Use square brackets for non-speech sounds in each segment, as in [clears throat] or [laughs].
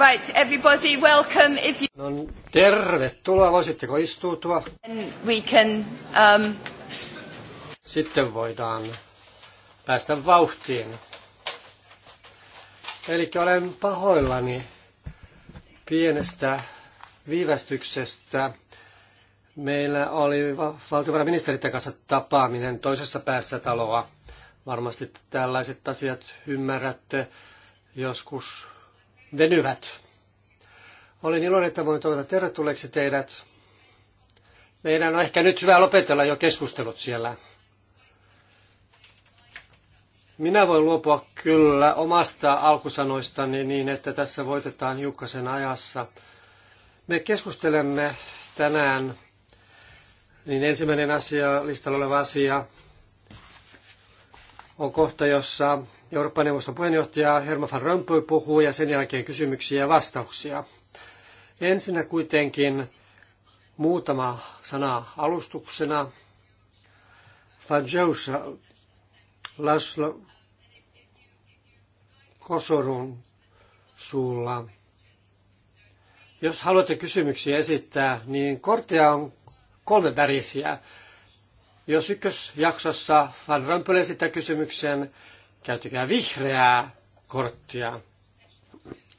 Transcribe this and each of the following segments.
Right, everybody, welcome if you... No, niin, tervetuloa, voisitteko istuutua? And we can, um... Sitten voidaan päästä vauhtiin. Eli olen pahoillani pienestä viivästyksestä. Meillä oli valtiovarainministeriön kanssa tapaaminen toisessa päässä taloa. Varmasti tällaiset asiat ymmärrätte. Joskus venyvät. Olen iloinen, että voin toivota tervetulleeksi teidät. Meidän on ehkä nyt hyvä lopetella jo keskustelut siellä. Minä voin luopua kyllä omasta alkusanoistani niin, että tässä voitetaan hiukkasen ajassa. Me keskustelemme tänään, niin ensimmäinen asia, listalla oleva asia, on kohta, jossa Euroopan neuvoston puheenjohtaja Herman van Rompuy puhuu ja sen jälkeen kysymyksiä ja vastauksia. Ensinnä kuitenkin muutama sana alustuksena. Fajaus Laszlo Kosorun suulla. Jos haluatte kysymyksiä esittää, niin kortteja on kolme värisiä. Jos ykkösjaksossa Van Rompuy esittää kysymyksen, käyttäkää vihreää korttia.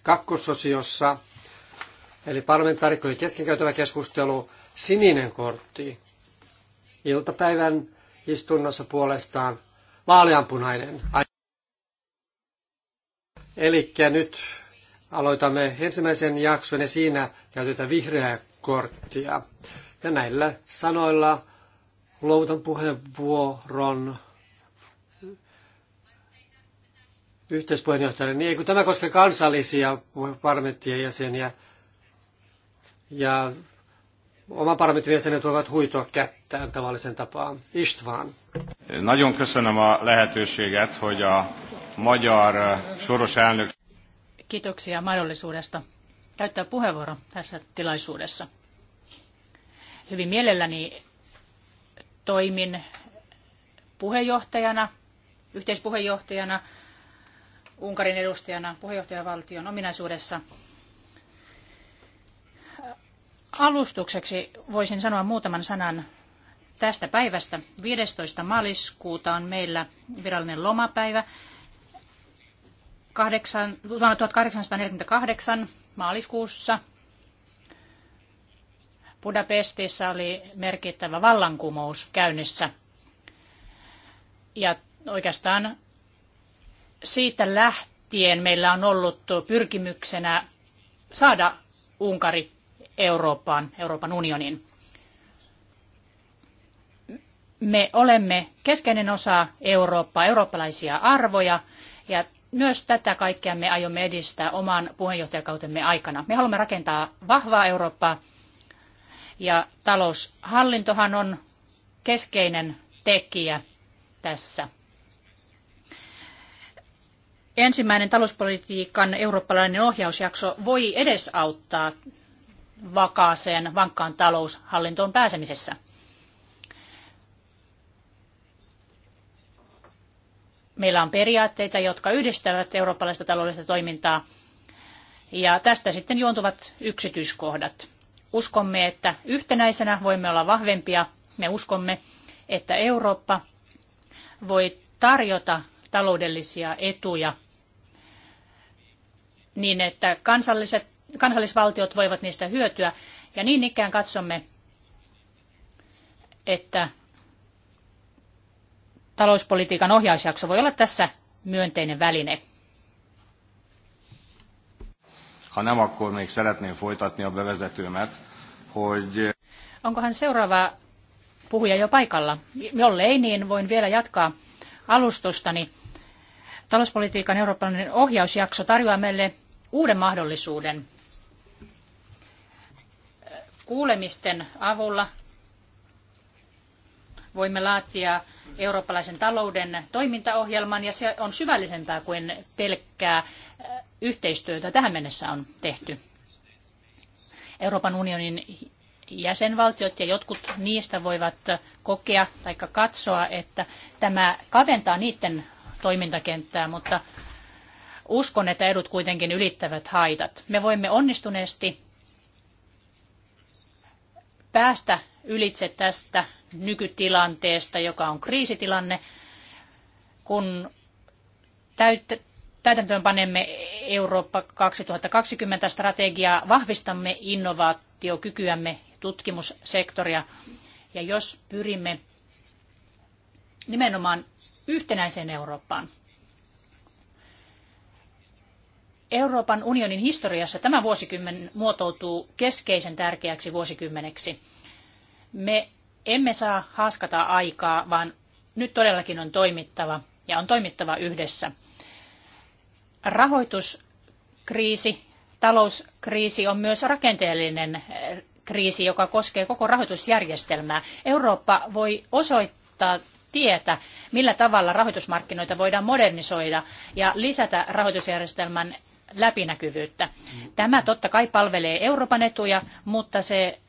Kakkososiossa, eli parlamentaarikkojen keskenkäytävä keskustelu, sininen kortti. Iltapäivän istunnossa puolestaan vaaleanpunainen. Eli nyt aloitamme ensimmäisen jakson ja siinä käytetään vihreää korttia. Ja näillä sanoilla luovutan puheenvuoron yhteispuheenjohtajana, niin ei kun tämä koskee kansallisia parlamenttien jäseniä. Ja oman parlamentin jäsenet voivat huitoa kättään tavallisen tapaan. Istvaan. Nagyon köszönöm a lehetőséget, hogy a magyar eh, soros elnök... Kiitoksia mahdollisuudesta käyttää puheenvuoro tässä tilaisuudessa. Hyvin mielelläni toimin puheenjohtajana, yhteispuheenjohtajana Unkarin edustajana puheenjohtajavaltion ominaisuudessa. Alustukseksi voisin sanoa muutaman sanan tästä päivästä. 15. maaliskuuta on meillä virallinen lomapäivä. 1848 maaliskuussa Budapestissa oli merkittävä vallankumous käynnissä. Ja oikeastaan siitä lähtien meillä on ollut pyrkimyksenä saada Unkari Euroopan, Euroopan unionin. Me olemme keskeinen osa Eurooppaa, eurooppalaisia arvoja ja myös tätä kaikkea me aiomme edistää oman puheenjohtajakautemme aikana. Me haluamme rakentaa vahvaa Eurooppaa ja taloushallintohan on keskeinen tekijä tässä ensimmäinen talouspolitiikan eurooppalainen ohjausjakso voi edesauttaa vakaaseen, vankkaan taloushallintoon pääsemisessä. Meillä on periaatteita, jotka yhdistävät eurooppalaista taloudellista toimintaa, ja tästä sitten juontuvat yksityiskohdat. Uskomme, että yhtenäisenä voimme olla vahvempia. Me uskomme, että Eurooppa voi tarjota taloudellisia etuja niin että kansalliset, kansallisvaltiot voivat niistä hyötyä. Ja niin ikään katsomme, että talouspolitiikan ohjausjakso voi olla tässä myönteinen väline. Ha nem, akkor még szeretném folytatni a bevezetőmet, hogy... Onkohan seuraava puhuja jo paikalla? Jolle ei, niin voin vielä jatkaa alustustani. Talouspolitiikan eurooppalainen ohjausjakso tarjoaa meille uuden mahdollisuuden kuulemisten avulla voimme laatia eurooppalaisen talouden toimintaohjelman ja se on syvällisempää kuin pelkkää äh, yhteistyötä tähän mennessä on tehty. Euroopan unionin jäsenvaltiot ja jotkut niistä voivat kokea tai katsoa, että tämä kaventaa niiden toimintakenttää, mutta Uskon, että edut kuitenkin ylittävät haitat. Me voimme onnistuneesti päästä ylitse tästä nykytilanteesta, joka on kriisitilanne, kun täyttä, täytäntöön panemme Eurooppa 2020 strategiaa, vahvistamme innovaatiokykyämme, tutkimussektoria. Ja jos pyrimme nimenomaan yhtenäiseen Eurooppaan, Euroopan unionin historiassa tämä vuosikymmen muotoutuu keskeisen tärkeäksi vuosikymmeneksi. Me emme saa haaskata aikaa, vaan nyt todellakin on toimittava ja on toimittava yhdessä. Rahoituskriisi, talouskriisi on myös rakenteellinen eh, kriisi, joka koskee koko rahoitusjärjestelmää. Eurooppa voi osoittaa tietä, millä tavalla rahoitusmarkkinoita voidaan modernisoida ja lisätä rahoitusjärjestelmän läpinäkyvyyttä. Tämä totta kai palvelee Euroopan etuja, mutta se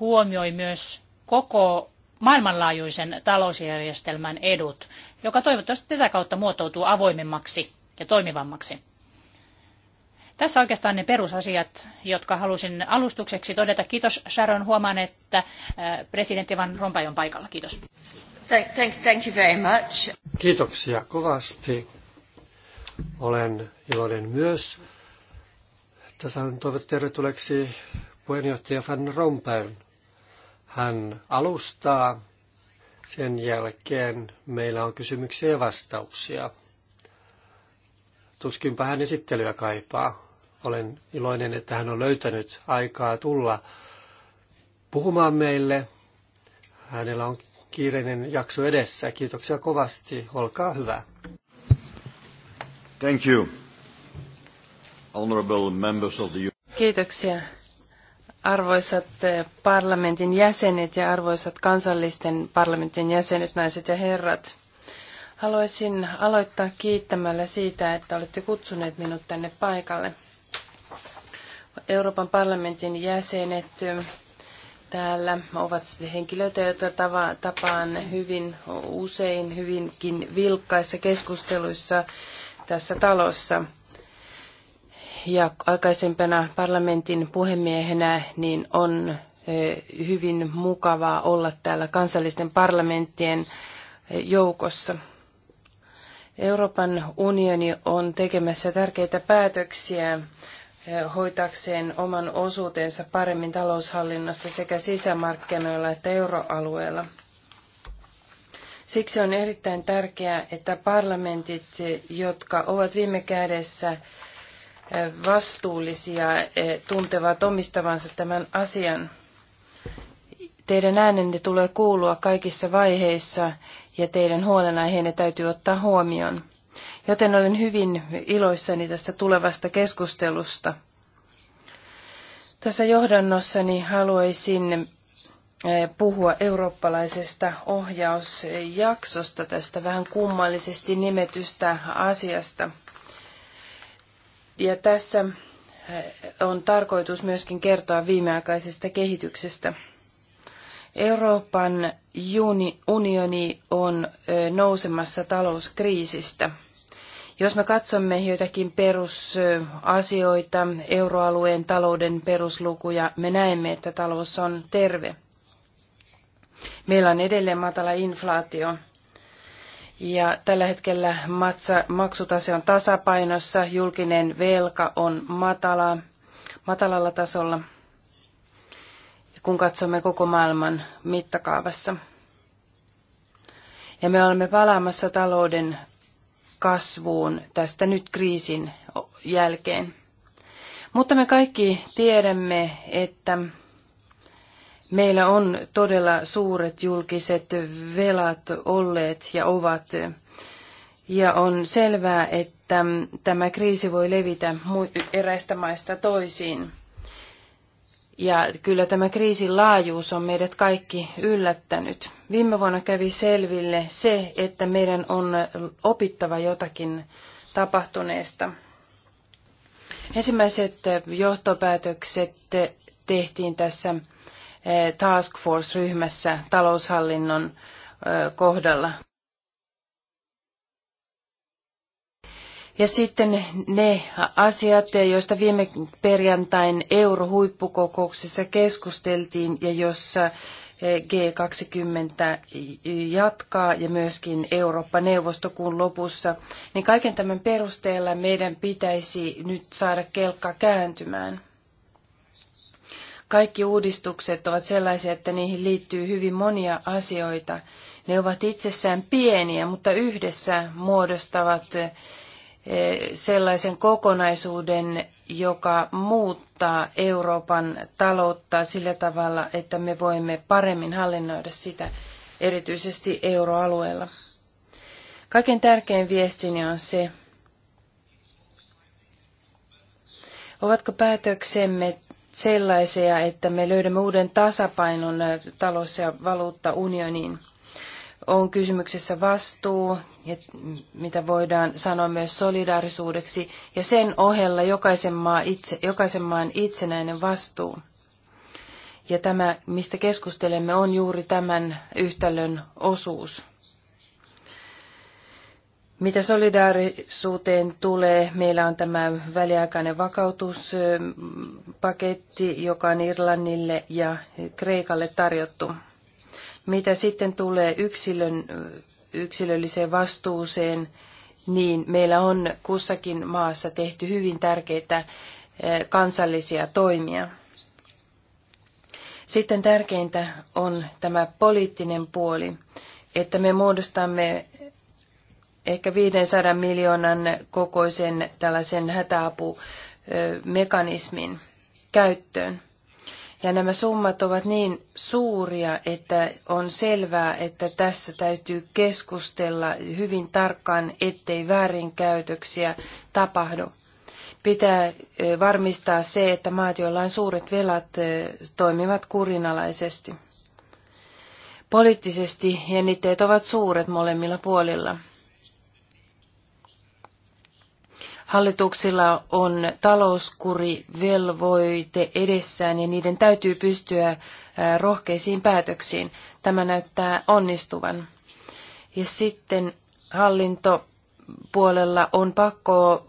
huomioi myös koko maailmanlaajuisen talousjärjestelmän edut, joka toivottavasti tätä kautta muotoutuu avoimemmaksi ja toimivammaksi. Tässä oikeastaan ne perusasiat, jotka halusin alustukseksi todeta. Kiitos Sharon, huomaan, että presidentti Van Rompuy on paikalla. Kiitos. Thank, thank, thank you very much. Kiitoksia kovasti. Olen iloinen myös. Tässä on toivot tervetulleeksi puheenjohtaja Van Rompuyn. Hän alustaa. Sen jälkeen meillä on kysymyksiä ja vastauksia. Tuskinpä hän esittelyä kaipaa. Olen iloinen, että hän on löytänyt aikaa tulla puhumaan meille. Hänellä on kiireinen jakso edessä. Kiitoksia kovasti. Olkaa hyvä. Thank you. Honorable members of the... Kiitoksia. Arvoisat eh, parlamentin jäsenet ja arvoisat kansallisten parlamentin jäsenet, naiset ja herrat. Haluaisin aloittaa kiittämällä siitä, että olette kutsuneet minut tänne paikalle. Euroopan parlamentin jäsenet eh, täällä ovat henkilöitä, joita tapaan hyvin usein hyvinkin vilkkaissa keskusteluissa tässä talossa. Ja aikaisempana parlamentin puhemiehenä niin on hyvin mukavaa olla täällä kansallisten parlamenttien joukossa. Euroopan unioni on tekemässä tärkeitä päätöksiä hoitakseen oman osuutensa paremmin taloushallinnosta sekä sisämarkkinoilla että euroalueella – Siksi on erittäin tärkeää, että parlamentit, jotka ovat viime kädessä eh, vastuullisia, eh, tuntevat omistavansa tämän asian. Teidän äänenne tulee kuulua kaikissa vaiheissa ja teidän huolenaiheenne täytyy ottaa huomioon. Joten olen hyvin iloissani tästä tulevasta keskustelusta. Tässä johdannossani haluaisin puhua eurooppalaisesta ohjausjaksosta tästä vähän kummallisesti nimetystä asiasta. Ja tässä on tarkoitus myöskin kertoa viimeaikaisesta kehityksestä. Euroopan unioni on nousemassa talouskriisistä. Jos me katsomme joitakin perusasioita, euroalueen talouden peruslukuja, me näemme, että talous on terve – Meillä on edelleen matala inflaatio. Ja tällä hetkellä matsa, maksutase on tasapainossa, julkinen velka on matala, matalalla tasolla, kun katsomme koko maailman mittakaavassa. Ja me olemme palaamassa talouden kasvuun tästä nyt kriisin jälkeen. Mutta me kaikki tiedämme, että Meillä on todella suuret julkiset velat olleet ja ovat. Ja on selvää, että tämä kriisi voi levitä eräistä maista toisiin. Ja kyllä tämä kriisin laajuus on meidät kaikki yllättänyt. Viime vuonna kävi selville se, että meidän on opittava jotakin tapahtuneesta. Ensimmäiset johtopäätökset tehtiin tässä Eh, task force-ryhmässä taloushallinnon eh, kohdalla. Ja sitten ne asiat, joista viime perjantain eurohuippukokouksessa keskusteltiin ja jossa eh, G20 jatkaa ja myöskin Eurooppa-neuvosto kuun lopussa, niin kaiken tämän perusteella meidän pitäisi nyt saada kelkka kääntymään. Kaikki uudistukset ovat sellaisia, että niihin liittyy hyvin monia asioita. Ne ovat itsessään pieniä, mutta yhdessä muodostavat eh, sellaisen kokonaisuuden, joka muuttaa Euroopan taloutta sillä tavalla, että me voimme paremmin hallinnoida sitä, erityisesti euroalueella. Kaiken tärkein viestini on se, ovatko päätöksemme sellaisia, että me löydämme uuden tasapainon talous- ja valuuttaunioniin. On kysymyksessä vastuu, mitä voidaan sanoa myös solidaarisuudeksi, ja sen ohella jokaisen, maa itse, jokaisen maan itsenäinen vastuu. Ja tämä, mistä keskustelemme, on juuri tämän yhtälön osuus. Mitä solidaarisuuteen tulee, meillä on tämä väliaikainen vakautuspaketti, joka on Irlannille ja Kreikalle tarjottu. Mitä sitten tulee yksilön, yksilölliseen vastuuseen, niin meillä on kussakin maassa tehty hyvin tärkeitä eh, kansallisia toimia. Sitten tärkeintä on tämä poliittinen puoli, että me muodostamme ehkä 500 miljoonan kokoisen tällaisen hätäapumekanismin käyttöön. Ja nämä summat ovat niin suuria, että on selvää, että tässä täytyy keskustella hyvin tarkkaan, ettei väärinkäytöksiä tapahdu. Pitää varmistaa se, että maat, joilla on suuret velat, toimivat kurinalaisesti. Poliittisesti jännitteet ovat suuret molemmilla puolilla. Hallituksilla on talouskurivelvoite edessään ja niiden täytyy pystyä rohkeisiin päätöksiin. Tämä näyttää onnistuvan. Ja sitten hallintopuolella on pakko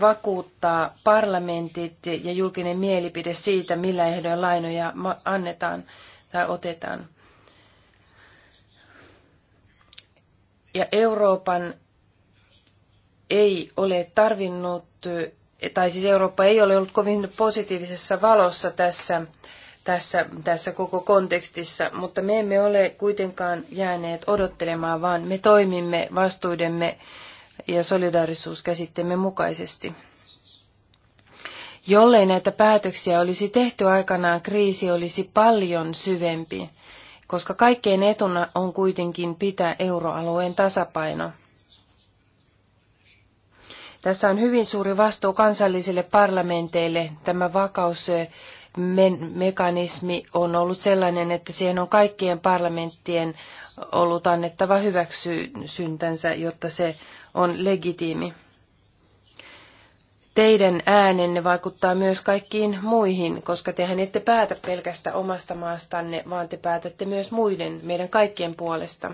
vakuuttaa parlamentit ja julkinen mielipide siitä, millä ehdoin lainoja annetaan tai otetaan. Ja Euroopan ei ole tarvinnut, tai siis Eurooppa ei ole ollut kovin positiivisessa valossa tässä, tässä, tässä koko kontekstissa, mutta me emme ole kuitenkaan jääneet odottelemaan, vaan me toimimme vastuudemme ja solidaarisuuskäsitteemme mukaisesti. Jollei näitä päätöksiä olisi tehty aikanaan, kriisi olisi paljon syvempi, koska kaikkein etuna on kuitenkin pitää euroalueen tasapaino. Tässä on hyvin suuri vastuu kansallisille parlamenteille. Tämä vakausmekanismi on ollut sellainen, että siihen on kaikkien parlamenttien ollut annettava hyväksyntänsä, jotta se on legitiimi. Teidän äänenne vaikuttaa myös kaikkiin muihin, koska tehän ette päätä pelkästä omasta maastanne, vaan te päätätte myös muiden, meidän kaikkien puolesta.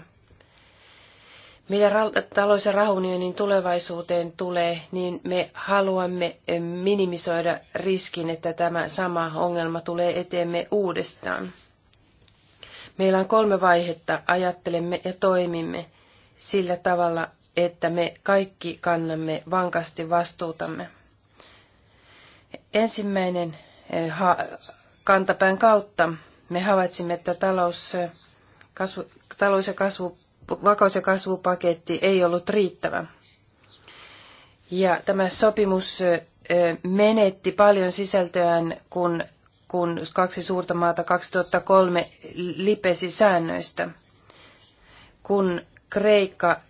Mitä talous- ja rahunionin tulevaisuuteen tulee, niin me haluamme eh, minimisoida riskin, että tämä sama ongelma tulee eteemme uudestaan. Meillä on kolme vaihetta, ajattelemme ja toimimme sillä tavalla, että me kaikki kannamme vankasti vastuutamme. Ensimmäinen eh, kantapään kautta me havaitsimme, että talous, eh, kasvu, talous ja kasvu vakaus- ja kasvupaketti ei ollut riittävä. Ja tämä sopimus menetti paljon sisältöään, kun, kun kaksi suurta maata 2003 lipesi säännöistä. Kun Kreikka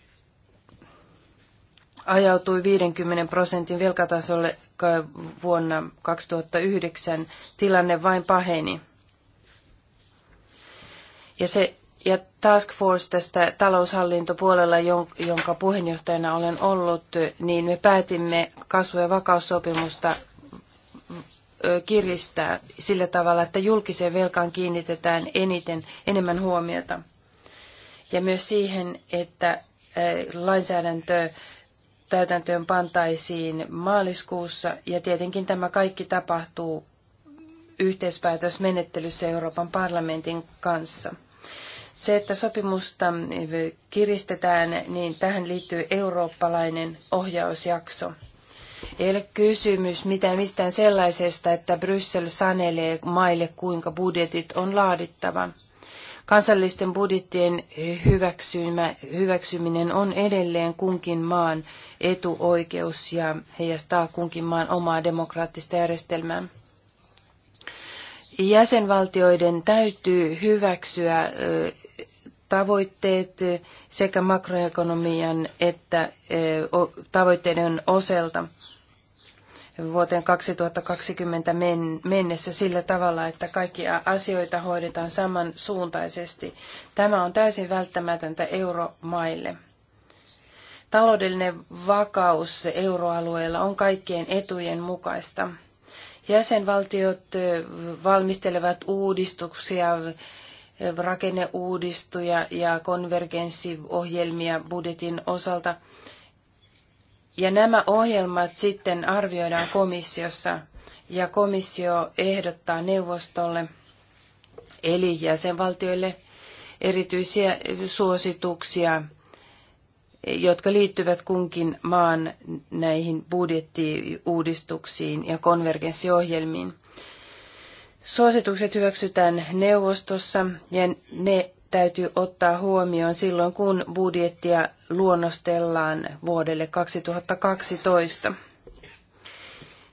ajautui 50 prosentin velkatasolle vuonna 2009, tilanne vain paheni. Ja se ja Task Force tästä taloushallintopuolella, jonka puheenjohtajana olen ollut, niin me päätimme kasvu- ja vakaussopimusta mm, kiristää sillä tavalla, että julkiseen velkaan kiinnitetään eniten, enemmän huomiota. Ja myös siihen, että lainsäädäntö täytäntöön pantaisiin maaliskuussa. Ja tietenkin tämä kaikki tapahtuu yhteispäätösmenettelyssä Euroopan parlamentin kanssa. Se, että sopimusta kiristetään, niin tähän liittyy eurooppalainen ohjausjakso. Ei ole kysymys mitään mistään sellaisesta, että Bryssel sanelee maille, kuinka budjetit on laadittava. Kansallisten budjettien hyväksyminen on edelleen kunkin maan etuoikeus ja heijastaa kunkin maan omaa demokraattista järjestelmää. Jäsenvaltioiden täytyy hyväksyä tavoitteet sekä makroekonomian että tavoitteiden osalta vuoteen 2020 mennessä sillä tavalla, että kaikkia asioita hoidetaan samansuuntaisesti. Tämä on täysin välttämätöntä euromaille. Taloudellinen vakaus euroalueella on kaikkien etujen mukaista. Jäsenvaltiot valmistelevat uudistuksia rakenneuudistuja ja konvergenssiohjelmia budjetin osalta. Ja nämä ohjelmat sitten arvioidaan komissiossa ja komissio ehdottaa neuvostolle eli jäsenvaltioille erityisiä suosituksia, jotka liittyvät kunkin maan näihin budjettiuudistuksiin ja konvergenssiohjelmiin. Suositukset hyväksytään neuvostossa ja ne täytyy ottaa huomioon silloin, kun budjettia luonnostellaan vuodelle 2012.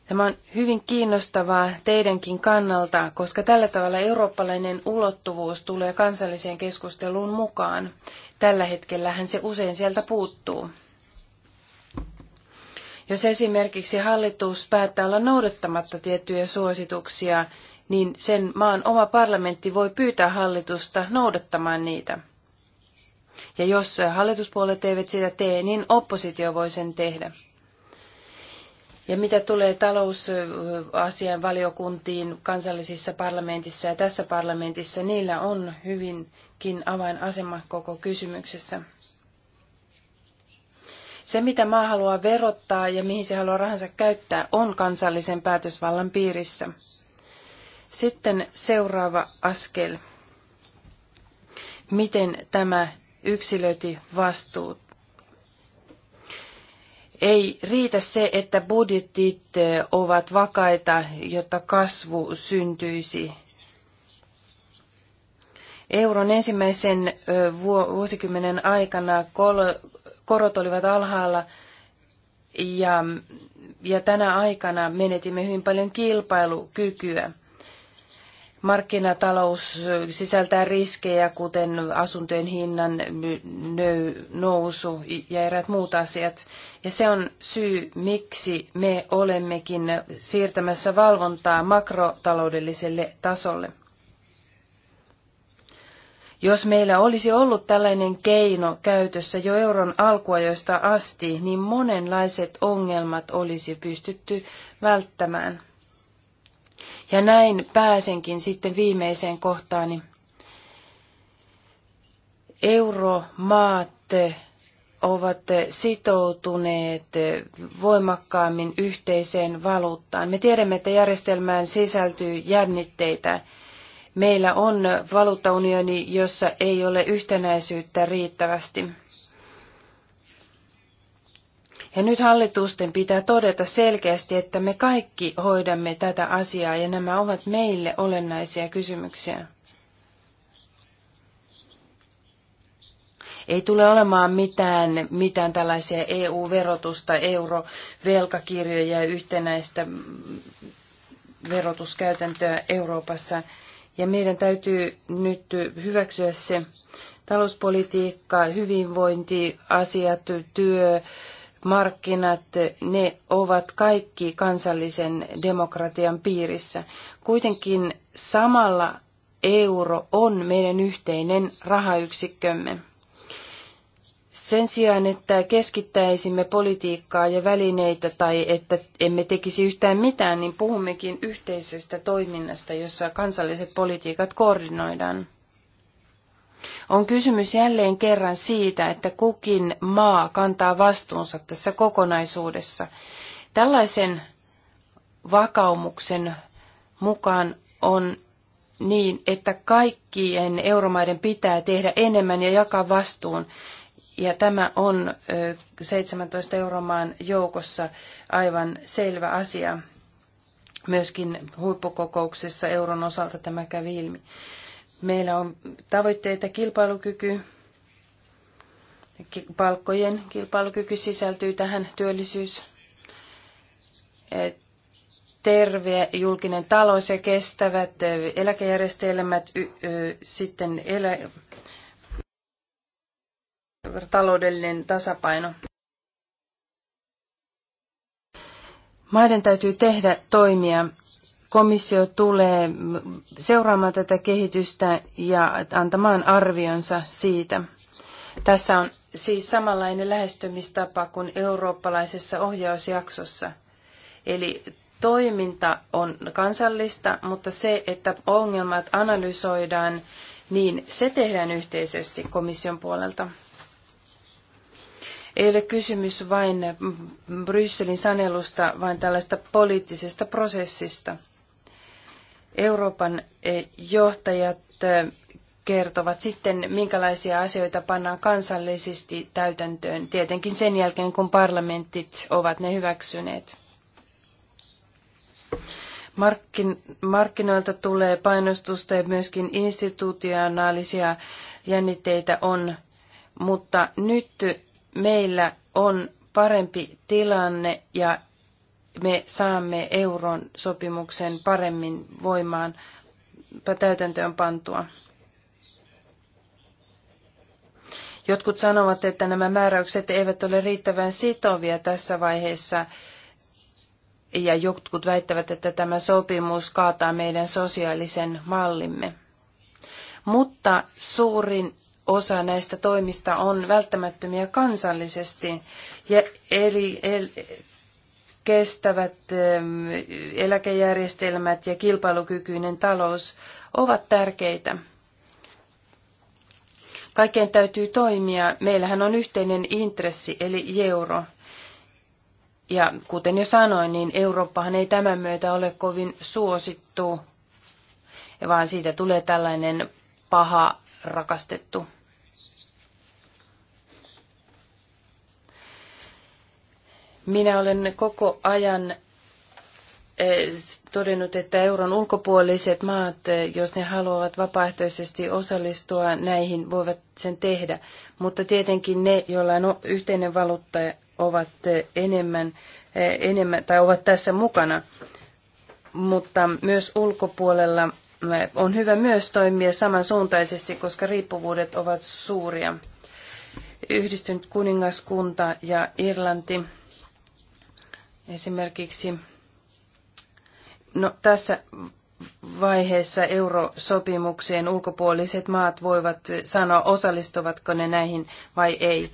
Tämä on hyvin kiinnostavaa teidänkin kannalta, koska tällä tavalla eurooppalainen ulottuvuus tulee kansalliseen keskusteluun mukaan. Tällä hetkellähän se usein sieltä puuttuu. Jos esimerkiksi hallitus päättää olla noudattamatta tiettyjä suosituksia, niin sen maan oma parlamentti voi pyytää hallitusta noudattamaan niitä. Ja jos hallituspuolet eivät sitä tee, niin oppositio voi sen tehdä. Ja mitä tulee talousasian valiokuntiin kansallisissa parlamentissa ja tässä parlamentissa, niillä on hyvinkin avainasema koko kysymyksessä. Se, mitä maa haluaa verottaa ja mihin se haluaa rahansa käyttää, on kansallisen päätösvallan piirissä. Sitten seuraava askel. Miten tämä yksilöity vastuu? Ei riitä se, että budjetit ovat vakaita, jotta kasvu syntyisi. Euron ensimmäisen vuosikymmenen aikana korot olivat alhaalla ja, ja tänä aikana menetimme hyvin paljon kilpailukykyä. Markkinatalous sisältää riskejä, kuten asuntojen hinnan nousu ja eräät muut asiat. Ja se on syy, miksi me olemmekin siirtämässä valvontaa makrotaloudelliselle tasolle. Jos meillä olisi ollut tällainen keino käytössä jo euron alkuajoista asti, niin monenlaiset ongelmat olisi pystytty välttämään. Ja näin pääsenkin sitten viimeiseen kohtaani. Euromaat ovat sitoutuneet voimakkaammin yhteiseen valuuttaan. Me tiedämme, että järjestelmään sisältyy jännitteitä. Meillä on valuuttaunioni, jossa ei ole yhtenäisyyttä riittävästi. Ja nyt hallitusten pitää todeta selkeästi, että me kaikki hoidamme tätä asiaa ja nämä ovat meille olennaisia kysymyksiä. Ei tule olemaan mitään, mitään tällaisia EU-verotusta, eurovelkakirjoja ja yhtenäistä verotuskäytäntöä Euroopassa. Ja meidän täytyy nyt hyväksyä se talouspolitiikka, hyvinvointiasiat, työ, markkinat, ne ovat kaikki kansallisen demokratian piirissä. Kuitenkin samalla euro on meidän yhteinen rahayksikkömme. Sen sijaan, että keskittäisimme politiikkaa ja välineitä tai että emme tekisi yhtään mitään, niin puhummekin yhteisestä toiminnasta, jossa kansalliset politiikat koordinoidaan. On kysymys jälleen kerran siitä, että kukin maa kantaa vastuunsa tässä kokonaisuudessa. Tällaisen vakaumuksen mukaan on niin, että kaikkien euromaiden pitää tehdä enemmän ja jakaa vastuun. Ja tämä on 17 euromaan joukossa aivan selvä asia. Myöskin huippukokouksessa euron osalta tämä kävi ilmi. Meillä on tavoitteita kilpailukyky, palkkojen kilpailukyky sisältyy tähän työllisyys, eh, terve julkinen talous ja kestävät eh, eläkejärjestelmät, eh, sitten elä, taloudellinen tasapaino. Maiden täytyy tehdä toimia komissio tulee seuraamaan tätä kehitystä ja antamaan arvionsa siitä. Tässä on siis samanlainen lähestymistapa kuin eurooppalaisessa ohjausjaksossa. Eli toiminta on kansallista, mutta se, että ongelmat analysoidaan, niin se tehdään yhteisesti komission puolelta. Ei ole kysymys vain Brysselin sanelusta, vaan tällaista poliittisesta prosessista – Euroopan eh, johtajat eh, kertovat sitten, minkälaisia asioita pannaan kansallisesti täytäntöön, tietenkin sen jälkeen, kun parlamentit ovat ne hyväksyneet. Markkin, markkinoilta tulee painostusta ja myöskin institutionaalisia jännitteitä on, mutta nyt meillä on parempi tilanne ja me saamme euron sopimuksen paremmin voimaan täytäntöön pantua. Jotkut sanovat, että nämä määräykset eivät ole riittävän sitovia tässä vaiheessa, ja jotkut väittävät, että tämä sopimus kaataa meidän sosiaalisen mallimme. Mutta suurin osa näistä toimista on välttämättömiä kansallisesti, ja eli, eli kestävät ähm, eläkejärjestelmät ja kilpailukykyinen talous ovat tärkeitä. Kaikkeen täytyy toimia. Meillähän on yhteinen intressi, eli euro. Ja kuten jo sanoin, niin Eurooppahan ei tämän myötä ole kovin suosittu, vaan siitä tulee tällainen paha rakastettu Minä olen koko ajan eh, todennut, että euron ulkopuoliset maat, eh, jos ne haluavat vapaaehtoisesti osallistua näihin, voivat sen tehdä. Mutta tietenkin ne, joilla on yhteinen valuutta, ovat eh, enemmän, enemmän tai ovat tässä mukana. Mutta myös ulkopuolella on hyvä myös toimia samansuuntaisesti, koska riippuvuudet ovat suuria. Yhdistynyt kuningaskunta ja Irlanti Esimerkiksi no, tässä vaiheessa eurosopimukseen ulkopuoliset maat voivat sanoa, osallistuvatko ne näihin vai ei.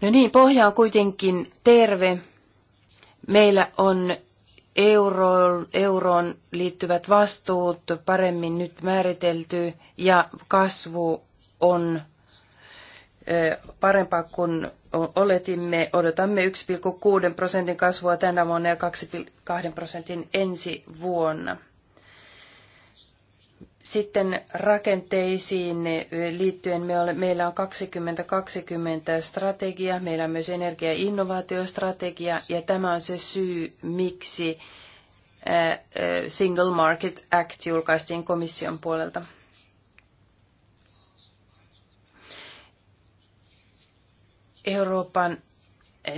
No niin, pohja on kuitenkin terve. Meillä on euro, euroon liittyvät vastuut paremmin nyt määritelty ja kasvu on parempaa kuin oletimme, odotamme 1,6 prosentin kasvua tänä vuonna ja 2,2 prosentin ensi vuonna. Sitten rakenteisiin liittyen me ole, meillä on 2020 strategia, meillä on myös energia- ja innovaatiostrategia ja tämä on se syy, miksi Single Market Act julkaistiin komission puolelta. Euroopan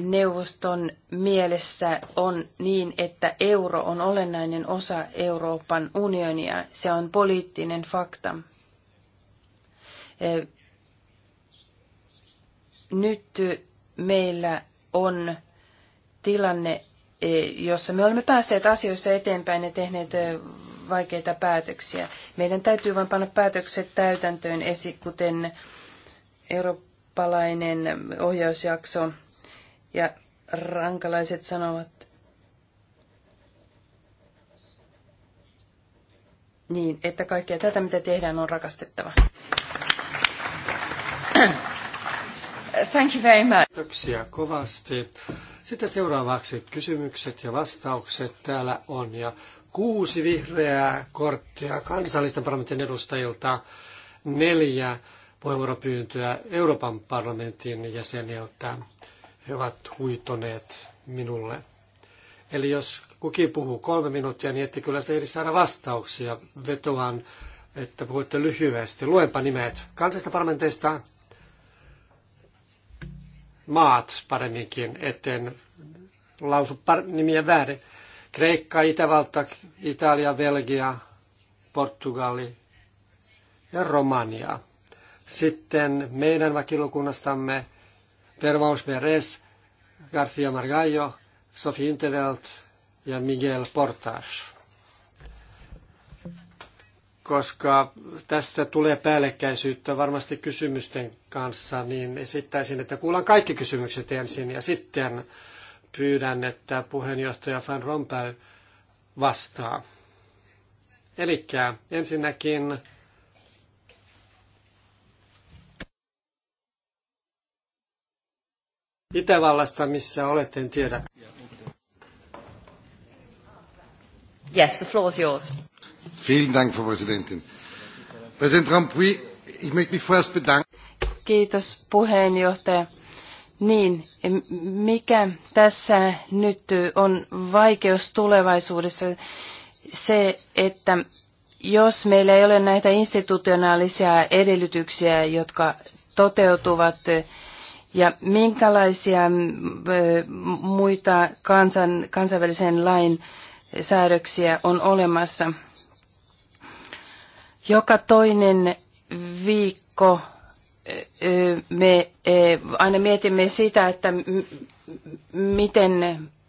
neuvoston mielessä on niin, että euro on olennainen osa Euroopan unionia. Se on poliittinen fakta. Eh, nyt meillä on tilanne, eh, jossa me olemme päässeet asioissa eteenpäin ja tehneet eh, vaikeita päätöksiä. Meidän täytyy vain panna päätökset täytäntöön, esi- kuten Euroopan eurooppalainen ohjausjakso ja rankalaiset sanovat, niin, että kaikkea tätä, mitä tehdään, on rakastettava. Thank you very much. Kiitoksia kovasti. Sitten seuraavaksi kysymykset ja vastaukset täällä on. Ja kuusi vihreää korttia kansallisten parlamentin edustajilta, neljä puheenvuoropyyntöä Euroopan parlamentin jäseniltä. He ovat huitoneet minulle. Eli jos kukin puhuu kolme minuuttia, niin ette kyllä se ehdi saada vastauksia. Vetoan, että puhutte lyhyesti. Luenpa nimet kansallisista parlamenteista, maat paremminkin, etten lausu par- nimiä väärin. Kreikka, Itävalta, Italia, Belgia, Portugali ja Romania. Sitten meidän väkilukunnastamme Pervaus Beres, García Margallo, Sofi Intervelt ja Miguel Portas. Koska tässä tulee päällekkäisyyttä varmasti kysymysten kanssa, niin esittäisin, että kuullaan kaikki kysymykset ensin ja sitten pyydän, että puheenjohtaja Van Rompuy vastaa. Eli ensinnäkin Itävallasta, missä olette, en tiedä. Yes, the floor is yours. Vielen Dank, Frau Präsidentin. President Rampuy, ich möchte mich vorerst bedanken. Kiitos puheenjohtaja. Niin, mikä tässä nyt on vaikeus tulevaisuudessa? Se, että jos meillä ei ole näitä institutionaalisia edellytyksiä, jotka toteutuvat, ja minkälaisia muita kansan, kansainvälisen lain säädöksiä on olemassa? Joka toinen viikko me aina mietimme sitä, että miten,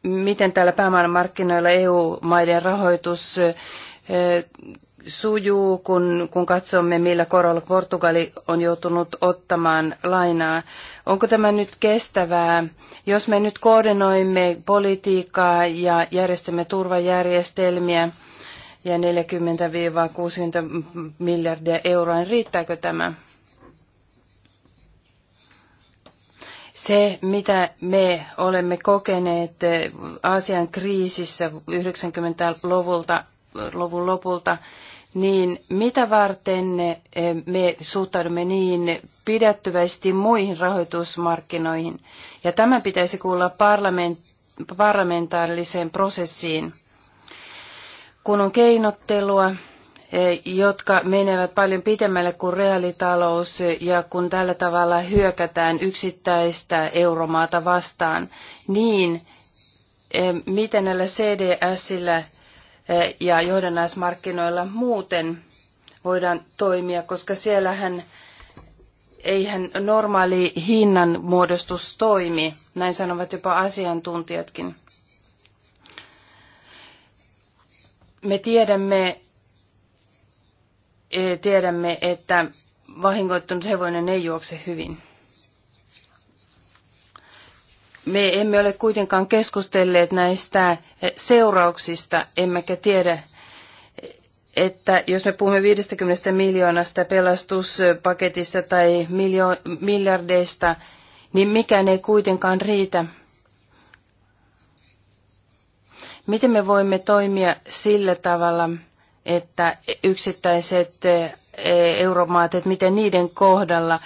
miten täällä päämaailman markkinoilla EU-maiden rahoitus sujuu, kun, kun katsomme, millä korolla Portugali on joutunut ottamaan lainaa. Onko tämä nyt kestävää, jos me nyt koordinoimme politiikkaa ja järjestämme turvajärjestelmiä ja 40-60 miljardia euroa, niin riittääkö tämä? se, mitä me olemme kokeneet Aasian kriisissä 90-luvulta luvun lopulta, niin mitä varten eh, me suhtaudumme niin pidättyvästi muihin rahoitusmarkkinoihin? Ja tämä pitäisi kuulla parlament, parlamentaariseen prosessiin. Kun on keinottelua, eh, jotka menevät paljon pitemmälle kuin reaalitalous ja kun tällä tavalla hyökätään yksittäistä euromaata vastaan, niin eh, miten näillä CDSillä Eh, ja johdannaismarkkinoilla muuten voidaan toimia, koska siellähän eihän normaali hinnan muodostus toimi, näin sanovat jopa asiantuntijatkin. Me tiedämme, eh, tiedämme että vahingoittunut hevonen ei juokse hyvin. Me emme ole kuitenkaan keskustelleet näistä seurauksista, emmekä tiedä, että jos me puhumme 50 miljoonasta pelastuspaketista tai miljo- miljardeista, niin mikään ei kuitenkaan riitä. Miten me voimme toimia sillä tavalla, että yksittäiset eh, euromaat, että miten niiden kohdalla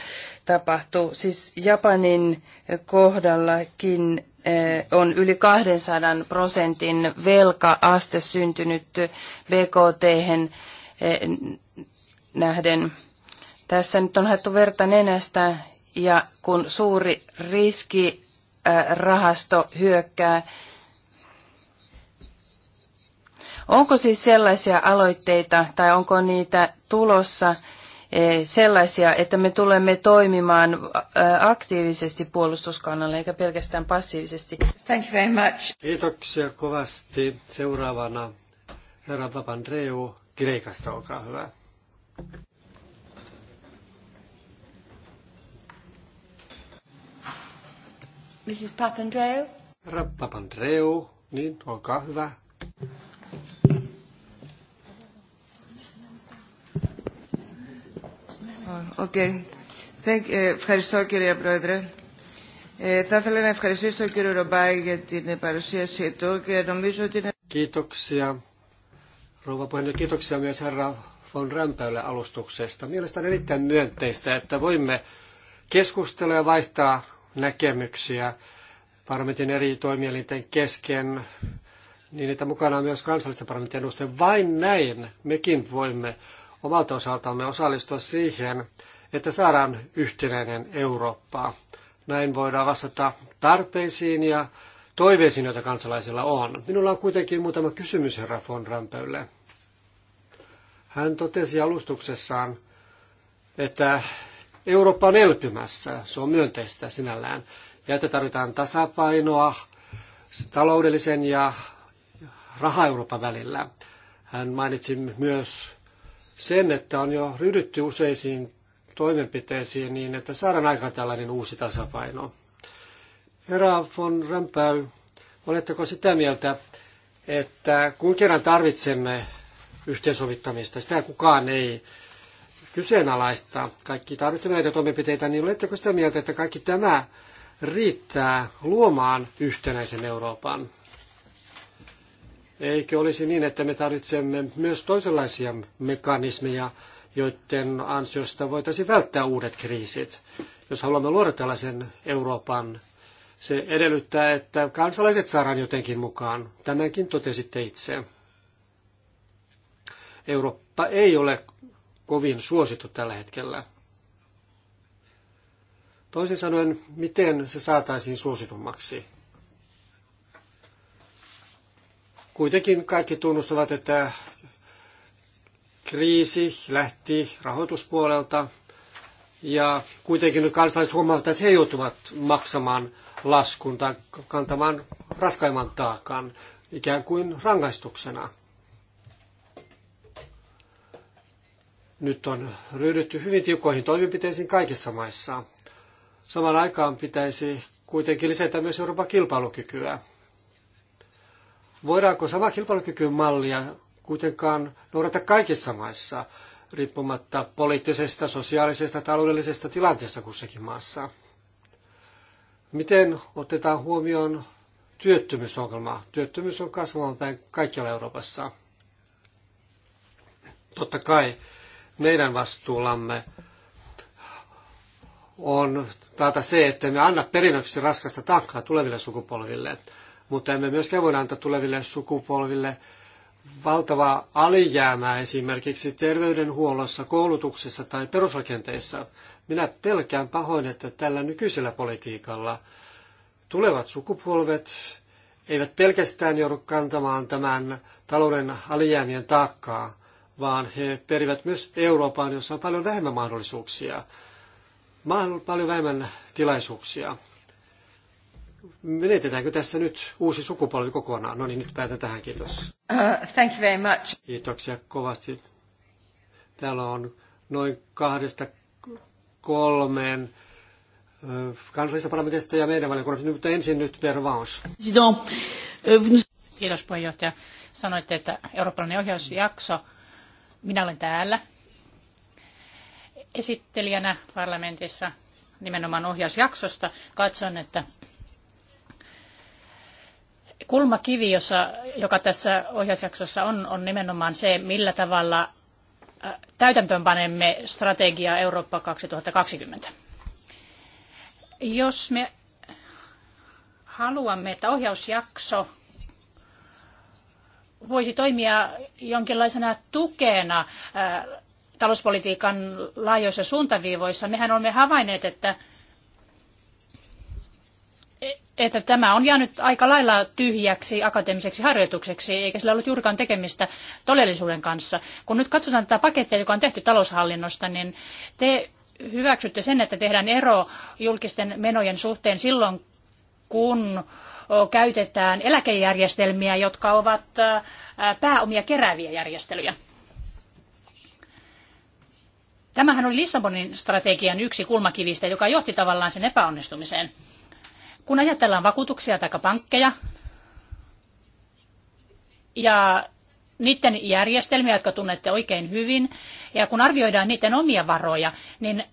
tapahtuu. Siis Japanin kohdallakin eh, on yli 200 prosentin velkaaste syntynyt BKT eh, nähden. Tässä nyt on haettu verta nenästä ja kun suuri riski eh, rahasto hyökkää, Onko siis sellaisia aloitteita tai onko niitä tulossa, Eh, sellaisia, että me tulemme toimimaan eh, aktiivisesti puolustuskannalla eikä pelkästään passiivisesti. Thank you very much. Kiitoksia kovasti. Seuraavana herra Papandreou Kreikasta, olkaa hyvä. Mrs. Papandreou? Herra Papandreou, niin olkaa hyvä. Okay. Thank, ε, ευχαριστώ κύριε Πρόεδρε. Ε, θα ήθελα να ευχαριστήσω τον κύριο Ρομπάη για την παρουσίασή του και νομίζω ότι είναι... Kiitoksia. Rouva puhemies, kiitoksia myös herra von Rämpäylle alustuksesta. Mielestäni erittäin myönteistä, että voimme keskustella ja vaihtaa näkemyksiä parlamentin eri toimielinten kesken, niin että mukana on myös kansallisten parlamentin edustajia. Vain näin mekin voimme omalta osaltamme osallistua siihen, että saadaan yhtenäinen Eurooppa. Näin voidaan vastata tarpeisiin ja toiveisiin, joita kansalaisilla on. Minulla on kuitenkin muutama kysymys herra von Rampölle. Hän totesi alustuksessaan, että Eurooppa on elpymässä, se on myönteistä sinällään, ja että tarvitaan tasapainoa taloudellisen ja raha-Euroopan välillä. Hän mainitsi myös sen, että on jo ryhdytty useisiin toimenpiteisiin niin, että saadaan aikaan tällainen uusi tasapaino. Herra von Rämpäy, oletteko sitä mieltä, että kun kerran tarvitsemme yhteensovittamista, sitä kukaan ei kyseenalaista, kaikki tarvitsemme näitä toimenpiteitä, niin oletteko sitä mieltä, että kaikki tämä riittää luomaan yhtenäisen Euroopan? Eikö olisi niin, että me tarvitsemme myös toisenlaisia mekanismeja, joiden ansiosta voitaisiin välttää uudet kriisit? Jos haluamme luoda tällaisen Euroopan, se edellyttää, että kansalaiset saadaan jotenkin mukaan. Tämänkin totesitte itse. Eurooppa ei ole kovin suosittu tällä hetkellä. Toisin sanoen, miten se saataisiin suositummaksi? Kuitenkin kaikki tunnustavat, että kriisi lähti rahoituspuolelta ja kuitenkin nyt kansalaiset huomaavat, että he joutuvat maksamaan laskun tai kantamaan raskaimman taakan ikään kuin rangaistuksena. Nyt on ryhdytty hyvin tiukoihin toimenpiteisiin kaikissa maissa. Samaan aikaan pitäisi kuitenkin lisätä myös Euroopan kilpailukykyä. Voidaanko sama kilpailukykymallia kuitenkaan noudata kaikissa maissa, riippumatta poliittisesta, sosiaalisesta, taloudellisesta tilanteesta kussakin maassa? Miten otetaan huomioon työttömyysongelma? Työttömyys on kasvamaan päin kaikkialla Euroopassa. Totta kai meidän vastuullamme on taata se, että me anna perinnöksi raskasta taakkaa tuleville sukupolville mutta emme myöskään voi antaa tuleville sukupolville valtavaa alijäämää esimerkiksi terveydenhuollossa, koulutuksessa tai perusrakenteissa. Minä pelkään pahoin, että tällä nykyisellä politiikalla tulevat sukupolvet eivät pelkästään joudu kantamaan tämän talouden alijäämien taakkaa, vaan he perivät myös Euroopan, jossa on paljon vähemmän mahdollisuuksia, paljon vähemmän tilaisuuksia menetetäänkö tässä nyt uusi sukupolvi kokonaan? No niin, nyt päätän tähän, kiitos. Uh, thank you very much. Kiitoksia kovasti. Täällä on noin kahdesta kolmeen kansallisesta parlamentista ja meidän valiokunnasta, mutta ensin nyt Pervaus. Kiitos puheenjohtaja. Sanoitte, että eurooppalainen ohjausjakso, minä olen täällä esittelijänä parlamentissa nimenomaan ohjausjaksosta. Katson, että kulmakivi, jossa, joka tässä ohjausjaksossa on, on nimenomaan se, millä tavalla äh, täytäntöönpanemme strategiaa Eurooppa 2020. Jos me haluamme, että ohjausjakso voisi toimia jonkinlaisena tukena äh, talouspolitiikan laajoissa suuntaviivoissa, mehän olemme havainneet, että että tämä on jäänyt aika lailla tyhjäksi akateemiseksi harjoitukseksi, eikä sillä ollut juurikaan tekemistä todellisuuden kanssa. Kun nyt katsotaan tätä pakettia, joka on tehty taloushallinnosta, niin te hyväksytte sen, että tehdään ero julkisten menojen suhteen silloin, kun käytetään eläkejärjestelmiä, jotka ovat pääomia kerääviä järjestelyjä. Tämähän oli Lissabonin strategian yksi kulmakivistä, joka johti tavallaan sen epäonnistumiseen. Kun ajatellaan vakuutuksia tai pankkeja ja niiden järjestelmiä, jotka tunnette oikein hyvin, ja kun arvioidaan niiden omia varoja, niin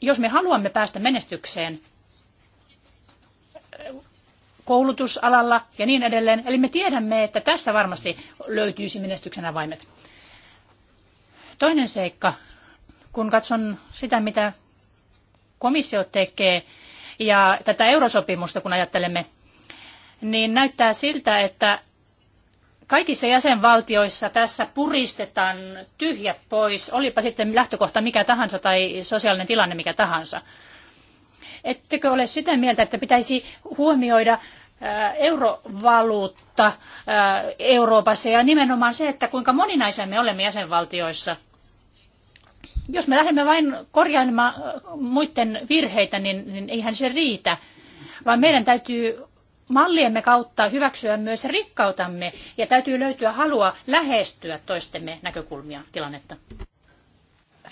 jos me haluamme päästä menestykseen koulutusalalla ja niin edelleen, eli me tiedämme, että tässä varmasti löytyisi menestyksen avaimet. Toinen seikka, kun katson sitä, mitä komissio tekee ja tätä eurosopimusta, kun ajattelemme, niin näyttää siltä, että kaikissa jäsenvaltioissa tässä puristetaan tyhjät pois, olipa sitten lähtökohta mikä tahansa tai sosiaalinen tilanne mikä tahansa. Ettekö ole sitä mieltä, että pitäisi huomioida äh, eurovaluutta äh, Euroopassa ja nimenomaan se, että kuinka moninaisia me olemme jäsenvaltioissa – jos me lähdemme vain korjailemaan äh, muiden virheitä, niin, niin eihän se riitä, vaan meidän täytyy malliemme kautta hyväksyä myös rikkautamme ja täytyy löytyä halua lähestyä toistemme näkökulmia tilannetta.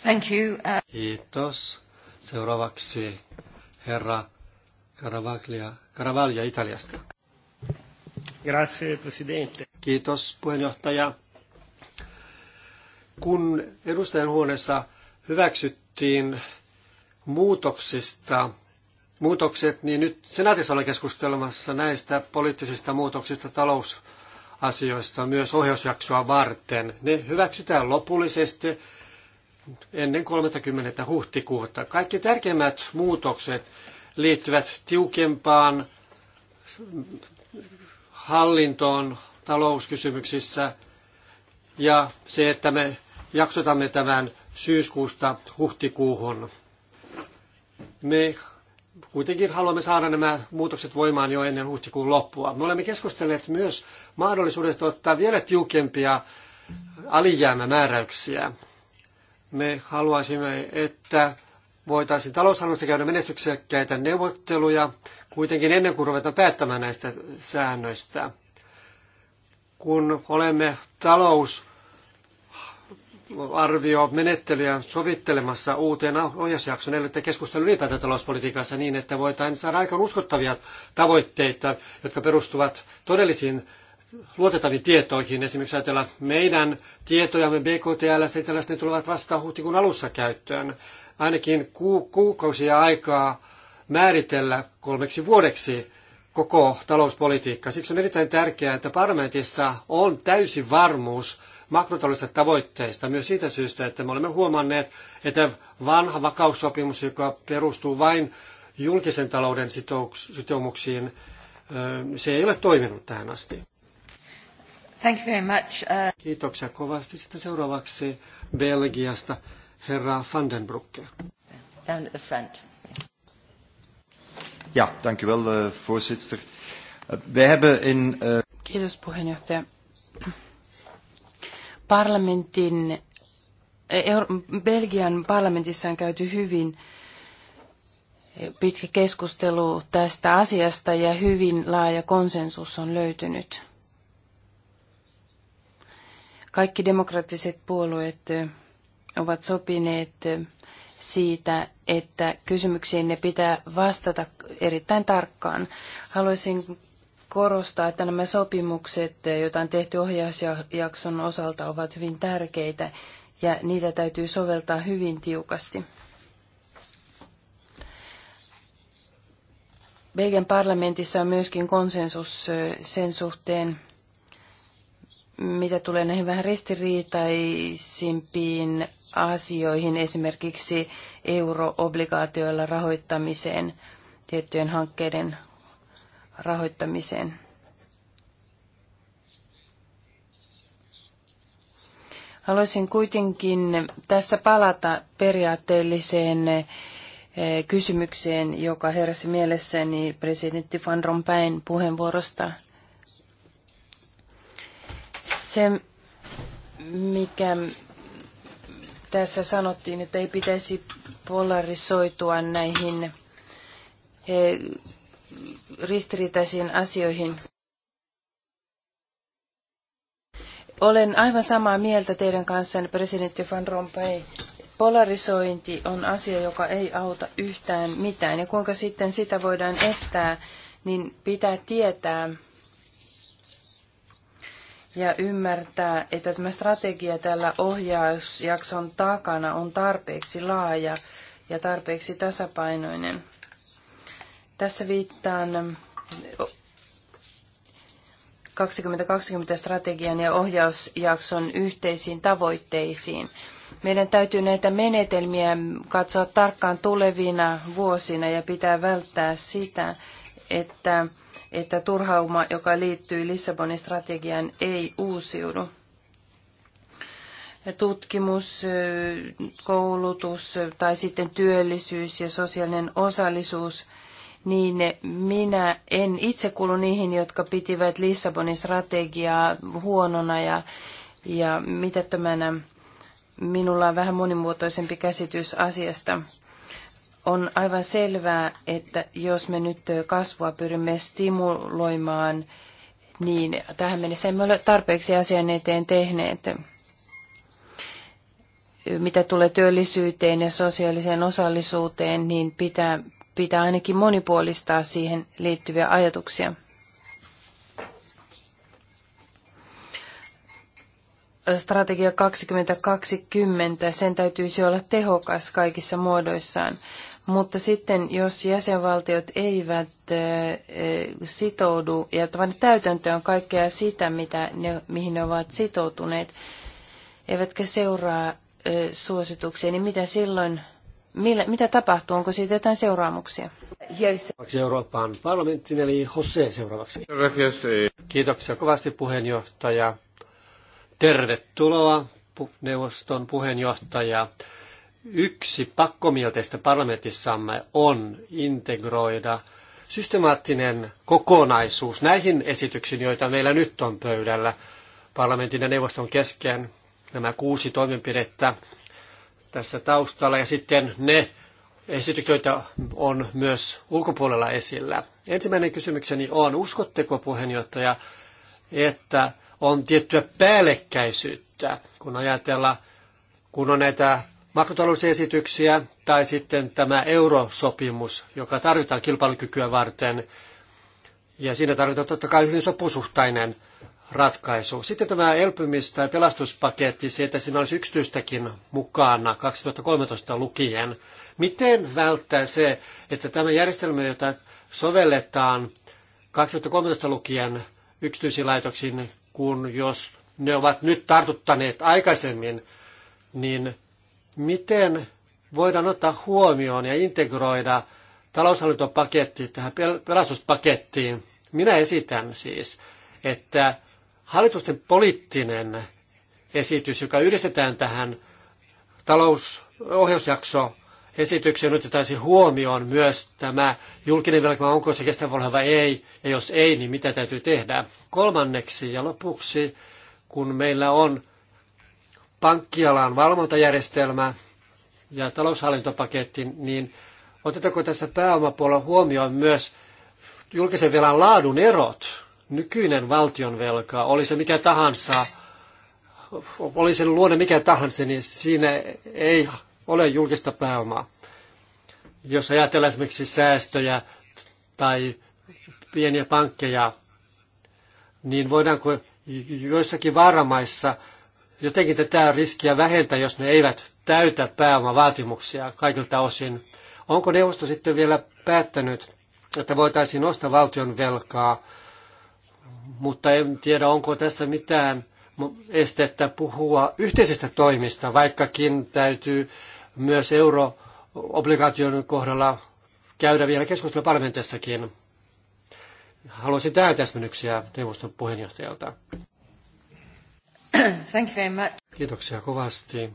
Thank you. Uh, Kiitos. Seuraavaksi herra Caravaglia, Caravaglia Italiasta. Grazie, presidente. Kiitos puheenjohtaja. Kun edustajan huoneessa hyväksyttiin muutoksista, muutokset, niin nyt senaatissa olen keskustelemassa näistä poliittisista muutoksista talousasioista myös ohjausjaksoa varten. Ne hyväksytään lopullisesti ennen 30. huhtikuuta. Kaikki tärkeimmät muutokset liittyvät tiukempaan hallintoon talouskysymyksissä ja se, että me jaksotamme tämän syyskuusta huhtikuuhun. Me kuitenkin haluamme saada nämä muutokset voimaan jo ennen huhtikuun loppua. Me olemme keskustelleet myös mahdollisuudesta ottaa vielä tiukempia alijäämämääräyksiä. Me haluaisimme, että voitaisiin taloushallinnosta käydä menestyksekkäitä neuvotteluja kuitenkin ennen kuin ruvetaan päättämään näistä säännöistä. Kun olemme talous arvio menettelyä sovittelemassa uuteen ohjausjakson edellyttää keskustelu ylipäätään talouspolitiikassa niin, että voitaisiin saada aikaan uskottavia tavoitteita, jotka perustuvat todellisiin luotettaviin tietoihin. Esimerkiksi ajatella meidän tietojamme BKTL, tällaiset ne tulevat vasta huhtikuun alussa käyttöön. Ainakin ku, kuukausia aikaa määritellä kolmeksi vuodeksi koko talouspolitiikka. Siksi on erittäin tärkeää, että parlamentissa on täysi varmuus makrotaloudellisista tavoitteista myös siitä syystä, että me olemme huomanneet, että vanha vakaussopimus, joka perustuu vain julkisen talouden sitoumuksiin, se ei ole toiminut tähän asti. Thank you very much. Uh... Kiitoksia kovasti. Sitten seuraavaksi Belgiasta herra Van den Brucke. Down at the front. Ja, dank u wel, uh, voorzitter. Uh, wij hebben in... Uh... Kiitos puheenjohtaja. Parlamentin, Belgian parlamentissa on käyty hyvin pitkä keskustelu tästä asiasta ja hyvin laaja konsensus on löytynyt. Kaikki demokraattiset puolueet ovat sopineet siitä, että kysymyksiin ne pitää vastata erittäin tarkkaan. Haluaisin korostaa, että nämä sopimukset, joita on tehty ohjausjakson osalta, ovat hyvin tärkeitä ja niitä täytyy soveltaa hyvin tiukasti. Belgian parlamentissa on myöskin konsensus eh, sen suhteen, mitä tulee näihin vähän ristiriitaisimpiin asioihin, esimerkiksi euroobligaatioilla rahoittamiseen tiettyjen hankkeiden rahoittamiseen. Haluaisin kuitenkin tässä palata periaatteelliseen eh, kysymykseen, joka heräsi mielessäni presidentti Van Rompuyn puheenvuorosta. Se, mikä tässä sanottiin, että ei pitäisi polarisoitua näihin eh, ristiriitaisiin asioihin. Olen aivan samaa mieltä teidän kanssanne, presidentti Van Rompuy. Polarisointi on asia, joka ei auta yhtään mitään. Ja kuinka sitten sitä voidaan estää, niin pitää tietää ja ymmärtää, että tämä strategia tällä ohjausjakson takana on tarpeeksi laaja ja tarpeeksi tasapainoinen. Tässä viittaan 2020-strategian ja ohjausjakson yhteisiin tavoitteisiin. Meidän täytyy näitä menetelmiä katsoa tarkkaan tulevina vuosina ja pitää välttää sitä, että, että turhauma, joka liittyy Lissabonin strategiaan, ei uusiudu. Tutkimus, koulutus tai sitten työllisyys ja sosiaalinen osallisuus – niin minä en itse kuulu niihin, jotka pitivät Lissabonin strategiaa huonona ja, ja mitättömänä. Minulla on vähän monimuotoisempi käsitys asiasta. On aivan selvää, että jos me nyt kasvua pyrimme stimuloimaan, niin tähän mennessä emme ole tarpeeksi asian eteen tehneet mitä tulee työllisyyteen ja sosiaaliseen osallisuuteen, niin pitää pitää ainakin monipuolistaa siihen liittyviä ajatuksia. strategia 2020, sen täytyisi olla tehokas kaikissa muodoissaan. Mutta sitten, jos jäsenvaltiot eivät sitoudu ja vaan täytäntöön kaikkea sitä, mitä ne, mihin ne ovat sitoutuneet, eivätkä seuraa suosituksia, niin mitä silloin Mille mitä tapahtuu? Onko siitä jotain seuraamuksia? Seuraavaksi Euroopan parlamenttiin, eli Jose seuraavaksi. Eh. Kiitoksia kovasti puheenjohtaja. Tervetuloa neuvoston puheenjohtaja. Yksi pakkomielteistä parlamentissamme on integroida systemaattinen kokonaisuus näihin esityksiin, joita meillä nyt on pöydällä parlamentin ja neuvoston kesken. Nämä kuusi toimenpidettä tässä taustalla ja sitten ne esitykset, joita on myös ulkopuolella esillä. Ensimmäinen kysymykseni on, uskotteko puheenjohtaja, että on tiettyä päällekkäisyyttä, kun ajatellaan, kun on näitä makrotalousesityksiä tai sitten tämä eurosopimus, joka tarvitaan kilpailukykyä varten. Ja siinä tarvitaan totta kai hyvin sopusuhtainen ratkaisu. Sitten tämä elpymis- tai pelastuspaketti, se, että siinä olisi yksityistäkin mukana 2013 lukien. Miten välttää se, että tämä järjestelmä, jota sovelletaan 2013 lukien yksityisiin laitoksiin, kun jos ne ovat nyt tartuttaneet aikaisemmin, niin miten voidaan ottaa huomioon ja integroida taloushallintopaketti tähän pelastuspakettiin? Minä esitän siis, että Hallitusten poliittinen esitys, joka yhdistetään tähän talousohjausjakso esitykseen otettaisiin huomioon myös tämä julkinen velka, onko se kestävä vai ei, ja jos ei, niin mitä täytyy tehdä. Kolmanneksi ja lopuksi, kun meillä on pankkialan valvontajärjestelmä ja taloushallintopaketti, niin otetaanko tässä pääomapuolella huomioon myös julkisen velan laadun erot, nykyinen valtionvelka, oli se mikä tahansa, oli sen luonne mikä tahansa, niin siinä ei ole julkista pääomaa. Jos ajatellaan esimerkiksi säästöjä tai pieniä pankkeja, niin voidaanko joissakin vaaramaissa jotenkin tätä riskiä vähentää, jos ne eivät täytä pääomavaatimuksia kaikilta osin. Onko neuvosto sitten vielä päättänyt, että voitaisiin nostaa valtion velkaa mutta en tiedä, onko tässä mitään estettä puhua yhteisistä toimista, vaikkakin täytyy myös euroobligaation kohdalla käydä vielä keskustelua parlamentissakin. Haluaisin tähän täsmennyksiä neuvoston puheenjohtajalta. [clears throat] Thank you very much. Kiitoksia kovasti.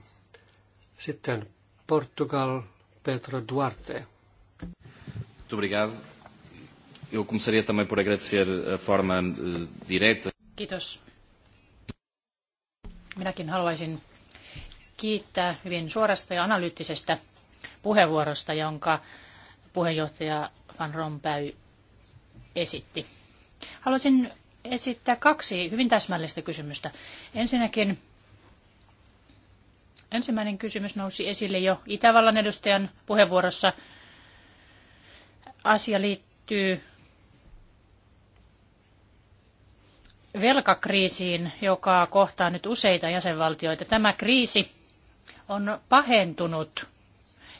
Sitten Portugal, Pedro Duarte. Obrigado eu começaria também por agradecer a forma uh, direta. Kiitos. Minäkin haluaisin kiittää hyvin suorasta ja analyyttisestä puheenvuorosta, jonka puheenjohtaja Van Rompuy esitti. Haluaisin esittää kaksi hyvin täsmällistä kysymystä. Ensinnäkin ensimmäinen kysymys nousi esille jo Itävallan edustajan puheenvuorossa. Asia liittyy velkakriisiin, joka kohtaa nyt useita jäsenvaltioita. Tämä kriisi on pahentunut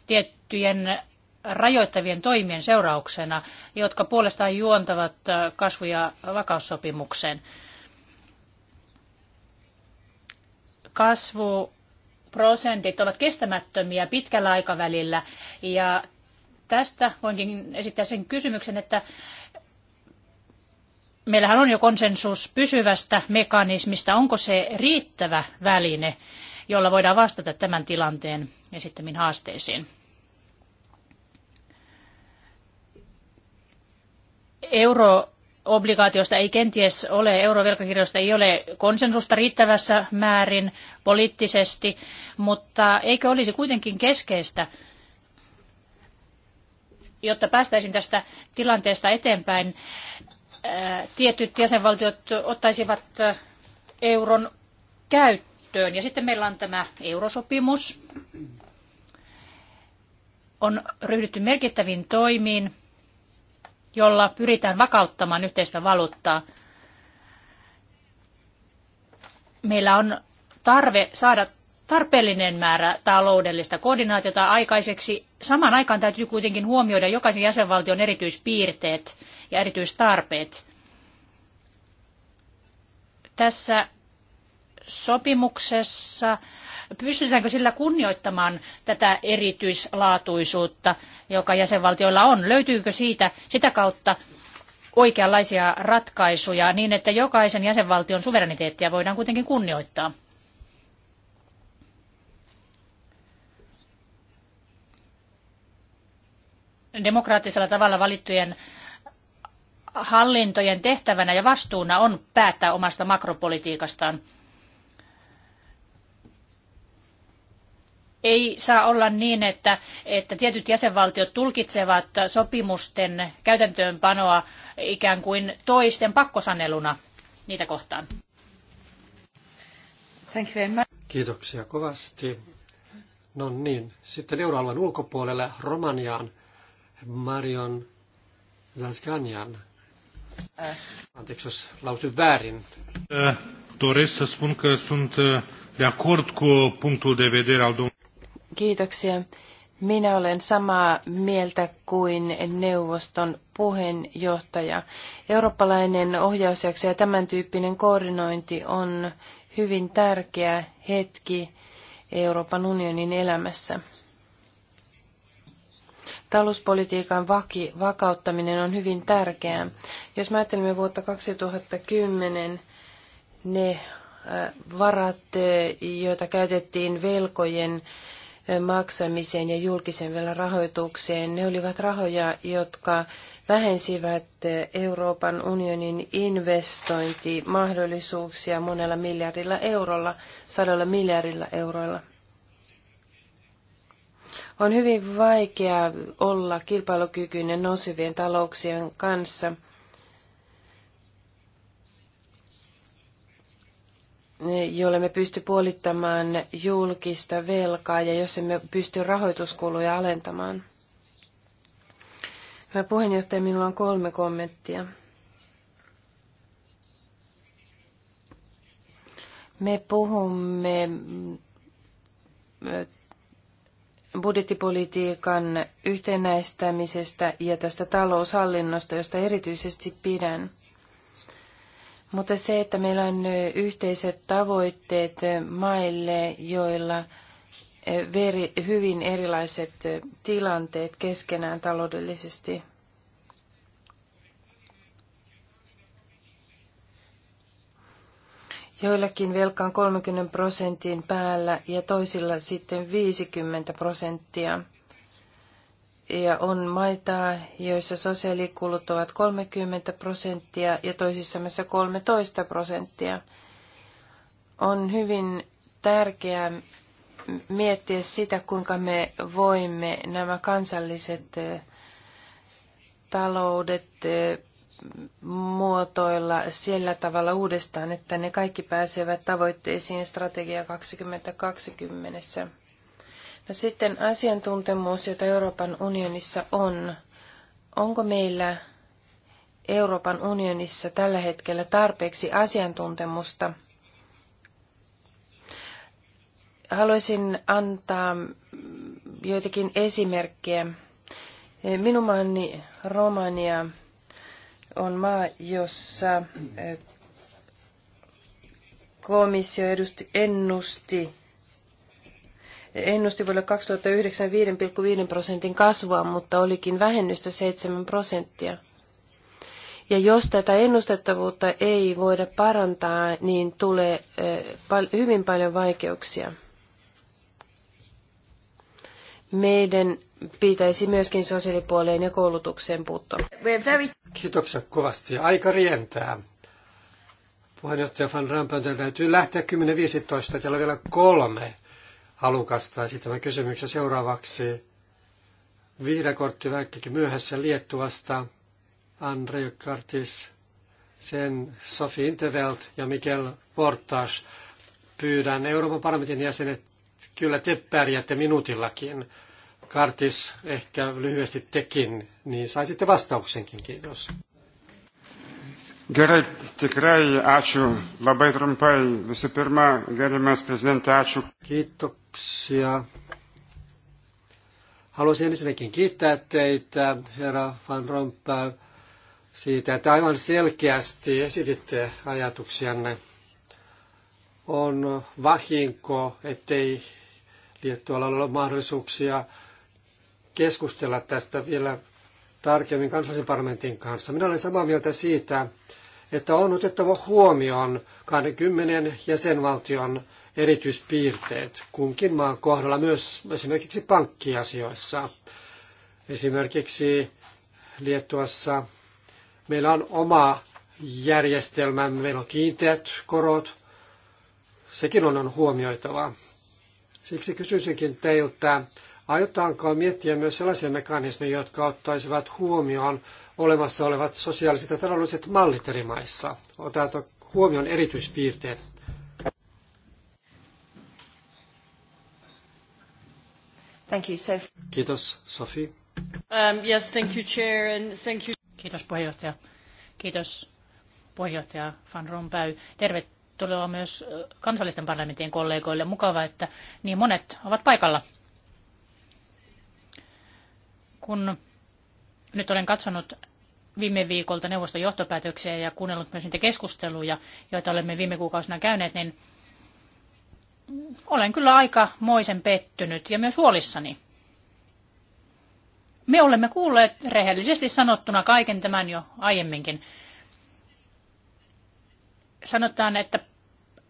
tiettyjen rajoittavien toimien seurauksena, jotka puolestaan juontavat äh, kasvu- ja vakaussopimukseen. Kasvuprosentit ovat kestämättömiä pitkällä aikavälillä ja tästä voinkin esittää sen kysymyksen, että meillähän on jo konsensus pysyvästä mekanismista. Onko se riittävä väline, jolla voidaan vastata tämän tilanteen esittämiin haasteisiin? Euroobligaatiosta ei kenties ole, eurovelkakirjoista ei ole konsensusta riittävässä määrin poliittisesti, mutta eikö olisi kuitenkin keskeistä, jotta päästäisiin tästä tilanteesta eteenpäin, Äh, tietyt jäsenvaltiot ottaisivat äh, euron käyttöön. Ja sitten meillä on tämä eurosopimus. On ryhdytty merkittäviin toimiin, jolla pyritään vakauttamaan yhteistä valuuttaa. Meillä on tarve saada tarpeellinen määrä taloudellista koordinaatiota aikaiseksi. Samaan aikaan täytyy kuitenkin huomioida jokaisen jäsenvaltion erityispiirteet ja erityistarpeet. Tässä sopimuksessa pystytäänkö sillä kunnioittamaan tätä erityislaatuisuutta, joka jäsenvaltioilla on? Löytyykö siitä sitä kautta oikeanlaisia ratkaisuja niin, että jokaisen jäsenvaltion suvereniteettia voidaan kuitenkin kunnioittaa? demokraattisella tavalla valittujen hallintojen tehtävänä ja vastuuna on päättää omasta makropolitiikastaan. Ei saa olla niin, että, että tietyt jäsenvaltiot tulkitsevat sopimusten käytäntöönpanoa ikään kuin toisten pakkosaneluna niitä kohtaan. Thank you very much. Kiitoksia kovasti. No niin, sitten euroalueen ulkopuolelle Romaniaan Marion Zanskanjan. Äh. Anteeksi, jos lausuin väärin. Doresc să spun că sunt de acord cu punctul de vedere al domnului. Kiitoksia. Minä olen samaa mieltä kuin neuvoston puheenjohtaja. Eurooppalainen ohjausjakso ja tämän tyyppinen koordinointi on hyvin tärkeä hetki Euroopan unionin elämässä. Talouspolitiikan vaki, vakauttaminen on hyvin tärkeää. Jos me ajattelemme vuotta 2010, ne äh, varat, äh, joita käytettiin velkojen äh, maksamiseen ja julkisen velan rahoitukseen, ne olivat rahoja, jotka vähensivät Euroopan unionin investointimahdollisuuksia monella miljardilla eurolla, sadalla miljardilla euroilla. On hyvin vaikea olla kilpailukykyinen nousevien talouksien kanssa. jolle me pysty puolittamaan julkista velkaa ja jos emme pysty rahoituskuluja alentamaan. Hyvä puheenjohtaja, minulla on kolme kommenttia. Me puhumme budjettipolitiikan yhtenäistämisestä ja tästä taloushallinnosta, josta erityisesti pidän. Mutta se, että meillä on yhteiset tavoitteet maille, joilla hyvin erilaiset tilanteet keskenään taloudellisesti Joillakin velka on 30 prosentin päällä ja toisilla sitten 50 prosenttia. Ja on maita, joissa sosiaalikulut ovat 30 prosenttia ja toisissa maissa 13 prosenttia. On hyvin tärkeää miettiä sitä, kuinka me voimme nämä kansalliset eh, taloudet eh, muotoilla sillä tavalla uudestaan, että ne kaikki pääsevät tavoitteisiin strategia 2020. No sitten asiantuntemus, jota Euroopan unionissa on. Onko meillä Euroopan unionissa tällä hetkellä tarpeeksi asiantuntemusta? Haluaisin antaa joitakin esimerkkejä. Minun maani Romania on maa, jossa komissio edusti, ennusti ennusti vuodelle 2009 5,5 prosentin kasvua, mutta olikin vähennystä 7 prosenttia. Ja jos tätä ennustettavuutta ei voida parantaa, niin tulee hyvin paljon vaikeuksia. Meidän pitäisi myöskin sosiaalipuoleen ja koulutukseen puuttua. Kiitoksia kovasti. Aika rientää. Puheenjohtaja Van Rampöntä täytyy lähteä 10.15. Täällä on vielä kolme halukasta esittämään kysymyksen seuraavaksi. Vihdakortti Väikkikin myöhässä Liettuvasta. Andre Kartis, sen Sofi Intervelt ja Mikel Portas. Pyydän Euroopan parlamentin jäsenet, kyllä te pärjäätte minuutillakin. Kartis ehkä lyhyesti tekin, niin saisitte vastauksenkin. Kiitos. Gerai, tikrai ačiū. Labai trumpai. Visų pirma, gerimas prezidentė, ačiū. Kiitoksia. Haluaisin ensinnäkin kiittää teitä, herra Van Rompuy, siitä, että aivan selkeästi esititte ajatuksianne. On vahinko, ettei liittyvällä ole mahdollisuuksia keskustella tästä vielä tarkemmin kansallisen parlamentin kanssa. Minä olen samaa mieltä siitä, että on otettava huomioon 20 jäsenvaltion erityispiirteet kunkin maan kohdalla myös esimerkiksi pankkiasioissa. Esimerkiksi Liettuassa meillä on oma järjestelmä, meillä on kiinteät korot, sekin on huomioitava. Siksi kysyisinkin teiltä, Aiotaanko miettiä myös sellaisia mekanismeja, jotka ottaisivat huomioon olemassa olevat sosiaaliset ja taloudelliset mallit eri maissa? Otetaanko huomioon erityispiirteet? Thank you, Sophie. Kiitos, Sophie. Um, yes, thank you, Chair, and thank you. Kiitos puheenjohtaja. Kiitos puheenjohtaja Van Rompuy. Tervetuloa myös kansallisten parlamenttien kollegoille. Mukava, että niin monet ovat paikalla. Kun nyt olen katsonut viime viikolta neuvoston johtopäätöksiä ja kuunnellut myös niitä keskusteluja, joita olemme viime kuukausina käyneet, niin olen kyllä aika moisen pettynyt ja myös huolissani. Me olemme kuulleet rehellisesti sanottuna kaiken tämän jo aiemminkin. Sanotaan, että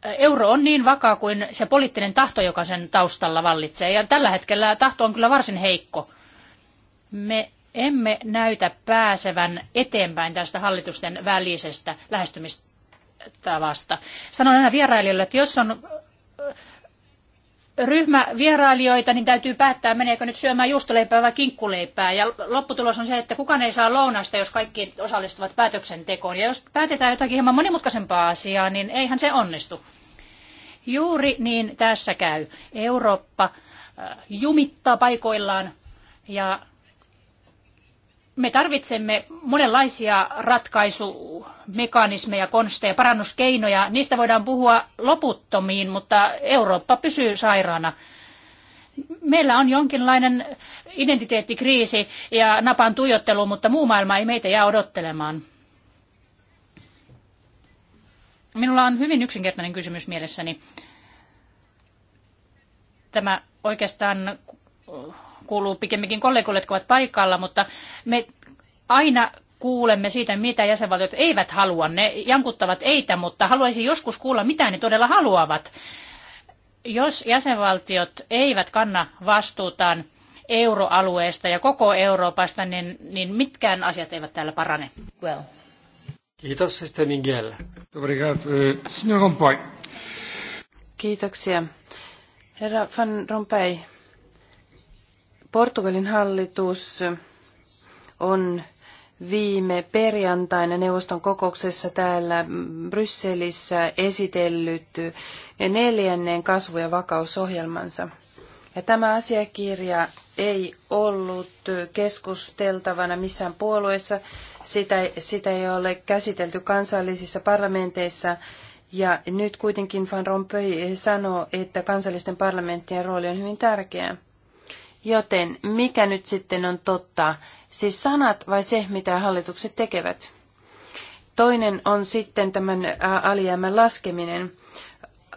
euro on niin vakaa kuin se poliittinen tahto, joka sen taustalla vallitsee. Ja tällä hetkellä tahto on kyllä varsin heikko. Me emme näytä pääsevän eteenpäin tästä hallitusten välisestä lähestymistavasta. Sanon aina vierailijoille, että jos on ryhmä vierailijoita, niin täytyy päättää, meneekö nyt syömään juustoleipää vai kinkkuleipää. Ja lopputulos on se, että kukaan ei saa lounasta, jos kaikki osallistuvat päätöksentekoon. Ja jos päätetään jotakin hieman monimutkaisempaa asiaa, niin eihän se onnistu. Juuri niin tässä käy. Eurooppa jumittaa paikoillaan ja me tarvitsemme monenlaisia ratkaisumekanismeja, konsteja, parannuskeinoja. Niistä voidaan puhua loputtomiin, mutta Eurooppa pysyy sairaana. Meillä on jonkinlainen identiteettikriisi ja napan tuijottelu, mutta muu maailma ei meitä jää odottelemaan. Minulla on hyvin yksinkertainen kysymys mielessäni. Tämä oikeastaan kuuluu pikemminkin kollegoille, jotka ovat paikalla, mutta me aina kuulemme siitä, mitä jäsenvaltiot eivät halua. Ne jankuttavat eitä, mutta haluaisin joskus kuulla, mitä ne todella haluavat. Jos jäsenvaltiot eivät kanna vastuutaan euroalueesta ja koko Euroopasta, niin, niin mitkään asiat eivät täällä parane. Well. Kiitos, sitten Miguel. Eh, Kiitoksia. Herra Van Rompuy, Portugalin hallitus on viime perjantaina neuvoston kokouksessa täällä Brysselissä esitellyt neljännen kasvu- ja vakausohjelmansa. Ja tämä asiakirja ei ollut keskusteltavana missään puolueessa. Sitä, sitä ei ole käsitelty kansallisissa parlamenteissa. Ja nyt kuitenkin Van Rompuy sanoo, että kansallisten parlamenttien rooli on hyvin tärkeä. Joten mikä nyt sitten on totta? Siis sanat vai se, mitä hallitukset tekevät? Toinen on sitten tämän alijäämän laskeminen.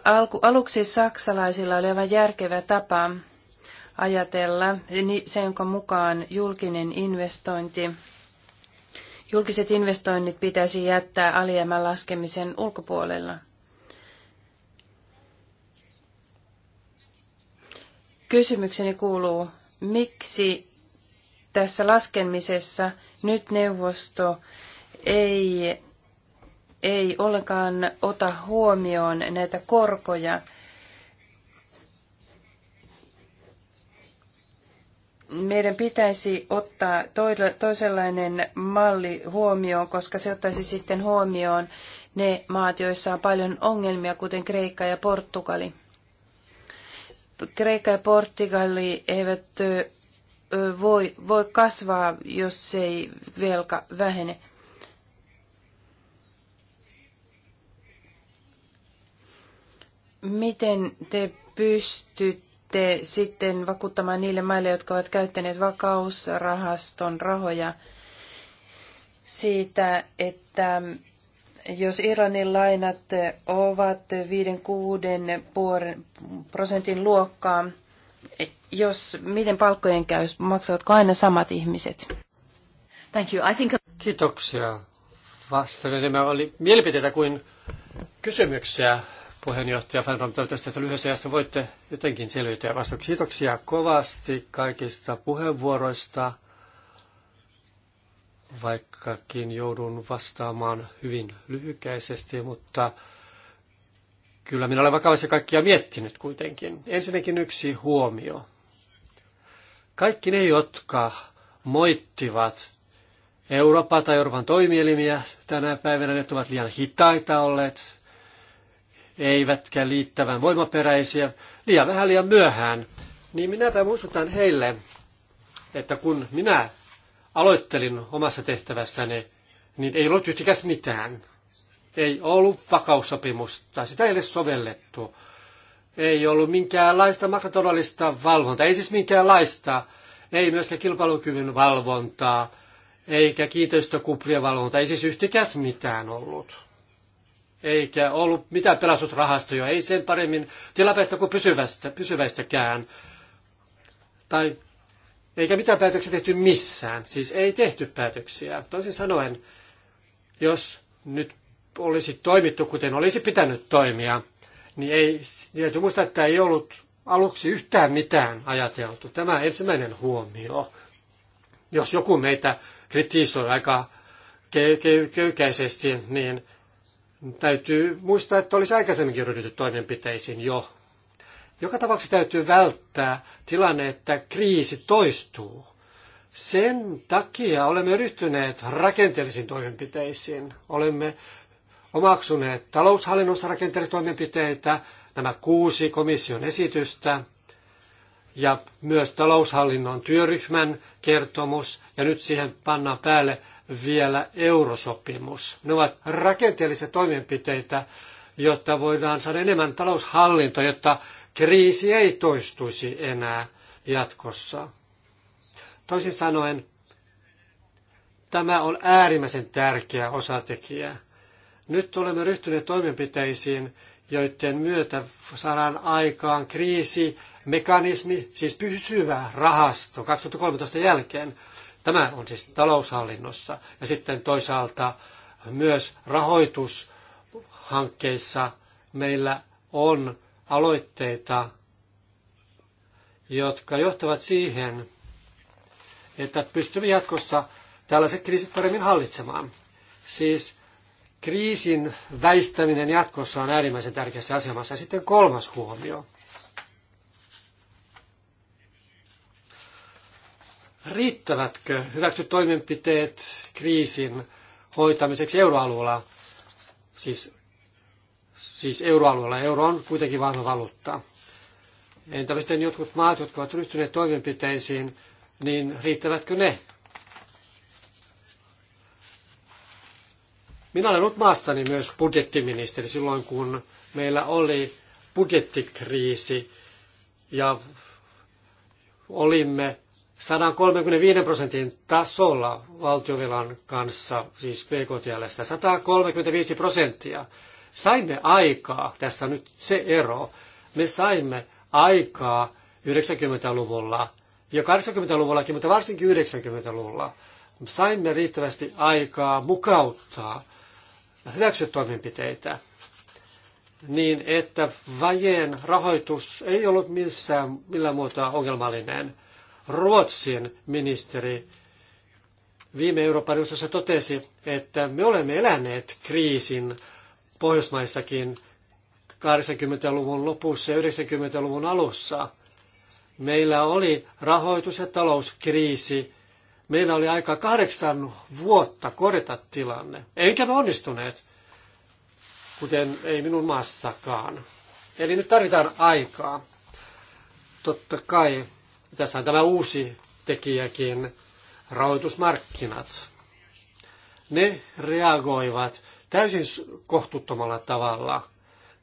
Alku, aluksi saksalaisilla oli aivan järkevä tapa ajatella, se jonka mukaan julkinen investointi, julkiset investoinnit pitäisi jättää alijäämän laskemisen ulkopuolella. Kysymykseni kuuluu, miksi tässä laskemisessa nyt neuvosto ei, ei ollenkaan ota huomioon näitä korkoja. Meidän pitäisi ottaa toisenlainen malli huomioon, koska se ottaisi sitten huomioon ne maat, joissa on paljon ongelmia, kuten Kreikka ja Portugali. Kreikka ja Portugali eivät voi, voi kasvaa, jos ei velka vähene. Miten te pystytte sitten vakuuttamaan niille maille, jotka ovat käyttäneet vakausrahaston rahoja siitä, että jos Iranin lainat ovat 5-6 prosentin luokkaa, jos miten palkkojen käy, maksavatko aina samat ihmiset? Thank you. I think... Kiitoksia. Vasta nämä oli mielipiteitä kuin kysymyksiä puheenjohtaja Fernand, toivottavasti tässä lyhyessä ajassa voitte jotenkin selviytyä vastata. Kiitoksia kovasti kaikista puheenvuoroista vaikkakin joudun vastaamaan hyvin lyhykäisesti, mutta kyllä minä olen vakavasti kaikkia miettinyt kuitenkin. Ensinnäkin yksi huomio. Kaikki ne, jotka moittivat Euroopan tai Euroopan toimielimiä tänä päivänä, ne ovat liian hitaita olleet, eivätkä liittävän voimaperäisiä, liian vähän liian myöhään, niin minäpä muistutan heille, että kun minä aloittelin omassa tehtävässäni, niin ei ollut yhtikäs mitään. Ei ollut vakaussopimusta, sitä ei edes sovellettu. Ei ollut minkäänlaista makrotaloudellista valvontaa, ei siis minkäänlaista. Ei myöskään kilpailukyvyn valvontaa, eikä kiinteistökuplien valvontaa, ei siis yhtikäs mitään ollut. Eikä ollut mitään pelastusrahastoja, ei sen paremmin tilapäistä kuin pysyvästä, pysyväistäkään. Tai eikä mitään päätöksiä tehty missään. Siis ei tehty päätöksiä. Toisin sanoen, jos nyt olisi toimittu kuten olisi pitänyt toimia, niin ei, täytyy muistaa, että ei ollut aluksi yhtään mitään ajateltu. Tämä ensimmäinen huomio. Jos joku meitä kritisoi aika köykäisesti, niin täytyy muistaa, että olisi aikaisemminkin ryhdytty toimenpiteisiin jo. Joka tapauksessa täytyy välttää tilanne, että kriisi toistuu. Sen takia olemme ryhtyneet rakenteellisiin toimenpiteisiin. Olemme omaksuneet taloushallinnossa rakenteellisia toimenpiteitä, nämä kuusi komission esitystä ja myös taloushallinnon työryhmän kertomus ja nyt siihen pannaan päälle vielä eurosopimus. Ne ovat rakenteellisia toimenpiteitä, jotta voidaan saada enemmän taloushallintoa, jotta kriisi ei toistuisi enää jatkossa. Toisin sanoen, tämä on äärimmäisen tärkeä osatekijä. Nyt olemme ryhtyneet toimenpiteisiin, joiden myötä saadaan aikaan kriisi, mekanismi, siis pysyvä rahasto 2013 jälkeen. Tämä on siis taloushallinnossa. Ja sitten toisaalta myös rahoitushankkeissa meillä on aloitteita, jotka johtavat siihen, että pystymme jatkossa tällaiset kriisit paremmin hallitsemaan. Siis kriisin väistäminen jatkossa on äärimmäisen tärkeässä asemassa. Ja sitten kolmas huomio. Riittävätkö hyväksytyt toimenpiteet kriisin hoitamiseksi euroalueella? Siis siis euroalueella. Euro on kuitenkin vahva valuutta. Entä sitten jotkut maat, jotka ovat ryhtyneet toimenpiteisiin, niin riittävätkö ne? Minä olen ollut maassani myös budjettiministeri silloin, kun meillä oli budjettikriisi ja olimme 135 prosentin tasolla valtiovelan kanssa, siis BKTL, 135 prosenttia. Saimme aikaa, tässä on nyt se ero, me saimme aikaa 90-luvulla ja 80-luvullakin, mutta varsinkin 90-luvulla. Saimme riittävästi aikaa mukauttaa ja hyväksyä toimenpiteitä niin, että vajeen rahoitus ei ollut missään millään muuta ongelmallinen. Ruotsin ministeri viime Euroopan neuvostossa totesi, että me olemme eläneet kriisin Pohjoismaissakin 80-luvun lopussa ja 90-luvun alussa. Meillä oli rahoitus- ja talouskriisi. Meillä oli aika kahdeksan vuotta korjata tilanne. Eikä me onnistuneet, kuten ei minun maassakaan. Eli nyt tarvitaan aikaa. Totta kai, tässä on tämä uusi tekijäkin, rahoitusmarkkinat. Ne reagoivat täysin kohtuuttomalla tavalla.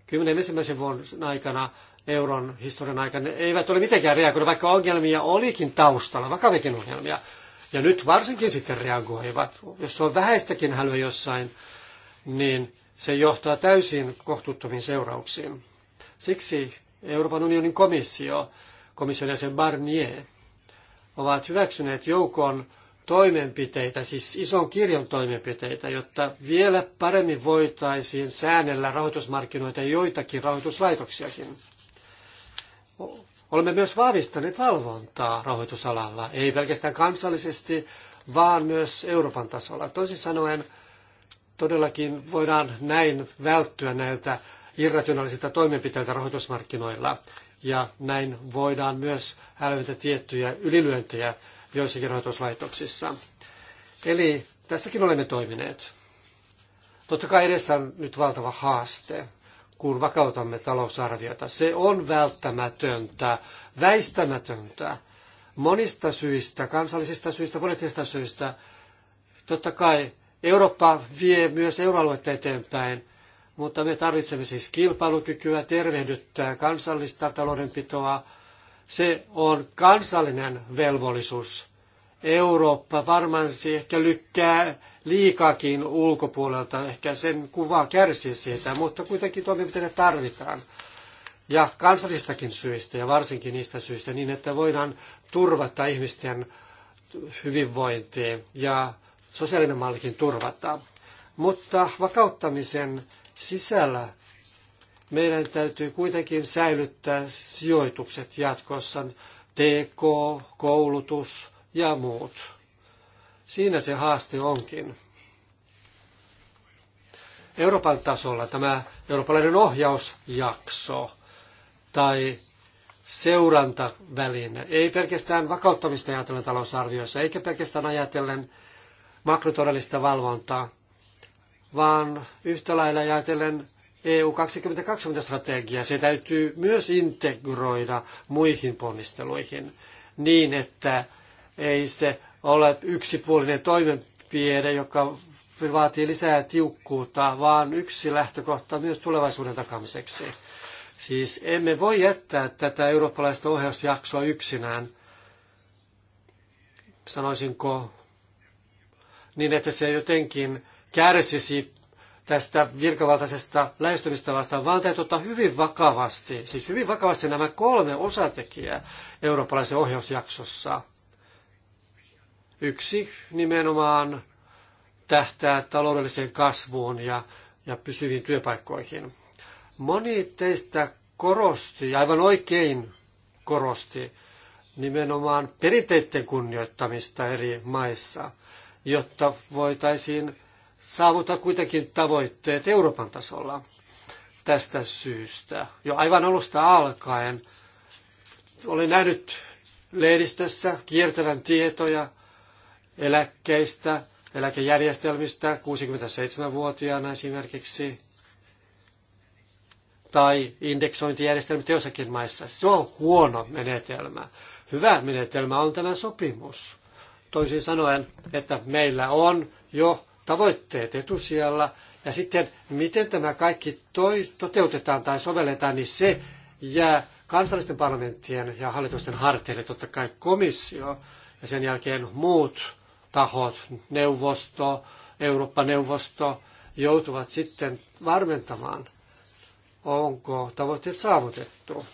Kymmenen ensimmäisen vuoden aikana euron historian aikana eivät ole mitenkään reagoineet, vaikka ongelmia olikin taustalla, vakavikin ongelmia. Ja nyt varsinkin sitten reagoivat. Jos on vähäistäkin hälyä jossain, niin se johtaa täysin kohtuuttomiin seurauksiin. Siksi Euroopan unionin komissio, komission jäsen Barnier, ovat hyväksyneet joukon toimenpiteitä, siis ison kirjon toimenpiteitä, jotta vielä paremmin voitaisiin säännellä rahoitusmarkkinoita ja joitakin rahoituslaitoksiakin. Olemme myös vahvistaneet valvontaa rahoitusalalla, ei pelkästään kansallisesti, vaan myös Euroopan tasolla. Toisin sanoen todellakin voidaan näin välttyä näiltä irrationaalisilta toimenpiteiltä rahoitusmarkkinoilla. Ja näin voidaan myös hälventää tiettyjä ylilyöntejä joissakin rahoituslaitoksissa. Eli tässäkin olemme toimineet. Totta kai edessä on nyt valtava haaste, kun vakautamme talousarviota. Se on välttämätöntä, väistämätöntä, monista syistä, kansallisista syistä, poliittisista syistä. Totta kai Eurooppa vie myös euroaluetta eteenpäin, mutta me tarvitsemme siis kilpailukykyä, tervehdyttää kansallista taloudenpitoa, se on kansallinen velvollisuus. Eurooppa varmansi ehkä lykkää liikakin ulkopuolelta, ehkä sen kuva kärsii siitä, mutta kuitenkin toimenpiteitä tarvitaan. Ja kansallistakin syistä, ja varsinkin niistä syistä, niin että voidaan turvata ihmisten hyvinvointia ja sosiaalinen mallikin turvata. Mutta vakauttamisen sisällä meidän täytyy kuitenkin säilyttää sijoitukset jatkossa, TK, koulutus ja muut. Siinä se haaste onkin. Euroopan tasolla tämä eurooppalainen ohjausjakso tai seurantaväline, ei pelkästään vakauttamista ajatellen talousarvioissa, eikä pelkästään ajatellen makrotodellista valvontaa, vaan yhtä lailla ajatellen EU 2020-strategia, se täytyy myös integroida muihin ponnisteluihin niin, että ei se ole yksipuolinen toimenpide, joka vaatii lisää tiukkuutta, vaan yksi lähtökohta myös tulevaisuuden takamiseksi. Siis emme voi jättää tätä eurooppalaista ohjausjaksoa yksinään, sanoisinko, niin että se jotenkin kärsisi tästä virkavaltaisesta lähestymistavasta, vaan täytyy ottaa hyvin vakavasti, siis hyvin vakavasti nämä kolme osatekijää eurooppalaisen ohjausjaksossa. Yksi nimenomaan tähtää taloudelliseen kasvuun ja, ja pysyviin työpaikkoihin. Moni teistä korosti, aivan oikein korosti, nimenomaan perinteiden kunnioittamista eri maissa, jotta voitaisiin saavuttaa kuitenkin tavoitteet Euroopan tasolla tästä syystä. Jo aivan alusta alkaen olen nähnyt lehdistössä kiertävän tietoja eläkkeistä, eläkejärjestelmistä 67-vuotiaana esimerkiksi, tai indeksointijärjestelmistä jossakin maissa. Se on huono menetelmä. Hyvä menetelmä on tämä sopimus. Toisin sanoen, että meillä on jo tavoitteet etusijalla ja sitten miten tämä kaikki toi, toteutetaan tai sovelletaan, niin se jää kansallisten parlamenttien ja hallitusten harteille, totta kai komissio ja sen jälkeen muut tahot, neuvosto, Eurooppa-neuvosto, joutuvat sitten varmentamaan, onko tavoitteet saavutettu.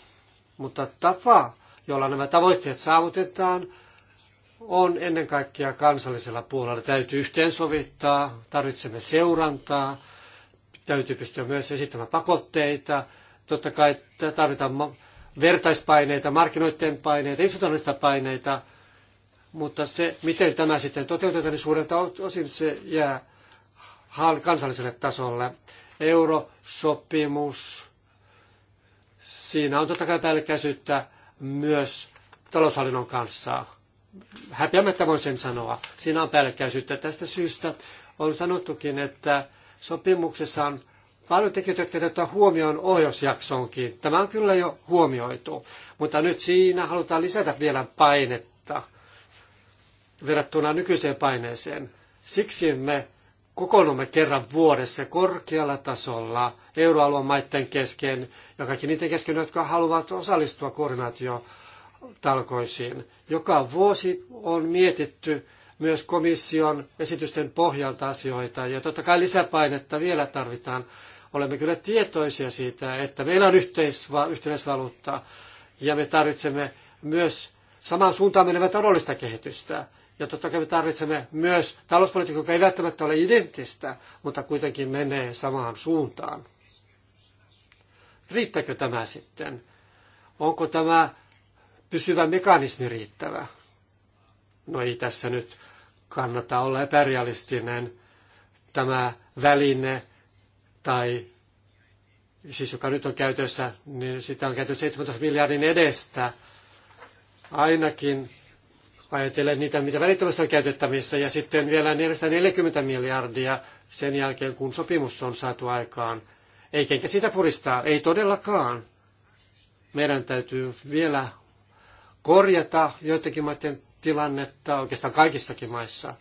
Mutta tapa, jolla nämä tavoitteet saavutetaan, on ennen kaikkea kansallisella puolella. Täytyy yhteensovittaa, tarvitsemme seurantaa, täytyy pystyä myös esittämään pakotteita. Totta kai tarvitaan vertaispaineita, markkinoiden paineita, institutionaalista paineita, mutta se, miten tämä sitten toteutetaan, niin suurelta osin se jää kansalliselle tasolle. Eurosopimus, siinä on totta kai päällekkäisyyttä myös taloushallinnon kanssa häpeämättä voin sen sanoa, siinä on päällekkäisyyttä. Tästä syystä on sanottukin, että sopimuksessa on paljon tekijöitä, jotka täytyy huomioon ohjausjaksoonkin. Tämä on kyllä jo huomioitu, mutta nyt siinä halutaan lisätä vielä painetta verrattuna nykyiseen paineeseen. Siksi me kokoonnumme kerran vuodessa korkealla tasolla euroalueen maiden kesken ja kaikki niiden kesken, jotka haluavat osallistua koordinaatioon talkoisiin. Joka vuosi on mietitty myös komission esitysten pohjalta asioita ja totta kai lisäpainetta vielä tarvitaan. Olemme kyllä tietoisia siitä, että meillä on yhteisva- yhteisvaluutta ja me tarvitsemme myös samaan suuntaan menevää taloudellista kehitystä. Ja totta kai me tarvitsemme myös talouspolitiikkaa, joka ei välttämättä ole identtistä, mutta kuitenkin menee samaan suuntaan. Riittääkö tämä sitten? Onko tämä pysyvä mekanismi riittävä? No ei tässä nyt kannata olla epärealistinen. Tämä väline tai siis joka nyt on käytössä, niin sitä on käytössä 17 miljardin edestä ainakin ajatellen niitä, mitä välittömästi on käytettävissä, ja sitten vielä 440 miljardia sen jälkeen, kun sopimus on saatu aikaan. Eikä sitä puristaa, ei todellakaan. Meidän täytyy vielä korjata joidenkin maiden tilannetta, oikeastaan kaikissakin maissa.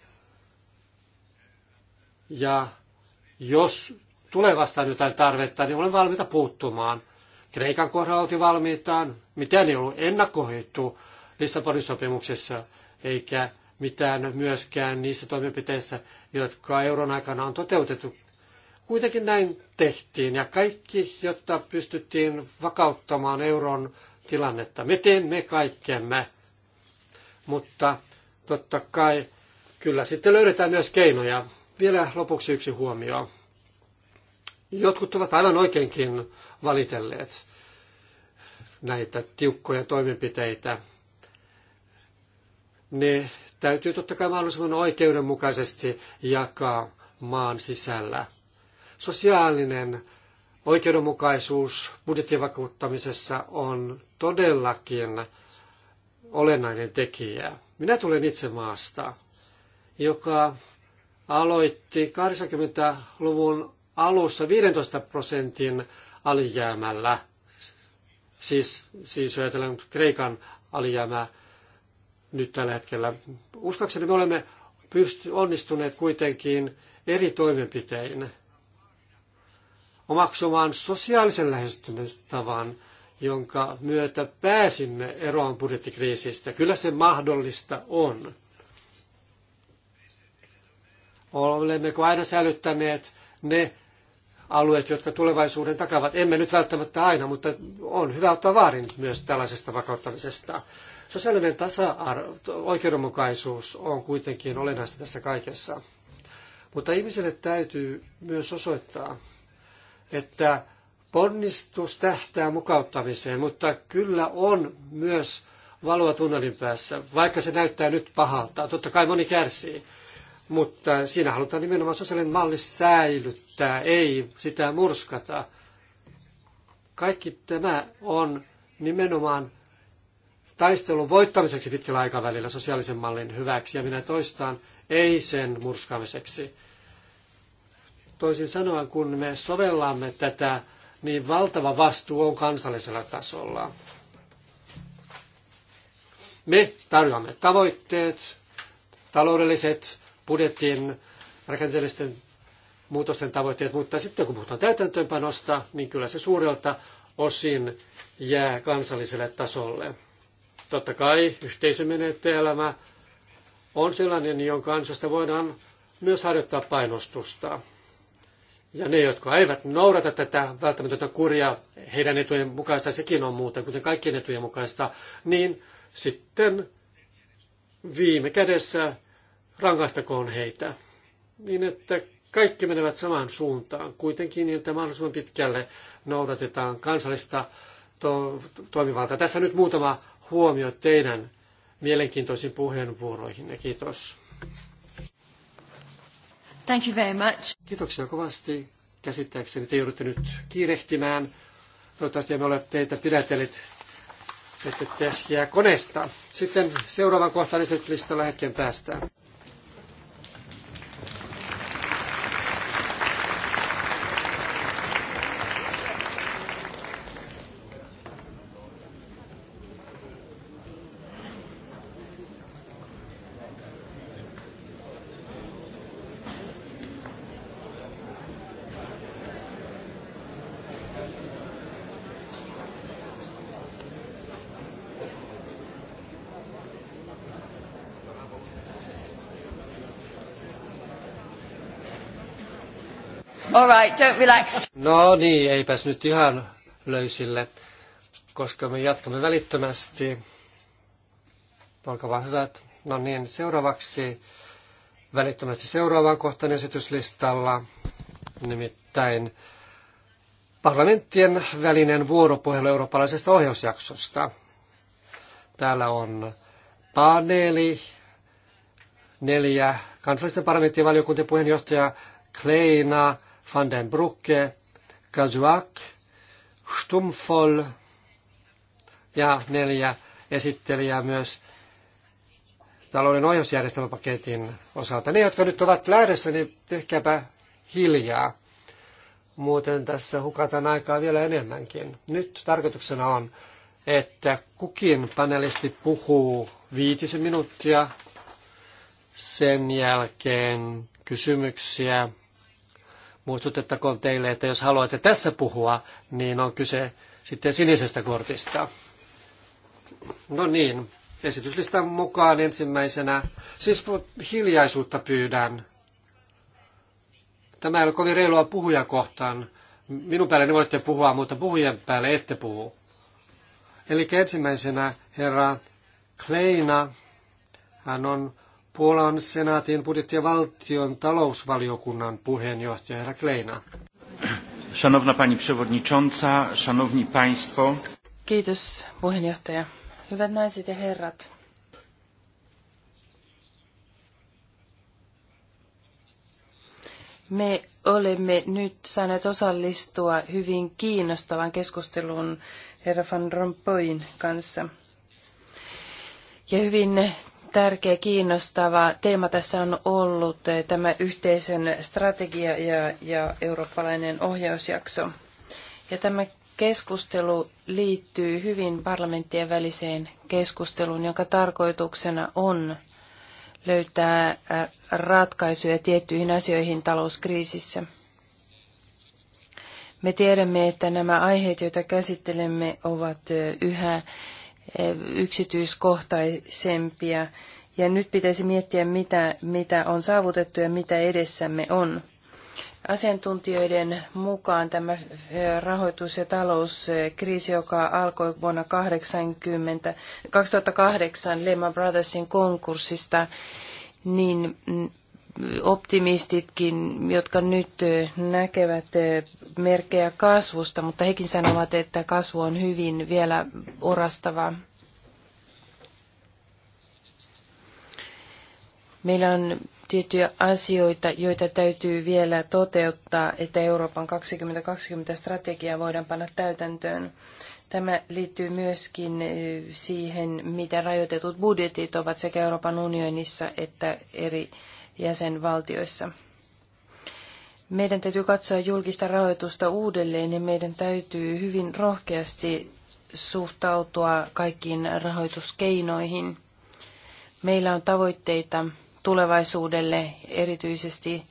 Ja jos tulee vastaan jotain tarvetta, niin olen valmiita puuttumaan. Kreikan kohdalla oltiin valmiitaan. Mitään ei ollut ennakkohittu Lissabonin sopimuksessa, eikä mitään myöskään niissä toimenpiteissä, jotka euron aikana on toteutettu. Kuitenkin näin tehtiin ja kaikki, jotta pystyttiin vakauttamaan euron tilannetta. Me teemme kaikkemme, mutta totta kai kyllä sitten löydetään myös keinoja. Vielä lopuksi yksi huomio. Jotkut ovat aivan oikeinkin valitelleet näitä tiukkoja toimenpiteitä. Ne täytyy totta kai mahdollisimman oikeudenmukaisesti jakaa maan sisällä. Sosiaalinen oikeudenmukaisuus budjettivakuuttamisessa on todellakin olennainen tekijä. Minä tulen itse maasta, joka aloitti 80-luvun alussa 15 prosentin alijäämällä. Siis, siis ajatellaan Kreikan alijäämää nyt tällä hetkellä. Uskakseni me olemme pysty, onnistuneet kuitenkin eri toimenpitein omaksumaan sosiaalisen lähestymistavan – jonka myötä pääsimme eroon budjettikriisistä. Kyllä se mahdollista on. Olemmeko aina säilyttäneet ne alueet, jotka tulevaisuuden takavat? Emme nyt välttämättä aina, mutta on hyvä ottaa vaarin myös tällaisesta vakauttamisesta. Sosiaalinen tasa-arvo, oikeudenmukaisuus on kuitenkin olennaista tässä kaikessa. Mutta ihmisille täytyy myös osoittaa, että Ponnistus tähtää mukauttamiseen, mutta kyllä on myös valoa tunnelin päässä, vaikka se näyttää nyt pahalta. Totta kai moni kärsii, mutta siinä halutaan nimenomaan sosiaalinen malli säilyttää, ei sitä murskata. Kaikki tämä on nimenomaan taistelun voittamiseksi pitkällä aikavälillä sosiaalisen mallin hyväksi, ja minä toistan, ei sen murskaamiseksi. Toisin sanoen, kun me sovellamme tätä niin valtava vastuu on kansallisella tasolla. Me tarjoamme tavoitteet, taloudelliset, budjetin, rakenteellisten muutosten tavoitteet, mutta sitten kun puhutaan täytäntöönpanosta, niin kyllä se suurelta osin jää kansalliselle tasolle. Totta kai yhteisömenetelmä on sellainen, jonka ansiosta voidaan myös harjoittaa painostusta. Ja ne, jotka eivät noudata tätä välttämätöntä kuria, heidän etujen mukaista sekin on muuta, kuten kaikkien etujen mukaista, niin sitten viime kädessä rangaistakoon heitä. Niin, että kaikki menevät samaan suuntaan kuitenkin, niin että mahdollisimman pitkälle noudatetaan kansallista to- toimivaltaa. Tässä nyt muutama huomio teidän mielenkiintoisiin puheenvuoroihinne. Kiitos. Thank you very much. Kiitoksia kovasti. Käsittääkseni te joudutte nyt kiirehtimään. Toivottavasti emme ole teitä pidätelleet, että te jää koneesta. Sitten seuraava kohta listalla hetken päästään. All right, don't relax. No niin, eipäs nyt ihan löysille, koska me jatkamme välittömästi. Olkaa vaan hyvät. No niin, seuraavaksi välittömästi seuraavaan kohtaan esityslistalla, nimittäin parlamenttien välinen vuoropuhelu eurooppalaisesta ohjausjaksosta. Täällä on paneeli, neljä kansallisten parlamenttien valiokuntien puheenjohtaja Kleina, Van den Brucke, Kazuak, Stumfoll ja neljä esittelijää myös talouden ohjausjärjestelmäpaketin osalta. Ne, jotka nyt ovat lähdössä, niin tehkääpä hiljaa. Muuten tässä hukataan aikaa vielä enemmänkin. Nyt tarkoituksena on, että kukin panelisti puhuu viitisen minuuttia. Sen jälkeen kysymyksiä Muistutettakoon teille, että jos haluatte tässä puhua, niin on kyse sitten sinisestä kortista. No niin, esityslistan mukaan ensimmäisenä, siis hiljaisuutta pyydän. Tämä ei ole kovin reilua puhuja kohtaan. Minun päälle ne voitte puhua, mutta puhujen päälle ette puhu. Eli ensimmäisenä herra Kleina, hän on Puolan senaatin budjetti- ja valtion talousvaliokunnan puheenjohtaja herra Kleina. Szanowna pani przewodnicząca, szanowni państwo. Kiitos puheenjohtaja. Hyvät naiset ja herrat. Me olemme nyt saaneet osallistua hyvin kiinnostavan keskusteluun herra Van Rompuyn kanssa. Ja hyvin tärkeä, kiinnostava teema tässä on ollut eh, tämä yhteisen strategia ja, ja eurooppalainen ohjausjakso. Ja tämä keskustelu liittyy hyvin parlamenttien väliseen keskusteluun, jonka tarkoituksena on löytää eh, ratkaisuja tiettyihin asioihin talouskriisissä. Me tiedämme, että nämä aiheet, joita käsittelemme, ovat eh, yhä yksityiskohtaisempia. Ja nyt pitäisi miettiä, mitä, mitä on saavutettu ja mitä edessämme on. Asiantuntijoiden mukaan tämä rahoitus- ja talouskriisi, joka alkoi vuonna 80, 2008 Lehman Brothersin konkurssista, niin mm, optimistitkin, jotka nyt näkevät merkkejä kasvusta, mutta hekin sanovat, että kasvu on hyvin vielä orastava. Meillä on tiettyjä asioita, joita täytyy vielä toteuttaa, että Euroopan 2020-strategia voidaan panna täytäntöön. Tämä liittyy myöskin eh, siihen, mitä rajoitetut budjetit ovat sekä Euroopan unionissa että eri jäsenvaltioissa. Meidän täytyy katsoa julkista rahoitusta uudelleen ja meidän täytyy hyvin rohkeasti suhtautua kaikkiin rahoituskeinoihin. Meillä on tavoitteita tulevaisuudelle, erityisesti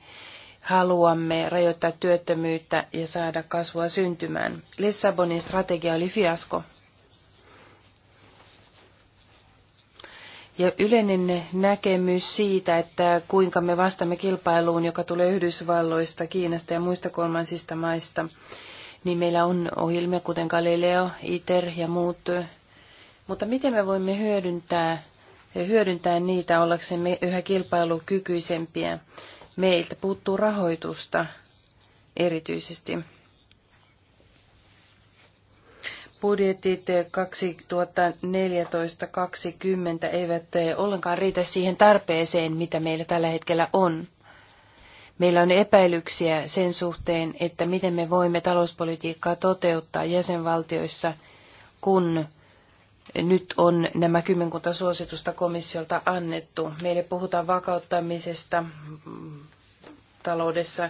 haluamme rajoittaa työttömyyttä ja saada kasvua syntymään. Lissabonin strategia oli fiasko. Ja yleinen näkemys siitä, että kuinka me vastaamme kilpailuun, joka tulee Yhdysvalloista, Kiinasta ja muista kolmansista maista, niin meillä on ohjelmia kuten Galileo, ITER ja muut. Mutta miten me voimme hyödyntää, hyödyntää niitä ollaksemme yhä kilpailukykyisempiä? Meiltä puuttuu rahoitusta erityisesti budjetit 2014-2020 eivät ollenkaan riitä siihen tarpeeseen, mitä meillä tällä hetkellä on. Meillä on epäilyksiä sen suhteen, että miten me voimme talouspolitiikkaa toteuttaa jäsenvaltioissa, kun nyt on nämä kymmenkunta suositusta komissiolta annettu. Meille puhutaan vakauttamisesta taloudessa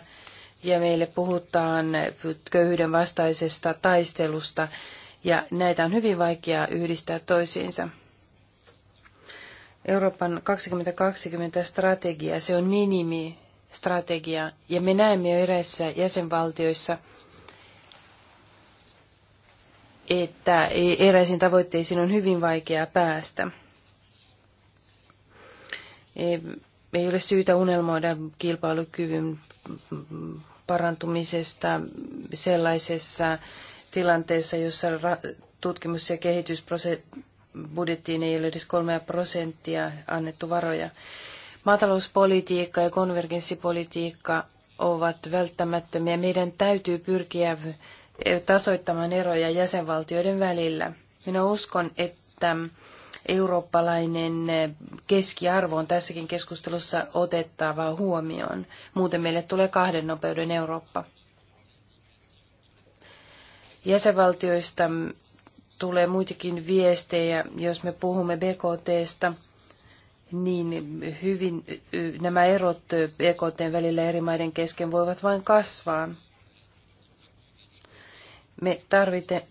ja meille puhutaan köyhyyden vastaisesta taistelusta ja näitä on hyvin vaikeaa yhdistää toisiinsa. Euroopan 2020 strategia, se on minimistrategia, ja me näemme jo eräissä jäsenvaltioissa, että eräisiin tavoitteisiin on hyvin vaikeaa päästä. Ei ole syytä unelmoida kilpailukyvyn parantumisesta sellaisessa tilanteessa, jossa tutkimus- ja kehitysbudjettiin ei ole edes kolmea prosenttia annettu varoja. Maatalouspolitiikka ja konvergenssipolitiikka ovat välttämättömiä. Meidän täytyy pyrkiä tasoittamaan eroja jäsenvaltioiden välillä. Minä uskon, että eurooppalainen keskiarvo on tässäkin keskustelussa otettava huomioon. Muuten meille tulee kahden nopeuden Eurooppa. Jäsenvaltioista tulee muitakin viestejä, jos me puhumme BKTstä, niin hyvin nämä erot BKTn välillä eri maiden kesken voivat vain kasvaa. Me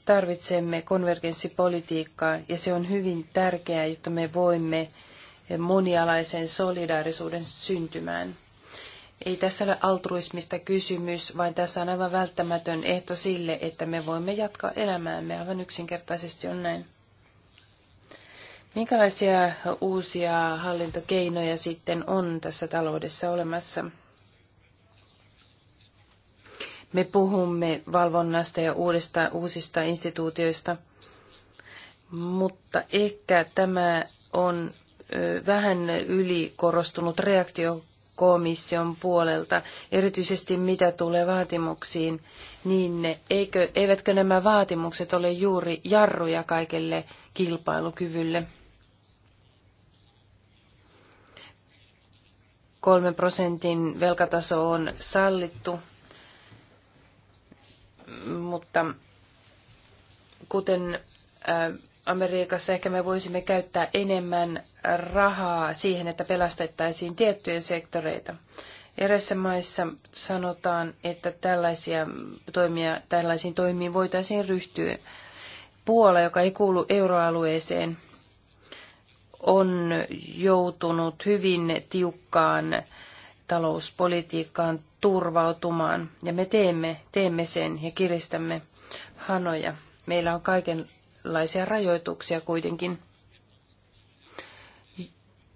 tarvitsemme konvergenssipolitiikkaa ja se on hyvin tärkeää, jotta me voimme monialaisen solidaarisuuden syntymään. Ei tässä ole altruismista kysymys, vaan tässä on aivan välttämätön ehto sille, että me voimme jatkaa elämäämme. Aivan yksinkertaisesti on näin. Minkälaisia uusia hallintokeinoja sitten on tässä taloudessa olemassa? Me puhumme valvonnasta ja uudesta, uusista instituutioista, mutta ehkä tämä on vähän ylikorostunut reaktio komission puolelta, erityisesti mitä tulee vaatimuksiin, niin eikö, eivätkö nämä vaatimukset ole juuri jarruja kaikelle kilpailukyvylle? Kolmen prosentin velkataso on sallittu, mutta kuten äh, Amerikassa ehkä me voisimme käyttää enemmän rahaa siihen, että pelastettaisiin tiettyjä sektoreita. Eräissä maissa sanotaan, että tällaisia toimia, tällaisiin toimiin voitaisiin ryhtyä. Puola, joka ei kuulu euroalueeseen, on joutunut hyvin tiukkaan talouspolitiikkaan turvautumaan. Ja me teemme, teemme sen ja kiristämme hanoja. Meillä on kaikenlaisia rajoituksia kuitenkin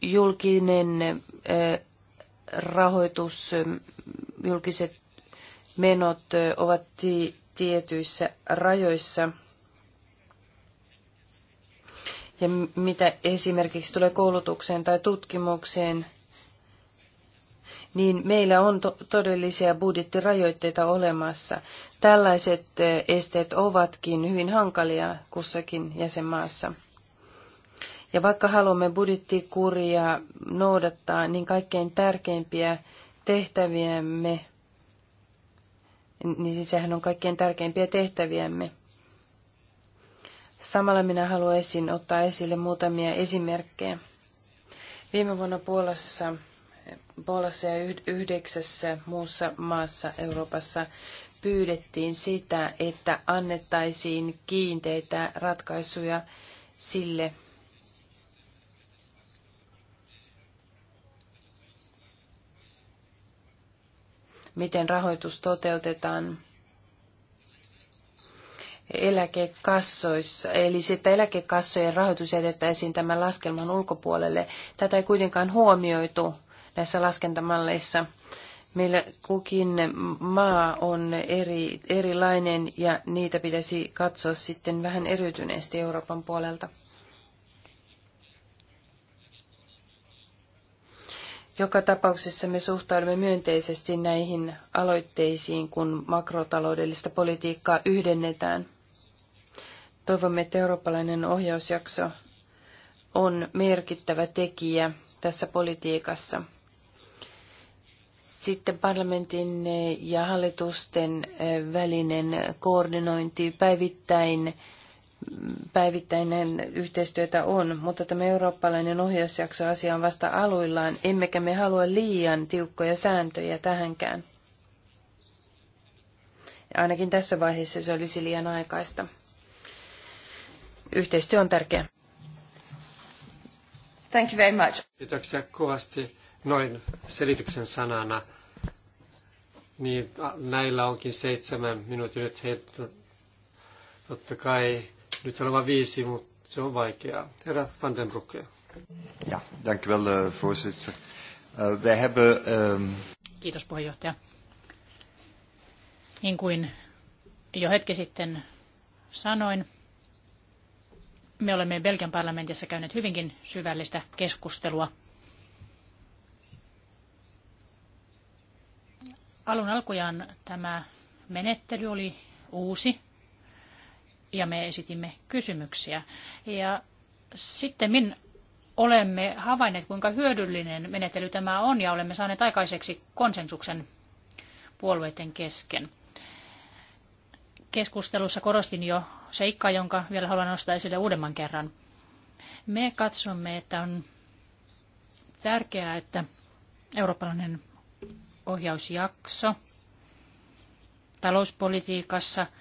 julkinen rahoitus, julkiset menot ovat tietyissä rajoissa. Ja mitä esimerkiksi tulee koulutukseen tai tutkimukseen, niin meillä on to- todellisia budjettirajoitteita olemassa. Tällaiset esteet ovatkin hyvin hankalia kussakin jäsenmaassa. Ja vaikka haluamme budjettikuria noudattaa, niin kaikkein tärkeimpiä tehtäviämme, niin siis sehän on kaikkein tärkeimpiä tehtäviämme. Samalla minä haluaisin ottaa esille muutamia esimerkkejä. Viime vuonna Puolassa, Puolassa ja yhdeksässä muussa maassa Euroopassa pyydettiin sitä, että annettaisiin kiinteitä ratkaisuja sille, miten rahoitus toteutetaan eläkekassoissa, eli se, että eläkekassojen rahoitus jätettäisiin tämän laskelman ulkopuolelle. Tätä ei kuitenkaan huomioitu näissä laskentamalleissa. Meillä kukin maa on eri, erilainen ja niitä pitäisi katsoa sitten vähän eriytyneesti Euroopan puolelta. Joka tapauksessa me suhtaudumme myönteisesti näihin aloitteisiin, kun makrotaloudellista politiikkaa yhdennetään. Toivomme, että eurooppalainen ohjausjakso on merkittävä tekijä tässä politiikassa. Sitten parlamentin eh, ja hallitusten eh, välinen koordinointi päivittäin päivittäinen yhteistyötä on, mutta tämä eurooppalainen ohjausjakso asia on vasta aluillaan, emmekä me halua liian tiukkoja sääntöjä tähänkään. ainakin tässä vaiheessa se olisi liian aikaista. Yhteistyö on tärkeä. Thank you very much. Kiitoksia kovasti noin selityksen sanana. Niin näillä onkin seitsemän minuutin nyt heitä. totta kai nyt on viisi, mutta se on vaikeaa. Herra Van den Broeke. Ja, dank wel, eh, voorzitter. Eh, We hebben... Um... Kiitos puheenjohtaja. Niin kuin jo hetki sitten sanoin, me olemme Belgian parlamentissa käyneet hyvinkin syvällistä keskustelua alun alkujaan tämä menettely oli uusi ja me esitimme kysymyksiä. Ja sitten olemme havainneet, kuinka hyödyllinen menetely tämä on ja olemme saaneet aikaiseksi konsensuksen puolueiden kesken. Keskustelussa korostin jo seikkaa, jonka vielä haluan nostaa esille uudemman kerran. Me katsomme, että on tärkeää, että eurooppalainen ohjausjakso talouspolitiikassa –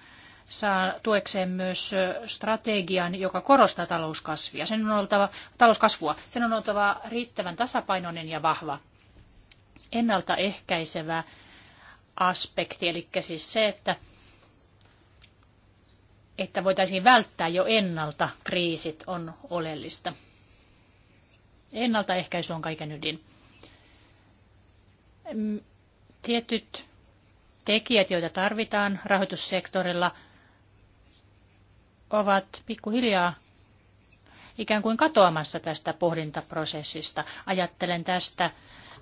saa tuekseen myös strategian, joka korostaa talouskasvia. Sen on oltava, talouskasvua. Sen on oltava riittävän tasapainoinen ja vahva. Ennaltaehkäisevä aspekti, eli siis se, että, että voitaisiin välttää jo ennalta kriisit, on oleellista. Ennaltaehkäisy on kaiken ydin. Tietyt tekijät, joita tarvitaan rahoitussektorilla – ovat pikkuhiljaa ikään kuin katoamassa tästä pohdintaprosessista. Ajattelen tästä,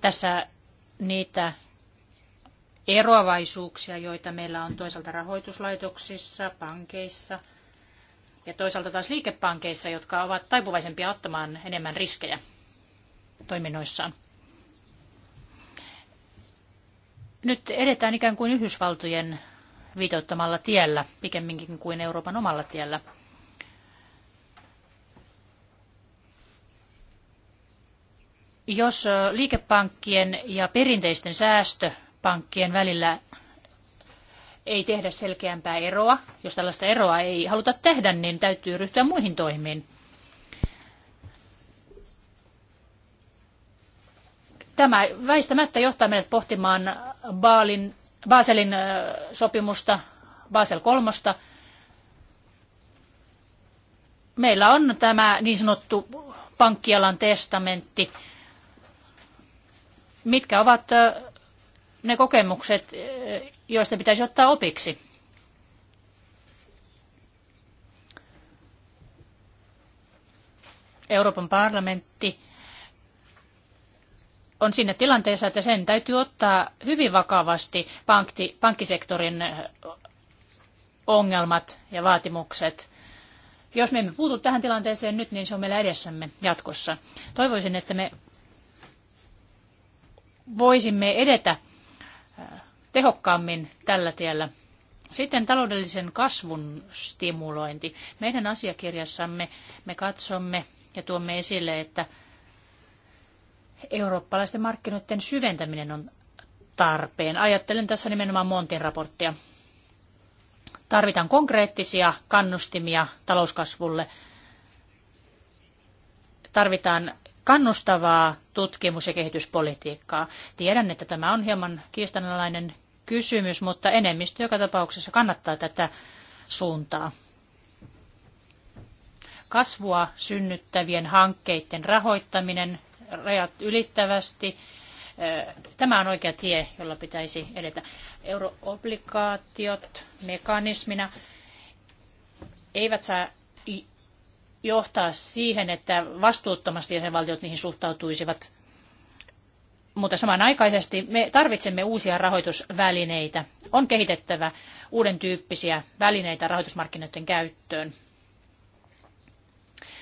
tässä niitä eroavaisuuksia, joita meillä on toisaalta rahoituslaitoksissa, pankeissa ja toisaalta taas liikepankeissa, jotka ovat taipuvaisempia ottamaan enemmän riskejä toiminnoissaan. Nyt edetään ikään kuin Yhdysvaltojen viitoittamalla tiellä, pikemminkin kuin Euroopan omalla tiellä. Jos liikepankkien ja perinteisten säästöpankkien välillä ei tehdä selkeämpää eroa, jos tällaista eroa ei haluta tehdä, niin täytyy ryhtyä muihin toimiin. Tämä väistämättä johtaa meidät pohtimaan Baalin Baselin sopimusta, Basel kolmosta. Meillä on tämä niin sanottu pankkialan testamentti. Mitkä ovat ne kokemukset, joista pitäisi ottaa opiksi? Euroopan parlamentti on siinä tilanteessa, että sen täytyy ottaa hyvin vakavasti pankki, pankkisektorin ongelmat ja vaatimukset. Jos me emme puutu tähän tilanteeseen nyt, niin se on meillä edessämme jatkossa. Toivoisin, että me voisimme edetä tehokkaammin tällä tiellä. Sitten taloudellisen kasvun stimulointi. Meidän asiakirjassamme me katsomme ja tuomme esille, että eurooppalaisten markkinoiden syventäminen on tarpeen. Ajattelen tässä nimenomaan Montin raporttia. Tarvitaan konkreettisia kannustimia talouskasvulle. Tarvitaan kannustavaa tutkimus- ja kehityspolitiikkaa. Tiedän, että tämä on hieman kiistanalainen kysymys, mutta enemmistö joka tapauksessa kannattaa tätä suuntaa. Kasvua synnyttävien hankkeiden rahoittaminen rajat ylittävästi. Tämä on oikea tie, jolla pitäisi edetä. Euroobligaatiot mekanismina eivät saa johtaa siihen, että vastuuttomasti jäsenvaltiot niihin suhtautuisivat. Mutta samanaikaisesti me tarvitsemme uusia rahoitusvälineitä. On kehitettävä uuden tyyppisiä välineitä rahoitusmarkkinoiden käyttöön.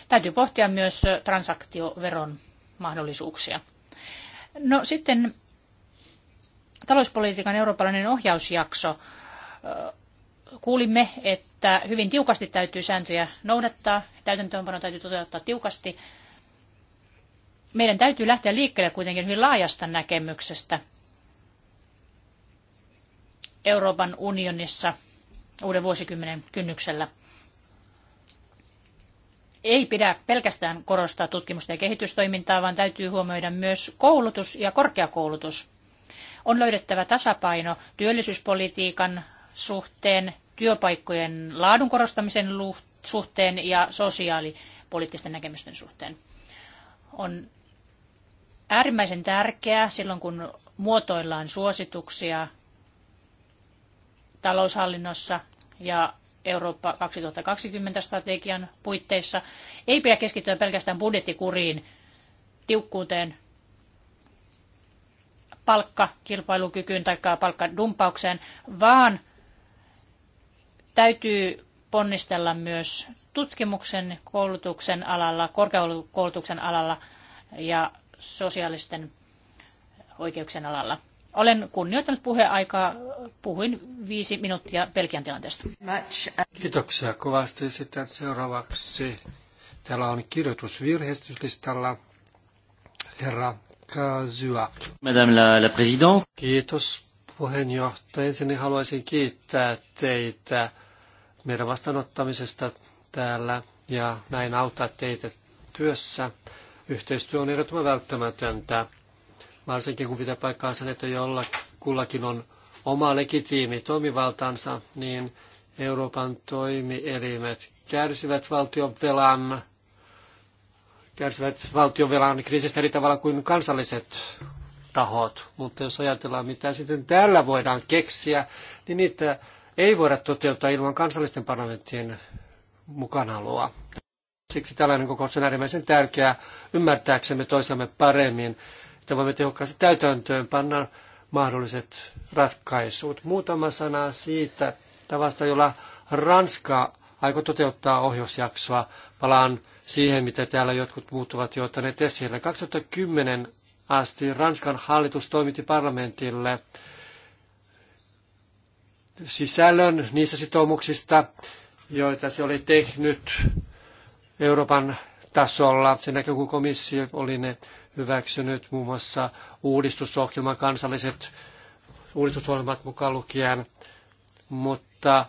Täytyy pohtia myös transaktioveron mahdollisuuksia. No sitten talouspolitiikan eurooppalainen ohjausjakso. Kuulimme, että hyvin tiukasti täytyy sääntöjä noudattaa, täytäntöönpano täytyy toteuttaa tiukasti. Meidän täytyy lähteä liikkeelle kuitenkin hyvin laajasta näkemyksestä Euroopan unionissa uuden vuosikymmenen kynnyksellä – ei pidä pelkästään korostaa tutkimusta ja kehitystoimintaa, vaan täytyy huomioida myös koulutus ja korkeakoulutus. On löydettävä tasapaino työllisyyspolitiikan suhteen, työpaikkojen laadun korostamisen suhteen ja sosiaalipoliittisten näkemysten suhteen. On äärimmäisen tärkeää silloin, kun muotoillaan suosituksia taloushallinnossa ja Eurooppa 2020-strategian puitteissa. Ei pidä keskittyä pelkästään budjettikuriin, tiukkuuteen, palkkakilpailukykyyn tai palkkadumpaukseen, vaan täytyy ponnistella myös tutkimuksen, koulutuksen alalla, korkeakoulutuksen alalla ja sosiaalisten oikeuksien alalla. Olen kunnioittanut puheaikaa. Puhuin viisi minuuttia Belgian tilanteesta. Kiitoksia kovasti. Sitten seuraavaksi täällä on virheistyslistalla. herra Kazuak. Madame la, la présidente. Kiitos puheenjohtaja. Ensin haluaisin kiittää teitä meidän vastaanottamisesta täällä ja näin auttaa teitä työssä. Yhteistyö on ehdottoman välttämätöntä varsinkin kun pitää paikkaansa, että jolla kullakin on oma legitiimi toimivaltansa, niin Euroopan toimielimet kärsivät valtion velan, kärsivät valtion velan kriisistä eri tavalla kuin kansalliset tahot. Mutta jos ajatellaan, mitä sitten täällä voidaan keksiä, niin niitä ei voida toteuttaa ilman kansallisten parlamenttien mukanaoloa. Siksi tällainen kokous on äärimmäisen tärkeää ymmärtääksemme toisiamme paremmin että voimme tehokkaasti täytäntöön panna mahdolliset ratkaisut. Muutama sana siitä tavasta, jolla Ranska aikoo toteuttaa ohjausjaksoa. Palaan siihen, mitä täällä jotkut muut ovat jo ottaneet esille. 2010 asti Ranskan hallitus toimitti parlamentille sisällön niissä sitoumuksista, joita se oli tehnyt Euroopan tasolla. Sen komissio oli ne hyväksynyt muun muassa uudistusohjelman kansalliset uudistusohjelmat mukaan lukien, mutta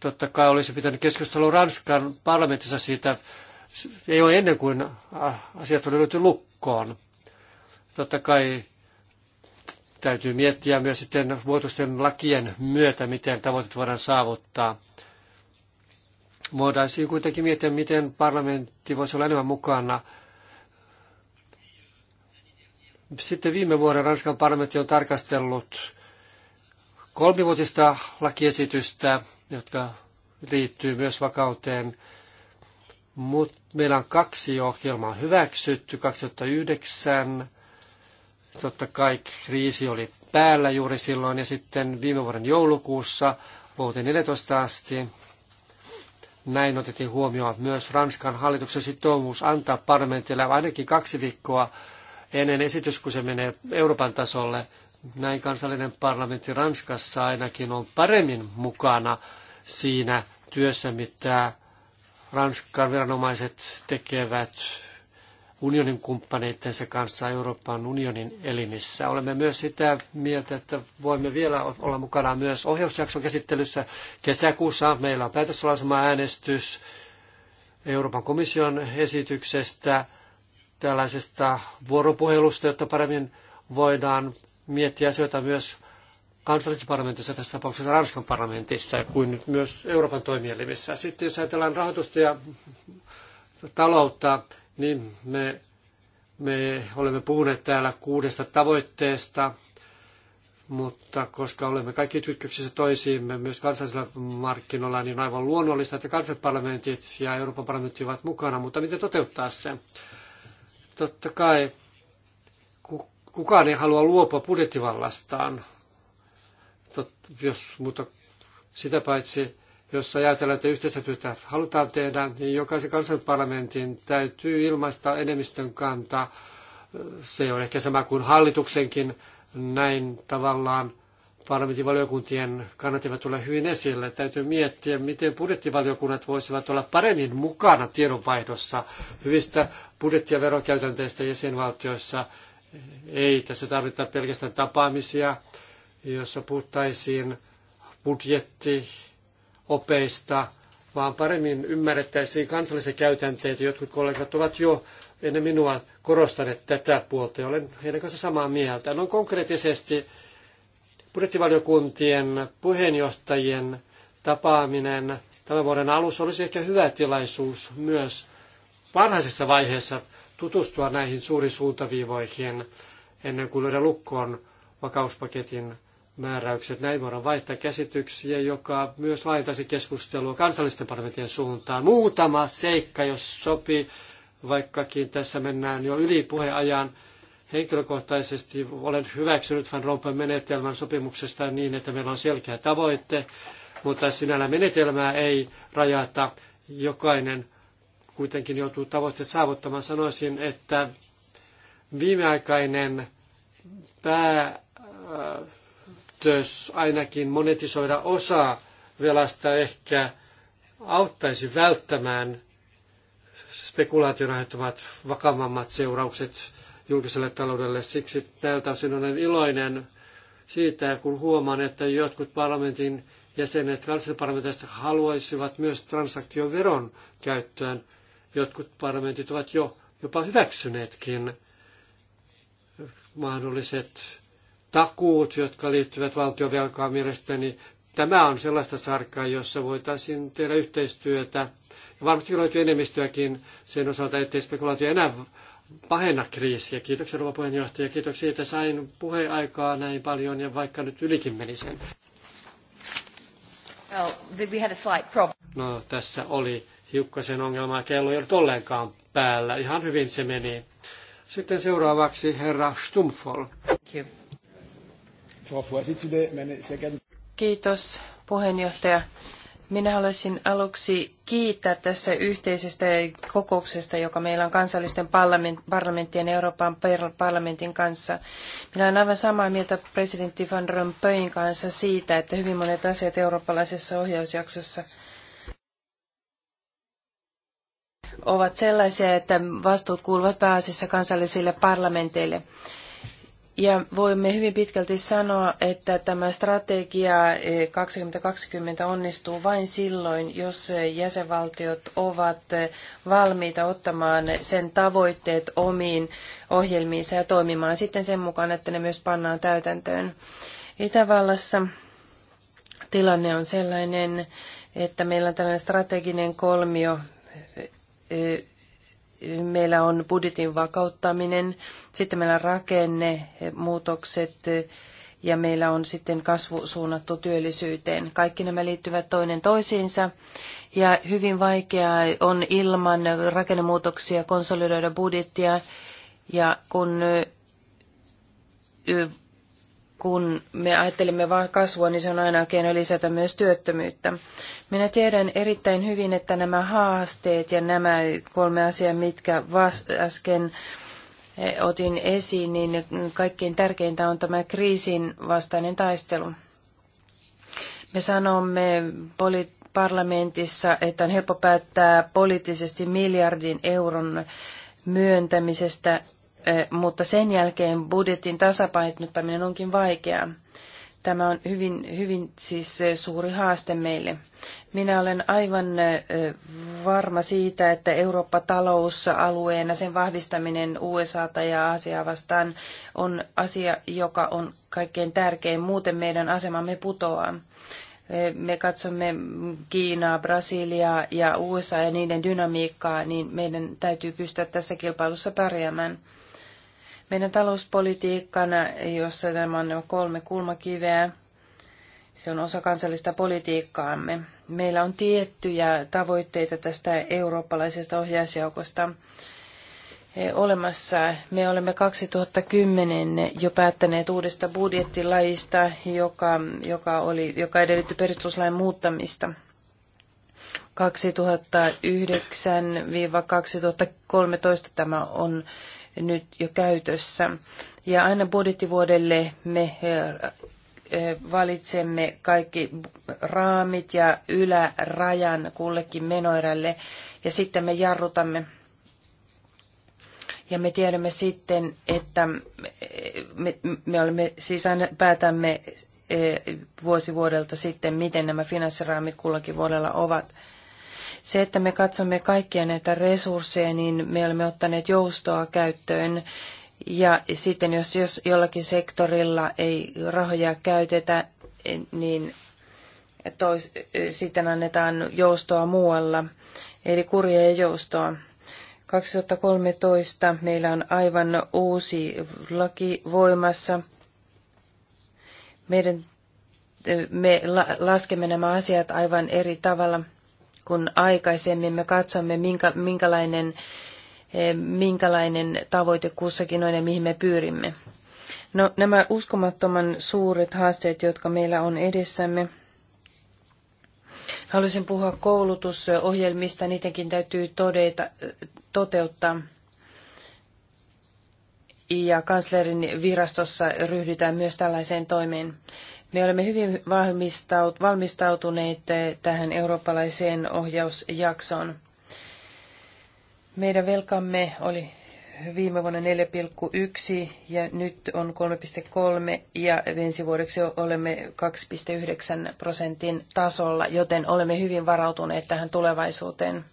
totta kai olisi pitänyt keskustella Ranskan parlamentissa siitä, ei ole ennen kuin asiat on löyty lukkoon. Totta kai täytyy miettiä myös sitten vuotusten lakien myötä, miten tavoitteet voidaan saavuttaa. Voidaan siis kuitenkin miettiä, miten parlamentti voisi olla enemmän mukana – sitten viime vuoden Ranskan parlamentti on tarkastellut kolmivuotista lakiesitystä, jotka liittyy myös vakauteen. mut meillä on kaksi ohjelmaa hyväksytty 2009. Totta kai kriisi oli päällä juuri silloin ja sitten viime vuoden joulukuussa vuoteen 14 asti. Näin otettiin huomioon myös Ranskan hallituksen sitoumus antaa parlamentille ainakin kaksi viikkoa ennen esitys, kun se menee Euroopan tasolle. Näin kansallinen parlamentti Ranskassa ainakin on paremmin mukana siinä työssä, mitä Ranskan viranomaiset tekevät unionin kumppaneittensa kanssa Euroopan unionin elimissä. Olemme myös sitä mieltä, että voimme vielä olla mukana myös ohjausjakson käsittelyssä. Kesäkuussa meillä on päätöslausuma äänestys Euroopan komission esityksestä – tällaisesta vuoropuhelusta, jotta paremmin voidaan miettiä asioita myös kansallisessa parlamentissa, tässä tapauksessa Ranskan parlamentissa, kuin nyt myös Euroopan toimielimissä. Sitten jos ajatellaan rahoitusta ja taloutta, niin me, me olemme puhuneet täällä kuudesta tavoitteesta, mutta koska olemme kaikki kytköksissä toisiimme myös kansallisilla markkinoilla, niin on aivan luonnollista, että kansalliset parlamentit ja Euroopan parlamentti ovat mukana, mutta miten toteuttaa se? Totta kai kukaan ei halua luopua budjettivallastaan, Tot, jos, mutta sitä paitsi, jos ajatellaan, että yhteistä työtä halutaan tehdä, niin jokaisen kansanparlamentin täytyy ilmaista enemmistön kanta. Se on ehkä sama kuin hallituksenkin näin tavallaan parlamentin valiokuntien kannat eivät tule hyvin esille. Täytyy miettiä, miten budjettivaliokunnat voisivat olla paremmin mukana tiedonvaihdossa hyvistä budjetti- ja verokäytänteistä jäsenvaltioissa. Ei tässä tarvita pelkästään tapaamisia, joissa puhuttaisiin budjettiopeista, vaan paremmin ymmärrettäisiin kansallisia käytänteitä. Jotkut kollegat ovat jo ennen minua korostaneet tätä puolta ja olen heidän kanssa samaa mieltä. No konkreettisesti budjettivaliokuntien puheenjohtajien tapaaminen tämän vuoden alussa olisi ehkä hyvä tilaisuus myös varhaisessa vaiheessa tutustua näihin suuriin suuntaviivoihin ennen kuin lyödään lukkoon vakauspaketin määräykset. Näin voidaan vaihtaa käsityksiä, joka myös laajentaisi keskustelua kansallisten parlamenttien suuntaan. Muutama seikka, jos sopii, vaikkakin tässä mennään jo yli puheajan. Henkilökohtaisesti olen hyväksynyt Van Rompuyn menetelmän sopimuksesta niin, että meillä on selkeä tavoite, mutta sinällä menetelmää ei rajata. Jokainen kuitenkin joutuu tavoitteet saavuttamaan. Sanoisin, että viimeaikainen päätös ainakin monetisoida osa velasta ehkä auttaisi välttämään spekulaation aiheuttamat vakavammat seuraukset julkiselle taloudelle. Siksi tältä osin olen iloinen siitä, kun huomaan, että jotkut parlamentin jäsenet kansallisparlamentista haluaisivat myös transaktioveron käyttöön. Jotkut parlamentit ovat jo jopa hyväksyneetkin mahdolliset takuut, jotka liittyvät valtiovelkaan mielestäni. Tämä on sellaista sarkaa, jossa voitaisiin tehdä yhteistyötä ja varmasti löytyy enemmistöäkin sen osalta, ettei spekulaatio enää pahenna kriisiä. Kiitoksia rouva puheenjohtaja. Kiitoksia, että sain puheaikaa näin paljon ja vaikka nyt ylikin meni sen. No, tässä oli hiukkasen ongelmaa. Kello ei ollut ollenkaan päällä. Ihan hyvin se meni. Sitten seuraavaksi herra Stumfol. Kiitos puheenjohtaja. Minä haluaisin aluksi kiittää tässä yhteisestä kokouksesta, joka meillä on kansallisten parlamenttien ja Euroopan parlamentin kanssa. Minä olen aivan samaa mieltä presidentti Van Rompuyin kanssa siitä, että hyvin monet asiat eurooppalaisessa ohjausjaksossa ovat sellaisia, että vastuut kuuluvat pääasiassa kansallisille parlamenteille. Ja voimme hyvin pitkälti sanoa, että tämä strategia 2020 eh, onnistuu vain silloin, jos jäsenvaltiot ovat eh, valmiita ottamaan sen tavoitteet omiin ohjelmiinsa ja toimimaan sitten sen mukaan, että ne myös pannaan täytäntöön. Itävallassa tilanne on sellainen, että meillä on tällainen strateginen kolmio eh, meillä on budjetin vakauttaminen, sitten meillä on rakennemuutokset ja meillä on sitten kasvu suunnattu työllisyyteen. Kaikki nämä liittyvät toinen toisiinsa ja hyvin vaikeaa on ilman rakennemuutoksia konsolidoida budjettia ja kun kun me ajattelemme vain kasvua, niin se on aina keino lisätä myös työttömyyttä. Minä tiedän erittäin hyvin, että nämä haasteet ja nämä kolme asiaa, mitkä vas- äsken eh, otin esiin, niin kaikkein tärkeintä on tämä kriisin vastainen taistelu. Me sanomme poli- parlamentissa, että on helppo päättää poliittisesti miljardin euron myöntämisestä mutta sen jälkeen budjetin tasapainottaminen onkin vaikeaa. Tämä on hyvin, hyvin siis suuri haaste meille. Minä olen aivan varma siitä, että Eurooppa-talousalueena sen vahvistaminen USAta ja Aasiaa vastaan on asia, joka on kaikkein tärkein. Muuten meidän asemamme putoaa. Me katsomme Kiinaa, Brasiliaa ja USA ja niiden dynamiikkaa, niin meidän täytyy pystyä tässä kilpailussa pärjäämään. Meidän talouspolitiikkana, jossa nämä on kolme kulmakiveä, se on osa kansallista politiikkaamme. Meillä on tiettyjä tavoitteita tästä eurooppalaisesta ohjausjoukosta olemassa. Me olemme 2010 jo päättäneet uudesta budjettilaista, joka, joka, oli, joka edellytti perustuslain muuttamista. 2009-2013 tämä on nyt jo käytössä. Ja aina budjettivuodelle me valitsemme kaikki raamit ja ylärajan kullekin menoerälle ja sitten me jarrutamme. Ja me tiedämme sitten, että me, me olemme, siis aina päätämme vuosi vuodelta sitten, miten nämä finanssiraamit kullakin vuodella ovat. Se, että me katsomme kaikkia näitä resursseja, niin me olemme ottaneet joustoa käyttöön. Ja sitten jos, jos jollakin sektorilla ei rahoja käytetä, niin tois, sitten annetaan joustoa muualla, eli kurja ja joustoa. 2013 meillä on aivan uusi laki voimassa. Meidän, me laskemme nämä asiat aivan eri tavalla kun aikaisemmin me katsomme, minkä, minkälainen, eh, minkälainen tavoite kussakin on ja mihin me pyrimme. No, nämä uskomattoman suuret haasteet, jotka meillä on edessämme, Haluaisin puhua koulutusohjelmista, niitäkin täytyy todeta, toteuttaa. Ja kanslerin virastossa ryhdytään myös tällaiseen toimeen. Me olemme hyvin valmistautuneet tähän eurooppalaiseen ohjausjaksoon. Meidän velkamme oli viime vuonna 4,1 ja nyt on 3,3 ja ensi vuodeksi olemme 2,9 prosentin tasolla, joten olemme hyvin varautuneet tähän tulevaisuuteen.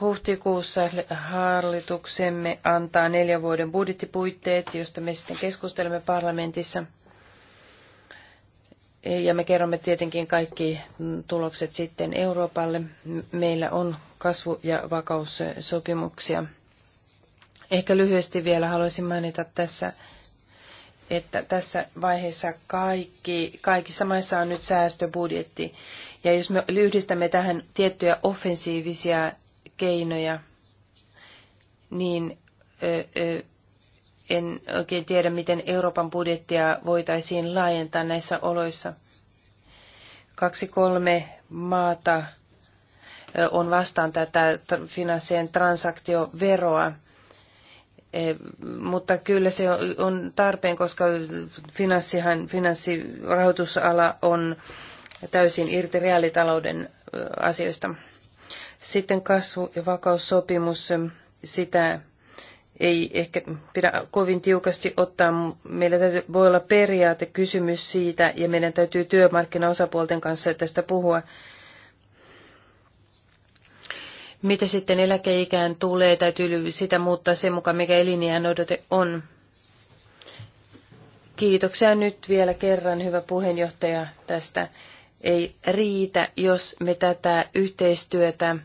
Huhtikuussa hallituksemme antaa neljän vuoden budjettipuitteet, josta me sitten keskustelemme parlamentissa – ja me kerromme tietenkin kaikki tulokset sitten Euroopalle. Meillä on kasvu- ja vakaussopimuksia. Ehkä lyhyesti vielä haluaisin mainita tässä, että tässä vaiheessa kaikki, kaikissa maissa on nyt säästöbudjetti. Ja jos me yhdistämme tähän tiettyjä offensiivisia keinoja, niin ö, ö, en oikein tiedä, miten Euroopan budjettia voitaisiin laajentaa näissä oloissa. Kaksi kolme maata on vastaan tätä finanssien transaktioveroa, mutta kyllä se on tarpeen, koska finanssihan, finanssirahoitusala on täysin irti reaalitalouden asioista. Sitten kasvu- ja vakaussopimus, sitä ei ehkä pidä kovin tiukasti ottaa. Meillä täytyy, voi olla kysymys siitä ja meidän täytyy työmarkkinaosapuolten kanssa tästä puhua. Mitä sitten eläkeikään tulee, täytyy sitä muuttaa sen mukaan, mikä elinjään odote on. Kiitoksia nyt vielä kerran, hyvä puheenjohtaja, tästä. Ei riitä, jos me tätä yhteistyötä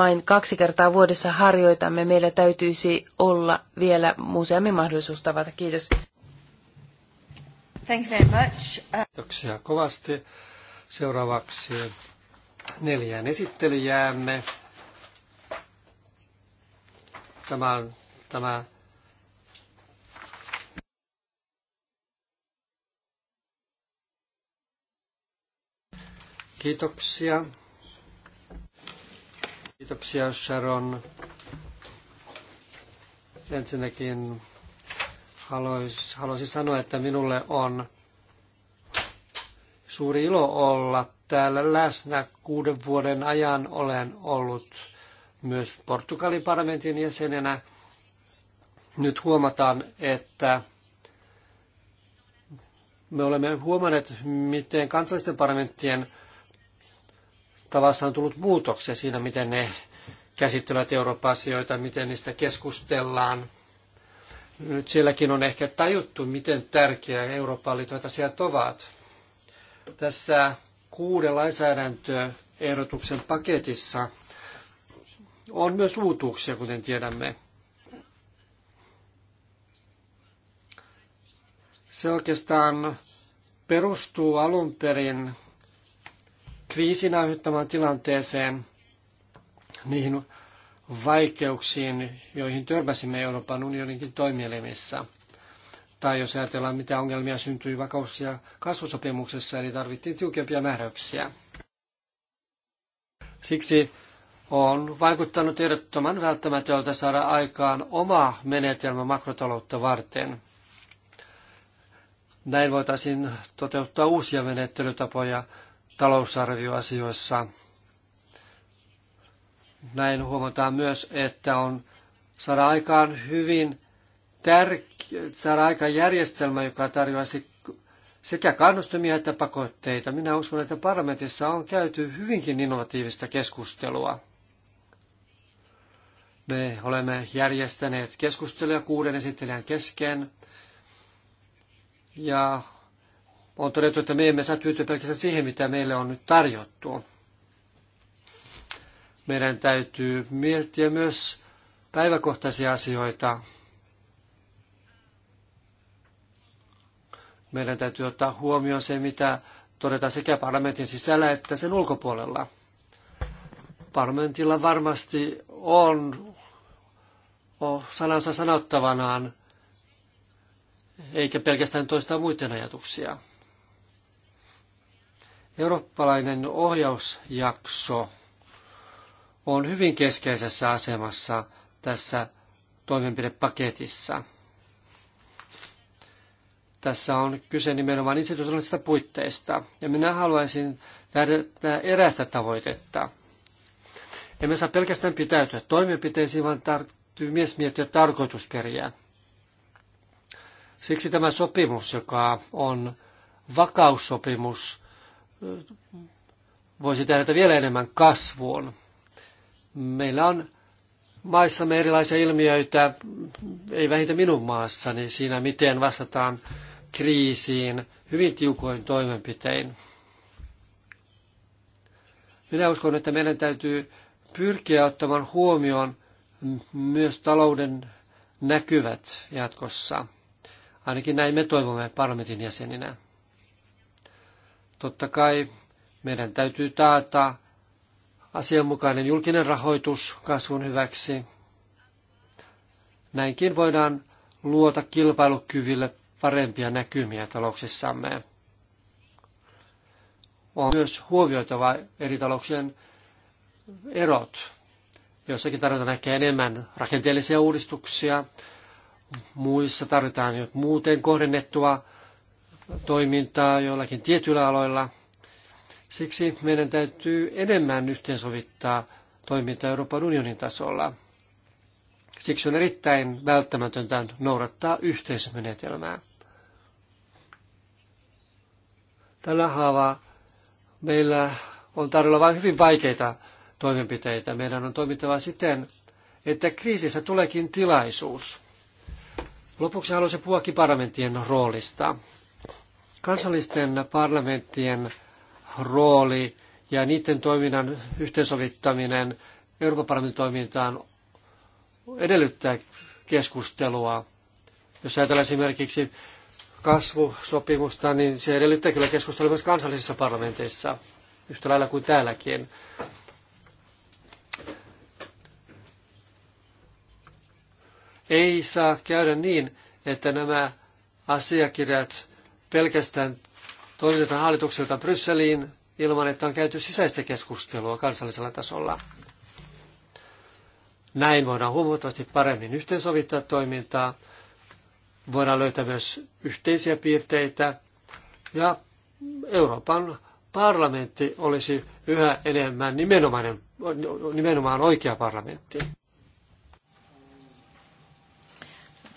vain kaksi kertaa vuodessa harjoitamme. Meillä täytyisi olla vielä museammin mahdollisuus tavata. Kiitos. Thank you very much. Uh, Kiitoksia kovasti. Seuraavaksi neljään esittelyjäämme. Tämä on tämä Kiitoksia. Kiitoksia Sharon. Ensinnäkin haluaisin sanoa, että minulle on suuri ilo olla täällä läsnä. Kuuden vuoden ajan olen ollut myös Portugalin parlamentin jäsenenä. Nyt huomataan, että me olemme huomanneet, miten kansallisten parlamenttien tavassa on tullut muutoksia siinä, miten ne käsittelevät Eurooppa-asioita, miten niistä keskustellaan. Nyt sielläkin on ehkä tajuttu, miten tärkeä Euroopan liittyvät asiat ovat. Tässä kuuden lainsäädäntöehdotuksen paketissa on myös uutuuksia, kuten tiedämme. Se oikeastaan perustuu alun perin kriisin aiheuttamaan tilanteeseen, niihin vaikeuksiin, joihin törmäsimme Euroopan unioninkin toimielimissä. Tai jos ajatellaan, mitä ongelmia syntyi vakaus- ja kasvusopimuksessa, eli tarvittiin tiukempia määräyksiä. Siksi on vaikuttanut ehdottoman välttämätöntä saada aikaan oma menetelmä makrotaloutta varten. Näin voitaisiin toteuttaa uusia menettelytapoja talousarvioasioissa. Näin huomataan myös, että on saada aikaan hyvin tärkeä, saada aikaan järjestelmä, joka tarjoaisi sekä kannustumia että pakotteita. Minä uskon, että parlamentissa on käyty hyvinkin innovatiivista keskustelua. Me olemme järjestäneet keskusteluja kuuden esittelijän kesken ja on todettu, että me emme saa tyytyä pelkästään siihen, mitä meille on nyt tarjottu. Meidän täytyy miettiä myös päiväkohtaisia asioita. Meidän täytyy ottaa huomioon se, mitä todetaan sekä parlamentin sisällä että sen ulkopuolella. Parlamentilla varmasti on sanansa sanottavanaan, eikä pelkästään toista muiden ajatuksia. Eurooppalainen ohjausjakso on hyvin keskeisessä asemassa tässä toimenpidepaketissa. Tässä on kyse nimenomaan institutionaalisista puitteista, ja minä haluaisin tähdentää erästä tavoitetta. Emme saa pelkästään pitäytyä toimenpiteisiin, vaan täytyy myös miettiä tarkoitusperiä. Siksi tämä sopimus, joka on vakaussopimus, voisi että vielä enemmän kasvuun. Meillä on maissamme erilaisia ilmiöitä, ei vähintä minun maassani, siinä miten vastataan kriisiin hyvin tiukoin toimenpitein. Minä uskon, että meidän täytyy pyrkiä ottamaan huomioon myös talouden näkyvät jatkossa. Ainakin näin me toivomme parlamentin jäseninä. Totta kai meidän täytyy taata asianmukainen julkinen rahoitus kasvun hyväksi. Näinkin voidaan luota kilpailukyville parempia näkymiä talouksissamme. On myös huomioitava eri talouksien erot. Jossakin tarvitaan ehkä enemmän rakenteellisia uudistuksia, muissa tarvitaan jo muuten kohdennettua toimintaa joillakin tietyillä aloilla. Siksi meidän täytyy enemmän yhteensovittaa toimintaa Euroopan unionin tasolla. Siksi on erittäin välttämätöntä noudattaa yhteismenetelmää. Tällä haavaa meillä on tarjolla vain hyvin vaikeita toimenpiteitä. Meidän on toimittava siten, että kriisissä tuleekin tilaisuus. Lopuksi haluaisin puhua parlamenttien roolista. Kansallisten parlamenttien rooli ja niiden toiminnan yhteensovittaminen Euroopan parlamentin toimintaan edellyttää keskustelua. Jos ajatellaan esimerkiksi kasvusopimusta, niin se edellyttää kyllä keskustelua myös kansallisissa parlamenteissa, yhtä lailla kuin täälläkin. Ei saa käydä niin, että nämä asiakirjat pelkästään toimitetaan hallitukselta Brysseliin ilman, että on käyty sisäistä keskustelua kansallisella tasolla. Näin voidaan huomattavasti paremmin yhteensovittaa toimintaa, voidaan löytää myös yhteisiä piirteitä ja Euroopan parlamentti olisi yhä enemmän nimenomainen, nimenomaan oikea parlamentti.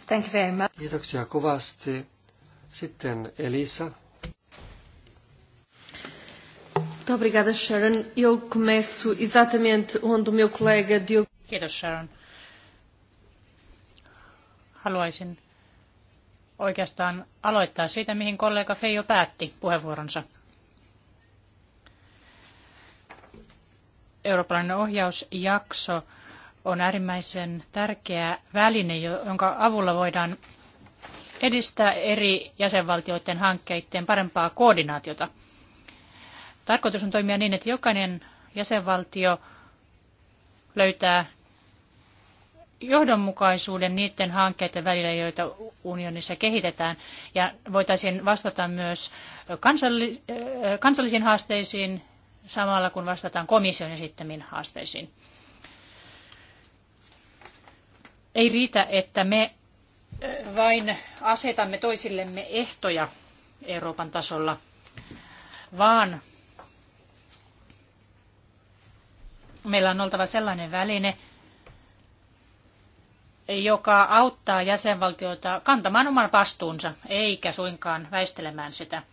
Thank you very much. Kiitoksia kovasti. Sitten Elisa. obrigada, Sharon. Eu começo exatamente onde o meu colega Diogo... Kiitos, Sharon. Haluaisin oikeastaan aloittaa siitä, mihin kollega Feijo päätti puheenvuoronsa. Eurooppalainen ohjausjakso on äärimmäisen tärkeä väline, jonka avulla voidaan edistää eri jäsenvaltioiden hankkeiden parempaa koordinaatiota. Tarkoitus on toimia niin, että jokainen jäsenvaltio löytää johdonmukaisuuden niiden hankkeiden välillä, joita unionissa kehitetään, ja voitaisiin vastata myös äh, kansallisiin haasteisiin samalla, kun vastataan komission esittämiin haasteisiin. Ei riitä, että me vain asetamme toisillemme ehtoja Euroopan tasolla, vaan meillä on oltava sellainen väline, joka auttaa jäsenvaltioita kantamaan oman vastuunsa, eikä suinkaan väistelemään sitä.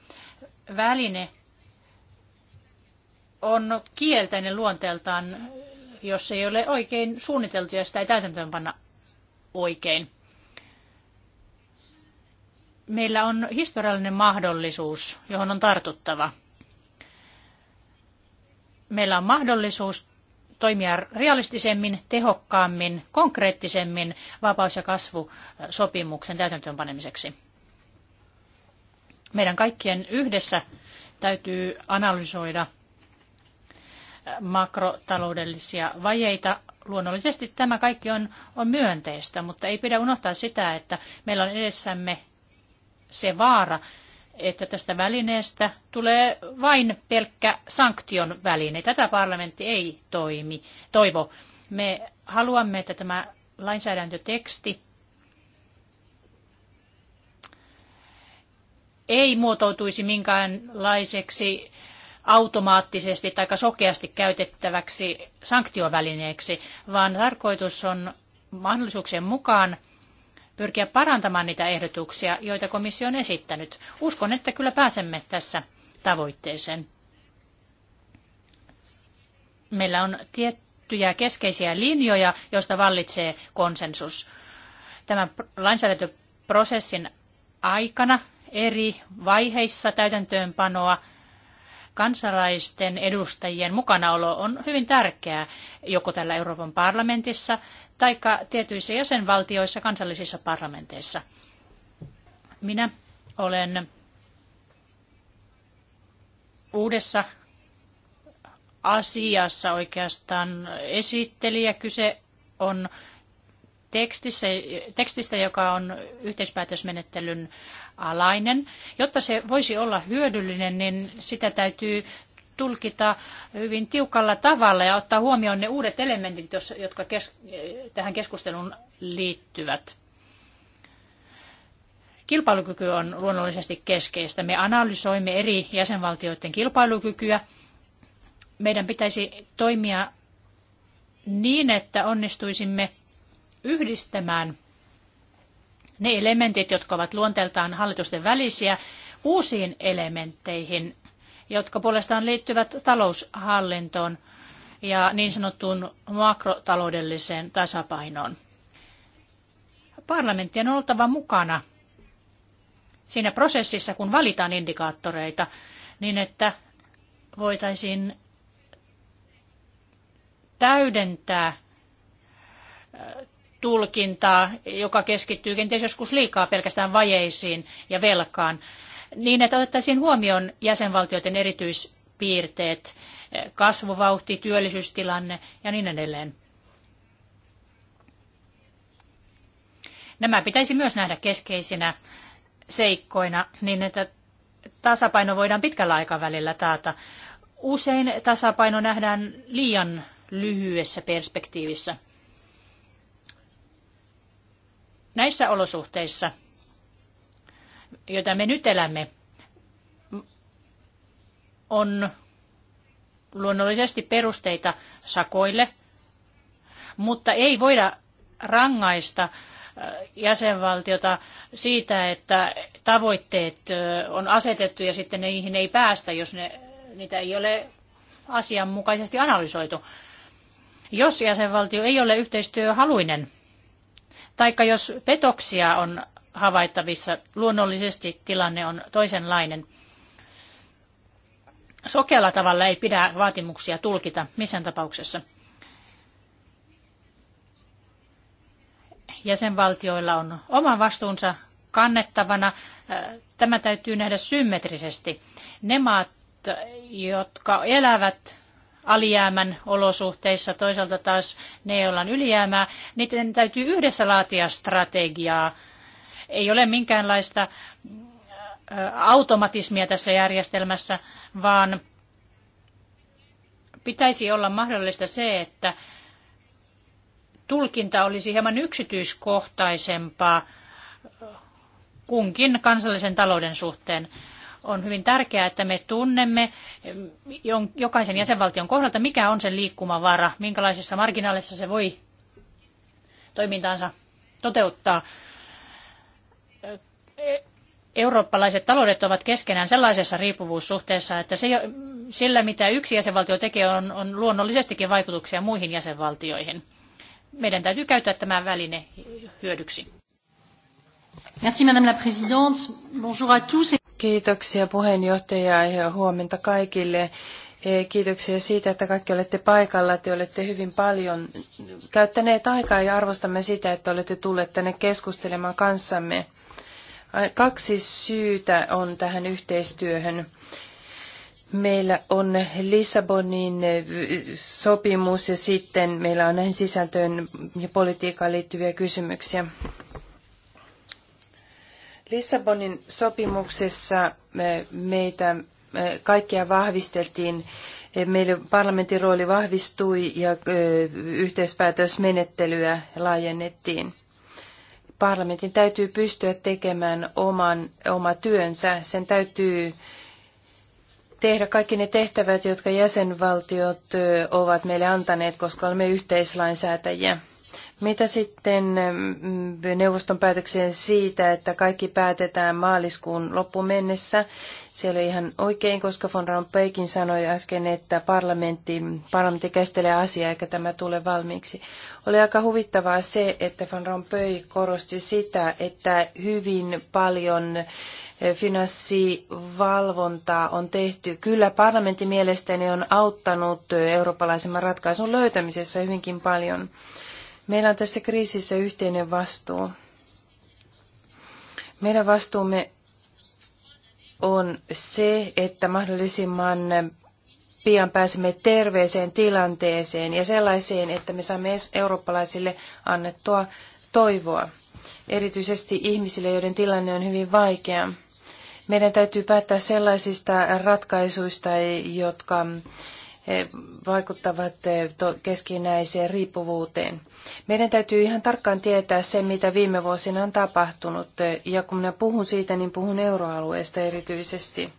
Väline on kielteinen luonteeltaan, jos ei ole oikein suunniteltu ja sitä ei täytäntöönpanna oikein meillä on historiallinen mahdollisuus, johon on tartuttava. Meillä on mahdollisuus toimia realistisemmin, tehokkaammin, konkreettisemmin vapaus- ja kasvusopimuksen täytäntöönpanemiseksi. Meidän kaikkien yhdessä täytyy analysoida makrotaloudellisia vajeita. Luonnollisesti tämä kaikki on, on myönteistä, mutta ei pidä unohtaa sitä, että meillä on edessämme se vaara, että tästä välineestä tulee vain pelkkä sanktion väline. Tätä parlamentti ei toimi, toivo. Me haluamme, että tämä lainsäädäntöteksti ei muotoutuisi minkäänlaiseksi automaattisesti tai sokeasti käytettäväksi sanktiovälineeksi, vaan tarkoitus on mahdollisuuksien mukaan – pyrkiä parantamaan niitä ehdotuksia, joita komissio on esittänyt. Uskon, että kyllä pääsemme tässä tavoitteeseen. Meillä on tiettyjä keskeisiä linjoja, joista vallitsee konsensus. Tämän lainsäädäntöprosessin aikana eri vaiheissa täytäntöönpanoa – kansalaisten edustajien mukanaolo on hyvin tärkeää joko täällä Euroopan parlamentissa tai tietyissä jäsenvaltioissa kansallisissa parlamenteissa. Minä olen uudessa asiassa oikeastaan esittelijä. Kyse on tekstissä, tekstistä, joka on yhteispäätösmenettelyn alainen. Jotta se voisi olla hyödyllinen, niin sitä täytyy tulkita hyvin tiukalla tavalla ja ottaa huomioon ne uudet elementit, jotka kes- tähän keskusteluun liittyvät. Kilpailukyky on luonnollisesti keskeistä. Me analysoimme eri jäsenvaltioiden kilpailukykyä. Meidän pitäisi toimia niin, että onnistuisimme yhdistämään ne elementit, jotka ovat luonteeltaan hallitusten välisiä, uusiin elementteihin, jotka puolestaan liittyvät taloushallintoon ja niin sanottuun makrotaloudelliseen tasapainoon. Parlamentti on oltava mukana siinä prosessissa, kun valitaan indikaattoreita, niin että voitaisiin täydentää tulkintaa, joka keskittyy kenties joskus liikaa pelkästään vajeisiin ja velkaan, niin että otettaisiin huomioon jäsenvaltioiden erityispiirteet, kasvuvauhti, työllisyystilanne ja niin edelleen. Nämä pitäisi myös nähdä keskeisinä seikkoina, niin että tasapaino voidaan pitkällä aikavälillä taata. Usein tasapaino nähdään liian lyhyessä perspektiivissä. Näissä olosuhteissa, joita me nyt elämme, on luonnollisesti perusteita sakoille, mutta ei voida rangaista äh, jäsenvaltiota siitä, että tavoitteet äh, on asetettu ja sitten niihin ei päästä, jos ne, niitä ei ole asianmukaisesti analysoitu. Jos jäsenvaltio ei ole yhteistyöhaluinen, Taikka jos petoksia on havaittavissa, luonnollisesti tilanne on toisenlainen. Sokealla tavalla ei pidä vaatimuksia tulkita missään tapauksessa. Jäsenvaltioilla on oma vastuunsa kannettavana. Tämä täytyy nähdä symmetrisesti. Ne maat, jotka elävät alijäämän olosuhteissa, toisaalta taas ne, joilla on ylijäämää, niiden täytyy yhdessä laatia strategiaa. Ei ole minkäänlaista äh, automatismia tässä järjestelmässä, vaan pitäisi olla mahdollista se, että tulkinta olisi hieman yksityiskohtaisempaa kunkin kansallisen talouden suhteen. On hyvin tärkeää, että me tunnemme jokaisen jäsenvaltion kohdalta, mikä on sen liikkumavara, minkälaisessa marginaalissa se voi toimintaansa toteuttaa. E, eurooppalaiset taloudet ovat keskenään sellaisessa riippuvuussuhteessa, että se, sillä mitä yksi jäsenvaltio tekee, on, on luonnollisestikin vaikutuksia muihin jäsenvaltioihin. Meidän täytyy käyttää tämä väline hyödyksi. Merci Madame la Présidente. Bonjour à tous. Kiitoksia puheenjohtaja ja huomenta kaikille. E, kiitoksia siitä, että kaikki olette paikalla. Te olette hyvin paljon käyttäneet aikaa ja arvostamme sitä, että olette tulleet tänne keskustelemaan kanssamme. Kaksi syytä on tähän yhteistyöhön. Meillä on Lissabonin sopimus ja sitten meillä on näihin sisältöön ja politiikkaan liittyviä kysymyksiä. Lissabonin sopimuksessa meitä kaikkia vahvisteltiin. E, Meillä parlamentin rooli vahvistui ja e, yhteispäätösmenettelyä laajennettiin. Parlamentin täytyy pystyä tekemään oman, oma työnsä. Sen täytyy tehdä kaikki ne tehtävät, jotka jäsenvaltiot e, ovat meille antaneet, koska olemme yhteislainsäätäjiä. Mitä sitten mm, neuvoston päätökseen siitä, että kaikki päätetään maaliskuun loppuun mennessä? Se oli ihan oikein, koska von Rompuykin sanoi äsken, että parlamentti, parlamentti käsittelee asiaa eikä tämä tule valmiiksi. Oli aika huvittavaa se, että von Rompuy korosti sitä, että hyvin paljon eh, finanssivalvontaa on tehty. Kyllä parlamentti mielestäni on auttanut eh, eurooppalaisemman ratkaisun löytämisessä hyvinkin paljon. Meillä on tässä kriisissä yhteinen vastuu. Meidän vastuumme on se, että mahdollisimman pian pääsemme terveeseen tilanteeseen ja sellaiseen, että me saamme eurooppalaisille annettua toivoa, erityisesti ihmisille, joiden tilanne on hyvin vaikea. Meidän täytyy päättää sellaisista ratkaisuista, jotka Eh, vaikuttavat eh, keskinäiseen riippuvuuteen. Meidän täytyy ihan tarkkaan tietää se, mitä viime vuosina on tapahtunut. Eh, ja kun minä puhun siitä, niin puhun euroalueesta erityisesti.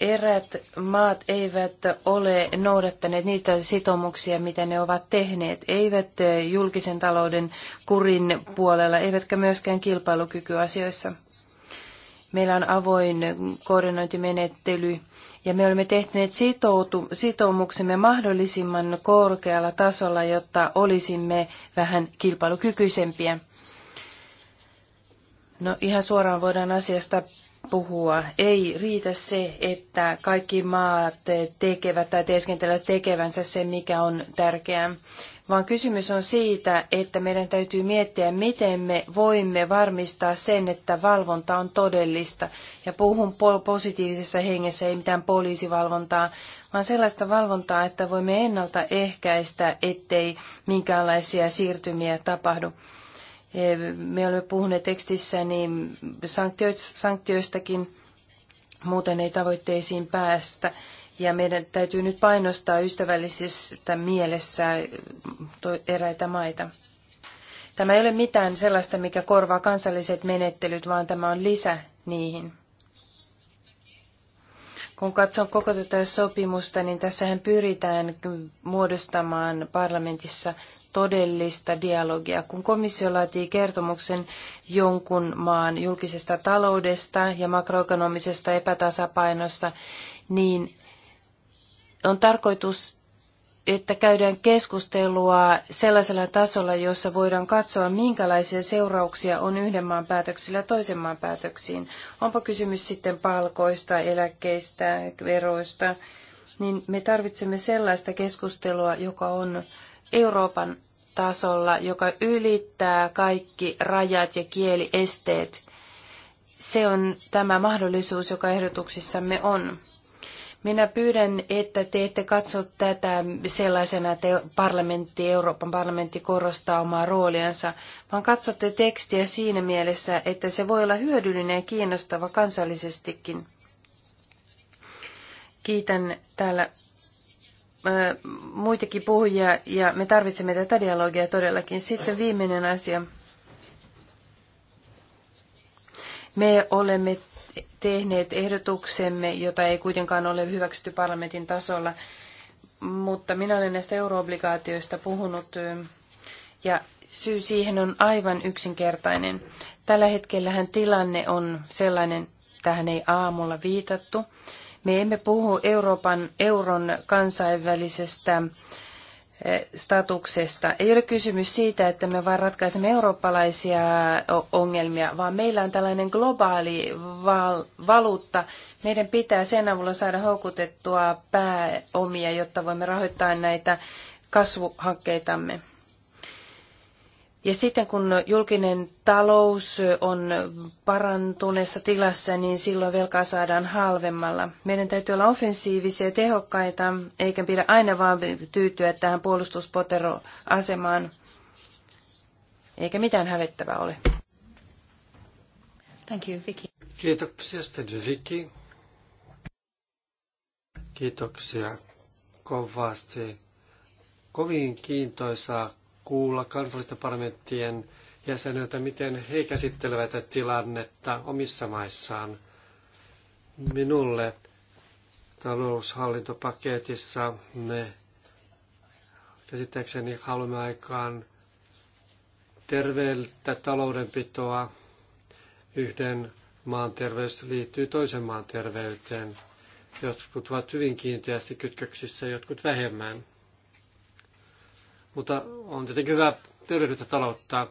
Erät maat eivät ole noudattaneet niitä sitoumuksia, mitä ne ovat tehneet, eivät julkisen talouden kurin puolella, eivätkä myöskään kilpailukykyasioissa. Meillä on avoin koordinointimenettely ja me olemme tehneet sitoutu, sitoumuksemme mahdollisimman korkealla tasolla, jotta olisimme vähän kilpailukykyisempiä. No ihan suoraan voidaan asiasta puhua. Ei riitä se, että kaikki maat tekevät tai teeskentelevät tekevänsä se, mikä on tärkeää vaan kysymys on siitä, että meidän täytyy miettiä, miten me voimme varmistaa sen, että valvonta on todellista. Ja puhun positiivisessa hengessä, ei mitään poliisivalvontaa, vaan sellaista valvontaa, että voimme ennaltaehkäistä, ettei minkäänlaisia siirtymiä tapahdu. E, me olemme puhuneet tekstissä niin sanktioistakin, muuten ei tavoitteisiin päästä. Ja meidän täytyy nyt painostaa ystävällisessä mielessä eräitä maita. Tämä ei ole mitään sellaista, mikä korvaa kansalliset menettelyt, vaan tämä on lisä niihin. Kun katson koko tätä sopimusta, niin tässähän pyritään muodostamaan parlamentissa todellista dialogia. Kun komissio laatii kertomuksen jonkun maan julkisesta taloudesta ja makroekonomisesta epätasapainosta, niin on tarkoitus, että käydään keskustelua sellaisella tasolla, jossa voidaan katsoa, minkälaisia seurauksia on yhden maan päätöksillä toisen maan päätöksiin. Onpa kysymys sitten palkoista, eläkkeistä, veroista, niin me tarvitsemme sellaista keskustelua, joka on Euroopan tasolla, joka ylittää kaikki rajat ja kieliesteet. Se on tämä mahdollisuus, joka ehdotuksissamme on. Minä pyydän, että te ette katso tätä sellaisena, että parlamentti, Euroopan parlamentti korostaa omaa rooliansa, vaan katsotte tekstiä siinä mielessä, että se voi olla hyödyllinen ja kiinnostava kansallisestikin. Kiitän täällä muitakin puhujia ja me tarvitsemme tätä dialogia todellakin. Sitten viimeinen asia. Me olemme tehneet ehdotuksemme, jota ei kuitenkaan ole hyväksytty parlamentin tasolla. Mutta minä olen näistä euroobligaatioista puhunut ja syy siihen on aivan yksinkertainen. Tällä hetkellähän tilanne on sellainen, tähän ei aamulla viitattu. Me emme puhu Euroopan euron kansainvälisestä Eh, statuksesta. Ei ole kysymys siitä, että me vain ratkaisemme eurooppalaisia ongelmia, vaan meillä on tällainen globaali val- valuutta. Meidän pitää sen avulla saada houkutettua pääomia, jotta voimme rahoittaa näitä kasvuhankkeitamme. Ja sitten kun julkinen talous on parantuneessa tilassa, niin silloin velkaa saadaan halvemmalla. Meidän täytyy olla offensiivisia ja tehokkaita, eikä pidä aina vaan tyytyä tähän puolustuspoteroasemaan, eikä mitään hävettävää ole. Thank you, Vicky. Kiitoksia, sitten Vicky. Kiitoksia kovasti. Kovin kiintoisaa kuulla kansallisten parlamenttien jäseniltä, miten he käsittelevät tätä tilannetta omissa maissaan. Minulle taloushallintopaketissa me käsittääkseni haluamme aikaan terveeltä taloudenpitoa. Yhden maan terveys liittyy toisen maan terveyteen. Jotkut ovat hyvin kiinteästi kytköksissä, jotkut vähemmän mutta on tietenkin hyvä tervehdytä taloutta.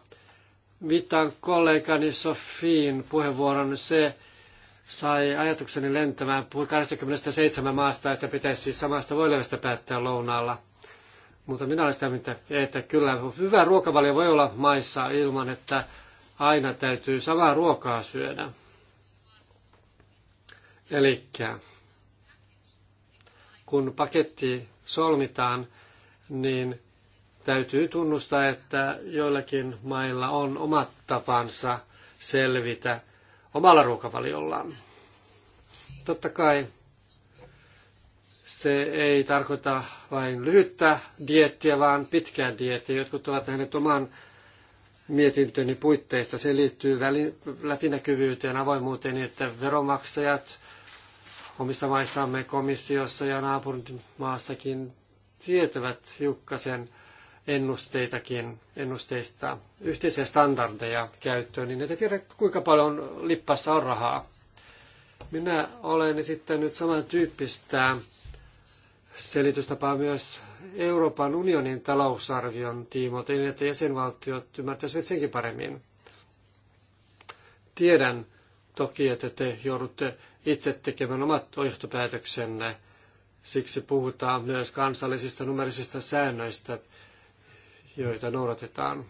Viittaan kollegani Sofiin puheenvuoron. Se sai ajatukseni lentämään. Puhui 27 maasta, että pitäisi siis samasta voilevästä päättää lounaalla. Mutta minä olen sitä mieltä, että kyllä hyvä ruokavalio voi olla maissa ilman, että aina täytyy samaa ruokaa syödä. Eli kun paketti solmitaan, niin Täytyy tunnustaa, että joillakin mailla on omat tapansa selvitä omalla ruokavaliollaan. Totta kai se ei tarkoita vain lyhyttä diettiä, vaan pitkää diettiä. Jotkut ovat nähneet oman mietintöni puitteista. Se liittyy läpinäkyvyyteen, avoimuuteen, että veromaksajat omissa maissamme, komissiossa ja naapurimaassakin tietävät hiukkasen, ennusteitakin, ennusteista, yhteisiä standardeja käyttöön, niin ette tiedä kuinka paljon lippassa on rahaa. Minä olen esittänyt samantyyppistä selitystapaa myös Euroopan unionin talousarvion tiimoilta, niin että jäsenvaltiot ymmärtäisivät senkin paremmin. Tiedän toki, että te joudutte itse tekemään omat johtopäätöksenne, siksi puhutaan myös kansallisista numerisista säännöistä joita noudatetaan.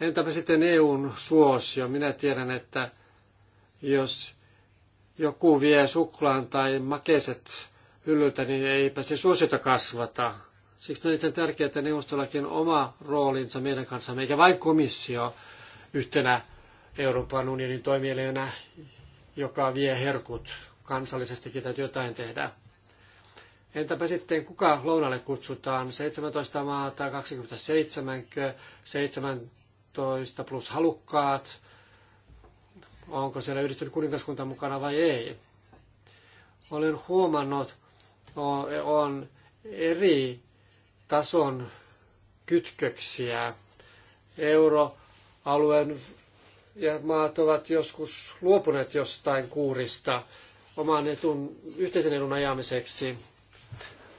Entäpä sitten EUn suosio? Minä tiedän, että jos joku vie suklaan tai makeiset hyllyltä, niin eipä se suosiota kasvata. Siksi on erittäin tärkeää, että neuvostollakin oma roolinsa meidän kanssamme, eikä vain komissio yhtenä Euroopan unionin toimielijänä, joka vie herkut kansallisestikin täytyy jotain tehdä. Entäpä sitten kuka lounalle kutsutaan? 17 maata, 27, 17 plus halukkaat. Onko siellä yhdistynyt kuningaskunta mukana vai ei? Olen huomannut, on eri tason kytköksiä. Euroalueen ja maat ovat joskus luopuneet jostain kuurista oman etun, yhteisen edun ajamiseksi.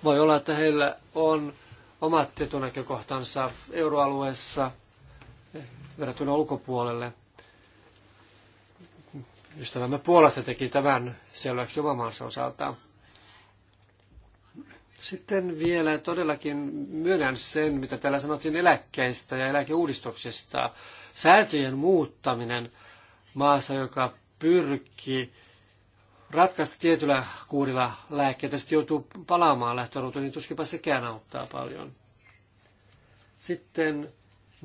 Voi olla, että heillä on omat etunäkökohtansa euroalueessa verrattuna ulkopuolelle. Ystävämme Puolasta teki tämän selväksi oman maansa osaltaan. Sitten vielä todellakin myönnän sen, mitä täällä sanottiin eläkkeistä ja eläkeuudistuksista. Säätöjen muuttaminen maassa, joka pyrkii ratkaista tietyllä kuurilla lääkkeitä, sitten joutuu palaamaan lähtöruutuun, niin tuskinpa sekään auttaa paljon. Sitten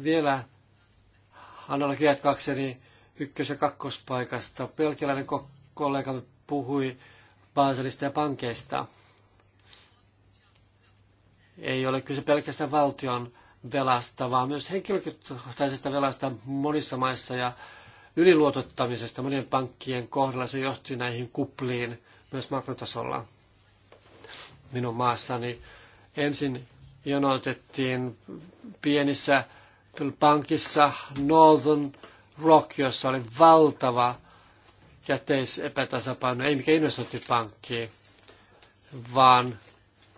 vielä analogia kakseni ykkös- ja kakkospaikasta. Pelkiläinen kollega puhui Baselista ja pankeista. Ei ole kyse pelkästään valtion velasta, vaan myös henkilökohtaisesta velasta monissa maissa ja yliluotottamisesta monien pankkien kohdalla. Se johti näihin kupliin myös makrotasolla. Minun maassani ensin jonotettiin pienissä pankissa Northern Rock, jossa oli valtava käteisepätasapaino, ei mikään investointipankki, vaan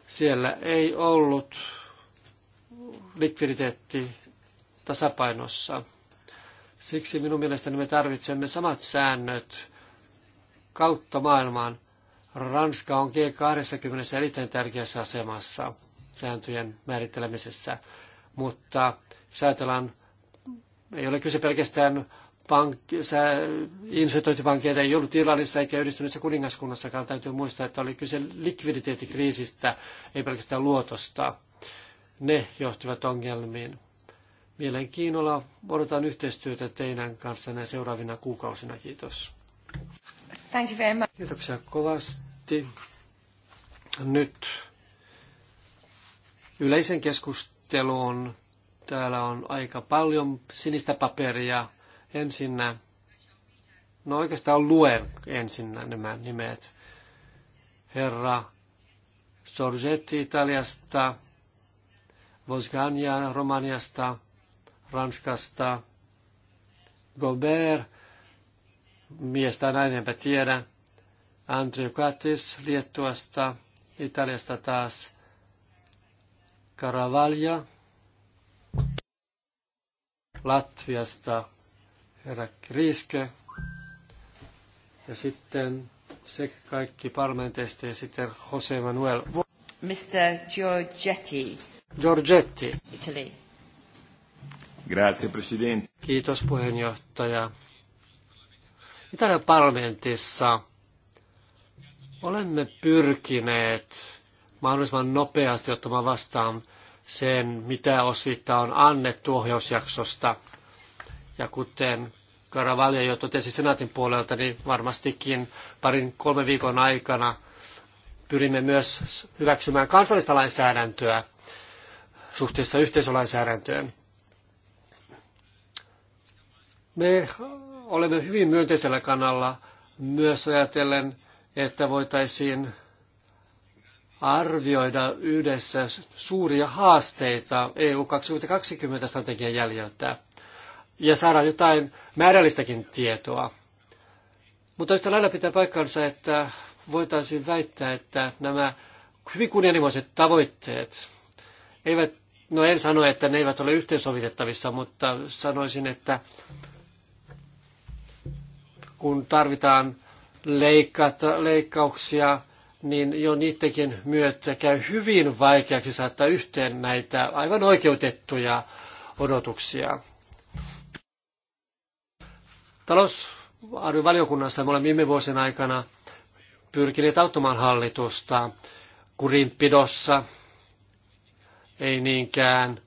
siellä ei ollut likviditeetti tasapainossa. Siksi minun mielestäni me tarvitsemme samat säännöt kautta maailmaan. Ranska on G20 erittäin tärkeässä asemassa sääntöjen määrittelemisessä, mutta jos ajatellaan, ei ole kyse pelkästään pank- investointipankkeita, ei ollut Irlannissa eikä yhdistyneessä kuningaskunnassakaan. Täytyy muistaa, että oli kyse likviditeettikriisistä, ei pelkästään luotosta. Ne johtivat ongelmiin. Mielenkiinnolla odotan yhteistyötä teidän kanssanne seuraavina kuukausina. Kiitos. Thank you very much. Kiitoksia kovasti. Nyt yleisen keskusteluun. Täällä on aika paljon sinistä paperia. Ensinnä, no oikeastaan luen ensinnä nämä nimet. Herra Sorgetti Italiasta, Vosgania Romaniasta, Ranskasta. Gobert, miestä näin enpä tiedä. Andrew Katis Liettuasta, Italiasta taas Karavalja, Latviasta herra Kriiske ja sitten se kaikki parlamenteista ja sitten Jose Manuel. Mr. Giorgetti. Giorgetti. Italy. Grazie, presidente. Kiitos puheenjohtaja. Italian parlamentissa olemme pyrkineet mahdollisimman nopeasti ottamaan vastaan sen, mitä osvitta on annettu ohjausjaksosta. Ja kuten Karavalja jo totesi senaatin puolelta, niin varmastikin parin kolme viikon aikana pyrimme myös hyväksymään kansallista lainsäädäntöä suhteessa yhteisölainsäädäntöön. Me olemme hyvin myönteisellä kannalla myös ajatellen, että voitaisiin arvioida yhdessä suuria haasteita EU 2020 strategian jäljiltä ja saada jotain määrällistäkin tietoa. Mutta yhtä lailla pitää paikkansa, että voitaisiin väittää, että nämä hyvin kunnianhimoiset tavoitteet eivät, no en sano, että ne eivät ole yhteensovitettavissa, mutta sanoisin, että kun tarvitaan leikata, leikkauksia, niin jo niidenkin myötä käy hyvin vaikeaksi saattaa yhteen näitä aivan oikeutettuja odotuksia. Talousarviovaliokunnassa me olemme viime vuosien aikana pyrkineet auttamaan hallitusta kurinpidossa, ei niinkään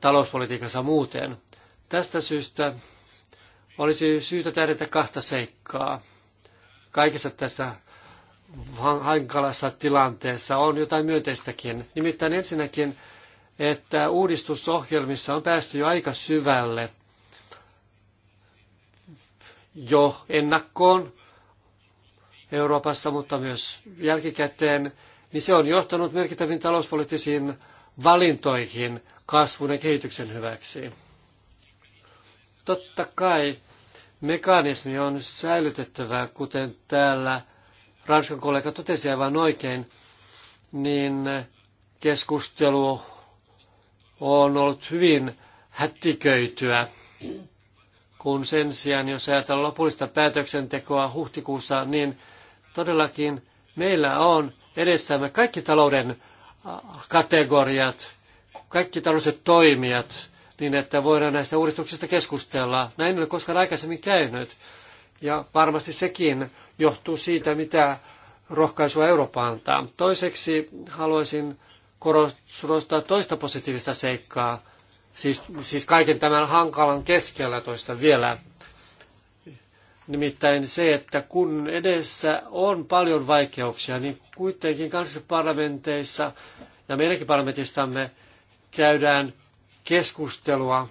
talouspolitiikassa muuten. Tästä syystä olisi syytä tähdätä kahta seikkaa. Kaikessa tässä hankalassa tilanteessa on jotain myönteistäkin. Nimittäin ensinnäkin, että uudistusohjelmissa on päästy jo aika syvälle jo ennakkoon Euroopassa, mutta myös jälkikäteen, niin se on johtanut merkittäviin talouspoliittisiin valintoihin kasvun ja kehityksen hyväksi. Totta kai mekanismi on säilytettävä, kuten täällä Ranskan kollega totesi aivan oikein, niin keskustelu on ollut hyvin hättiköityä, kun sen sijaan, jos ajatellaan lopullista päätöksentekoa huhtikuussa, niin todellakin meillä on edessämme kaikki talouden kategoriat, kaikki taloudelliset toimijat, niin että voidaan näistä uudistuksista keskustella. Näin ei ole koskaan aikaisemmin käynyt. Ja varmasti sekin johtuu siitä, mitä rohkaisua Eurooppa antaa. Toiseksi haluaisin korostaa toista positiivista seikkaa, siis, siis kaiken tämän hankalan keskellä toista vielä. Nimittäin se, että kun edessä on paljon vaikeuksia, niin kuitenkin kansallisissa parlamenteissa ja meidänkin parlamentissamme käydään keskustelua,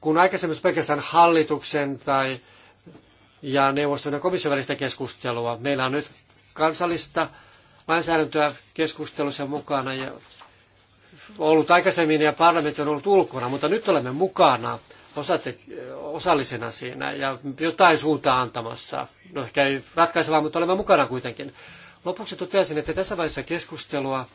kun aikaisemmin pelkästään hallituksen tai ja neuvoston ja komission välistä keskustelua. Meillä on nyt kansallista lainsäädäntöä keskustelussa mukana ja ollut aikaisemmin ja parlamentti on ollut ulkona, mutta nyt olemme mukana osate, osallisena siinä ja jotain suuntaa antamassa. No ehkä ei ratkaisevaa, mutta olemme mukana kuitenkin. Lopuksi toteaisin, että tässä vaiheessa keskustelua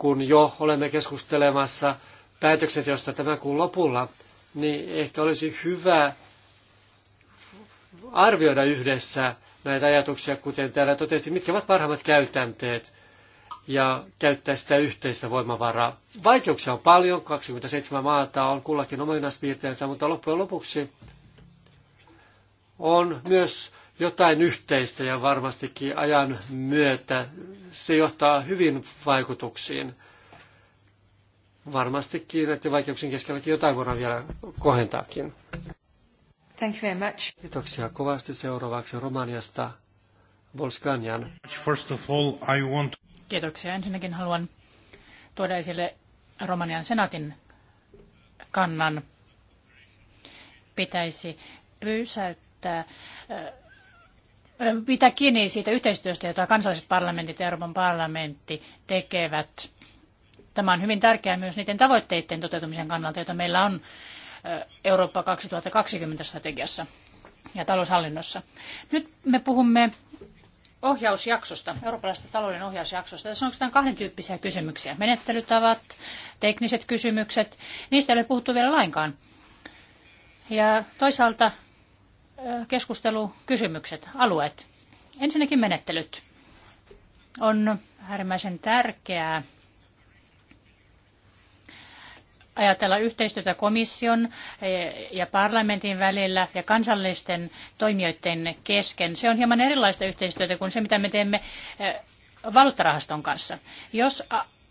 kun jo olemme keskustelemassa päätöksenteosta tämän kuun lopulla, niin ehkä olisi hyvä arvioida yhdessä näitä ajatuksia, kuten täällä totesin, mitkä ovat parhaimmat käytänteet ja käyttää sitä yhteistä voimavaraa. Vaikeuksia on paljon, 27 maata on kullakin ominaispiirteensä, mutta loppujen lopuksi on myös jotain yhteistä ja varmastikin ajan myötä se johtaa hyvin vaikutuksiin. Varmastikin näiden vaikeuksien keskelläkin jotain voidaan vielä kohentaakin. Thank you very much. Kiitoksia kovasti seuraavaksi Romaniasta Volskanjan. First of all, I want... Kiitoksia. Ensinnäkin haluan tuoda esille Romanian senaatin kannan. Pitäisi pysäyttää äh, pitää kiinni siitä yhteistyöstä, jota kansalliset parlamentit ja Euroopan parlamentti tekevät. Tämä on hyvin tärkeää myös niiden tavoitteiden toteutumisen kannalta, joita meillä on Eurooppa 2020 strategiassa ja taloushallinnossa. Nyt me puhumme ohjausjaksosta, eurooppalaisesta talouden ohjausjaksosta. Tässä on oikeastaan kahden tyyppisiä kysymyksiä. Menettelytavat, tekniset kysymykset, niistä ei ole puhuttu vielä lainkaan. Ja toisaalta keskustelukysymykset, alueet. Ensinnäkin menettelyt. On äärimmäisen tärkeää ajatella yhteistyötä komission ja parlamentin välillä ja kansallisten toimijoiden kesken. Se on hieman erilaista yhteistyötä kuin se, mitä me teemme valuuttarahaston kanssa. Jos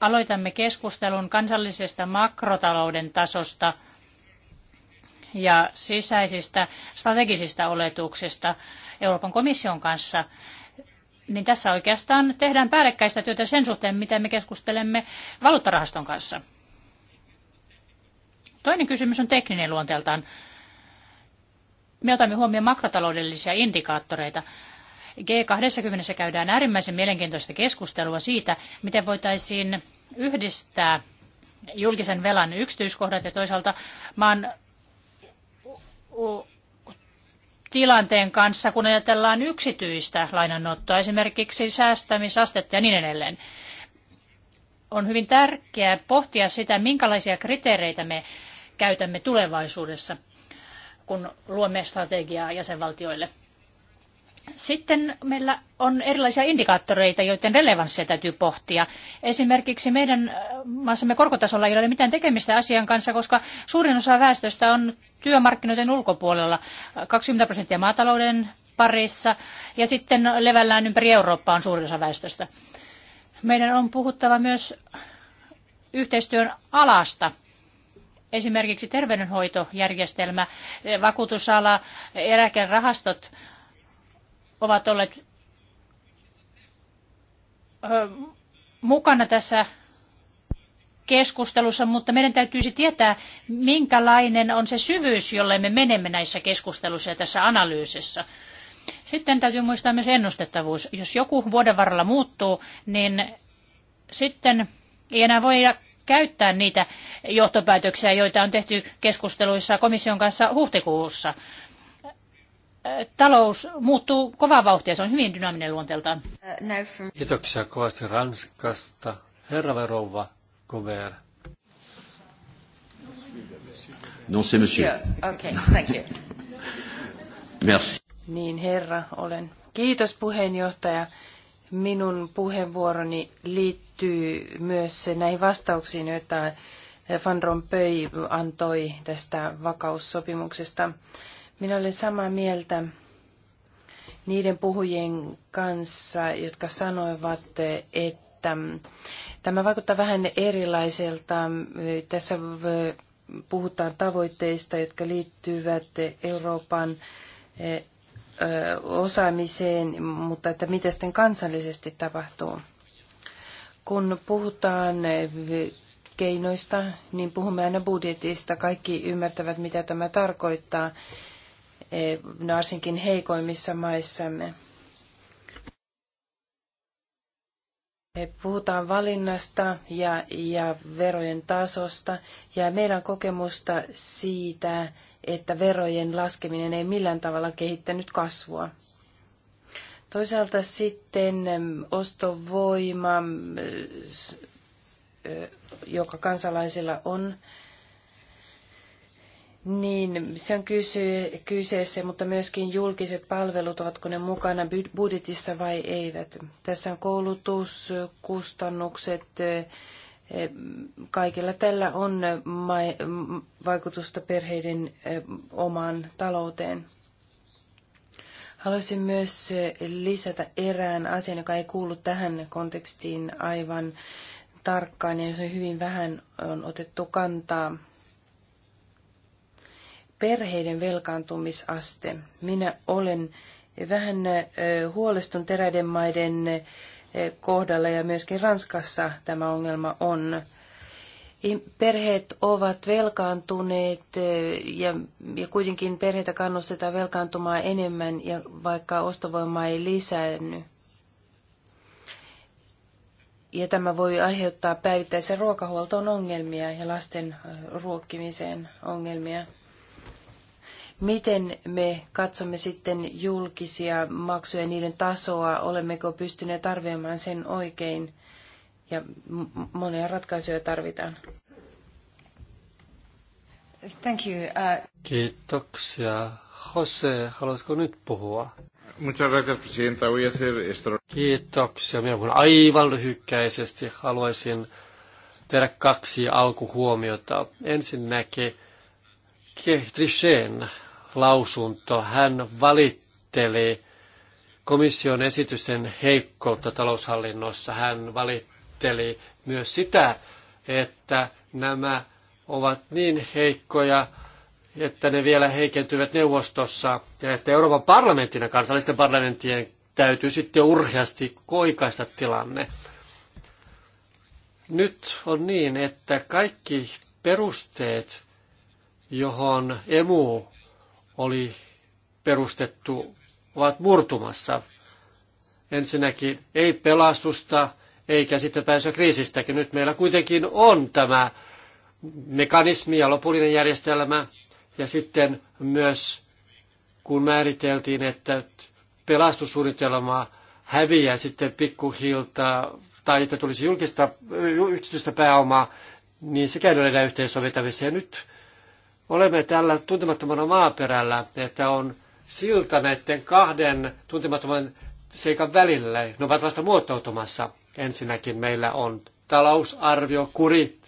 aloitamme keskustelun kansallisesta makrotalouden tasosta – ja sisäisistä strategisista oletuksista Euroopan komission kanssa, niin tässä oikeastaan tehdään päällekkäistä työtä sen suhteen, miten me keskustelemme valuuttarahaston kanssa. Toinen kysymys on tekninen luonteeltaan. Me otamme huomioon makrotaloudellisia indikaattoreita. G20 käydään äärimmäisen mielenkiintoista keskustelua siitä, miten voitaisiin yhdistää julkisen velan yksityiskohdat ja toisaalta maan tilanteen kanssa, kun ajatellaan yksityistä lainanottoa, esimerkiksi säästämisastetta ja niin edelleen. On hyvin tärkeää pohtia sitä, minkälaisia kriteereitä me käytämme tulevaisuudessa, kun luomme strategiaa jäsenvaltioille. Sitten meillä on erilaisia indikaattoreita, joiden relevanssia täytyy pohtia. Esimerkiksi meidän äh, maassamme korkotasolla ei ole mitään tekemistä asian kanssa, koska suurin osa väestöstä on työmarkkinoiden ulkopuolella. 20 prosenttia maatalouden parissa ja sitten levällään ympäri Eurooppaa on suurin osa väestöstä. Meidän on puhuttava myös yhteistyön alasta. Esimerkiksi terveydenhoitojärjestelmä, vakuutusala, eläkerahastot ovat olleet mukana tässä keskustelussa, mutta meidän täytyisi tietää, minkälainen on se syvyys, jolle me menemme näissä keskusteluissa ja tässä analyysissä. Sitten täytyy muistaa myös ennustettavuus. Jos joku vuoden varrella muuttuu, niin sitten ei enää voida käyttää niitä johtopäätöksiä, joita on tehty keskusteluissa komission kanssa huhtikuussa talous muuttuu kovaa vauhtia, se on hyvin dynaaminen luonteeltaan. Kiitoksia kovasti Ranskasta. Herra Verova, Gover. Non, c'est monsieur. Okay, thank you. [laughs] Merci. Niin herra, olen. Kiitos puheenjohtaja. Minun puheenvuoroni liittyy myös näihin vastauksiin, joita Van Rompuy antoi tästä vakaussopimuksesta. Minä olen samaa mieltä niiden puhujien kanssa, jotka sanoivat, että tämä vaikuttaa vähän erilaiselta. Tässä puhutaan tavoitteista, jotka liittyvät Euroopan osaamiseen, mutta että mitä sitten kansallisesti tapahtuu. Kun puhutaan keinoista, niin puhumme aina budjetista. Kaikki ymmärtävät, mitä tämä tarkoittaa. Eh, no, varsinkin heikoimmissa maissamme. Eh, puhutaan valinnasta ja, ja verojen tasosta ja meillä on kokemusta siitä, että verojen laskeminen ei millään tavalla kehittänyt kasvua. Toisaalta sitten ostovoima, joka kansalaisilla on, niin, se on kyseessä, mutta myöskin julkiset palvelut, ovatko ne mukana budjetissa vai eivät. Tässä on koulutuskustannukset, eh, kaikilla tällä on vaikutusta perheiden eh, omaan talouteen. Haluaisin myös eh, lisätä erään asian, joka ei kuulu tähän kontekstiin aivan tarkkaan ja se hyvin vähän on otettu kantaa perheiden velkaantumisaste. Minä olen vähän huolestunut eräiden maiden kohdalla ja myöskin Ranskassa tämä ongelma on. Perheet ovat velkaantuneet ja, ja kuitenkin perheitä kannustetaan velkaantumaan enemmän, ja vaikka ostovoima ei lisäänny. Ja tämä voi aiheuttaa päivittäisen ruokahuoltoon ongelmia ja lasten ruokkimiseen ongelmia. Miten me katsomme sitten julkisia maksuja, niiden tasoa, olemmeko pystyneet arvioimaan sen oikein? Ja monia ratkaisuja tarvitaan. Thank you. Uh... Kiitoksia. Jose, haluatko nyt puhua? Muchas gracias, presidenta. Kiitoksia. Minä puhun aivan lyhykkäisesti. Haluaisin tehdä kaksi alkuhuomiota. Ensinnäkin Trichén lausunto. Hän valitteli komission esitysten heikkoutta taloushallinnossa. Hän valitteli myös sitä, että nämä ovat niin heikkoja, että ne vielä heikentyvät neuvostossa ja että Euroopan ja kansallisten parlamenttien täytyy sitten urheasti koikaista tilanne. Nyt on niin, että kaikki perusteet, johon emu oli perustettu, ovat murtumassa. Ensinnäkin ei pelastusta, eikä sitten pääsyä kriisistäkin. Nyt meillä kuitenkin on tämä mekanismi ja lopullinen järjestelmä. Ja sitten myös kun määriteltiin, että pelastussuunnitelma häviää sitten pikkuhilta tai että tulisi julkista, yksityistä pääomaa, niin se käy ole Ja nyt olemme tällä tuntemattomana maaperällä, että on silta näiden kahden tuntemattoman seikan välillä. Ne ovat vasta muotoutumassa. Ensinnäkin meillä on talousarvio, kuri,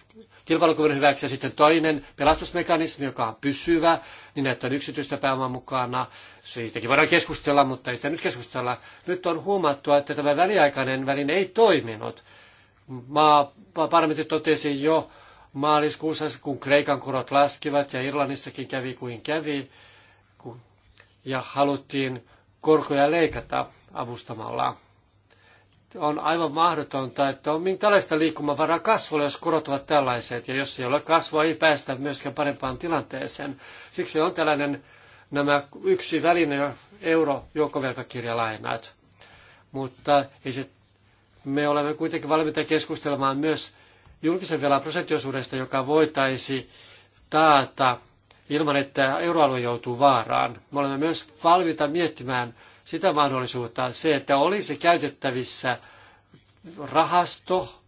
kilpailukyvyn hyväksi ja sitten toinen pelastusmekanismi, joka on pysyvä, niin että on yksityistä pääomaa mukana. Siitäkin voidaan keskustella, mutta ei sitä nyt keskustella. Nyt on huomattu, että tämä väliaikainen väline ei toiminut. Maa, parlamentti totesi jo maaliskuussa, kun Kreikan korot laskivat ja Irlannissakin kävi kuin kävi, ja haluttiin korkoja leikata avustamalla. On aivan mahdotonta, että on minkälaista liikkumavaraa kasvulla, jos korot ovat tällaiset, ja jos ei ole kasvua, ei päästä myöskään parempaan tilanteeseen. Siksi on tällainen nämä yksi väline euro joukkovelkakirjalainat. Mutta ei se, me olemme kuitenkin valmiita keskustelemaan myös julkisen velan prosenttiosuudesta, joka voitaisi taata ilman, että euroalue joutuu vaaraan. Me olemme myös valmiita miettimään sitä mahdollisuutta, se, että olisi käytettävissä rahasto,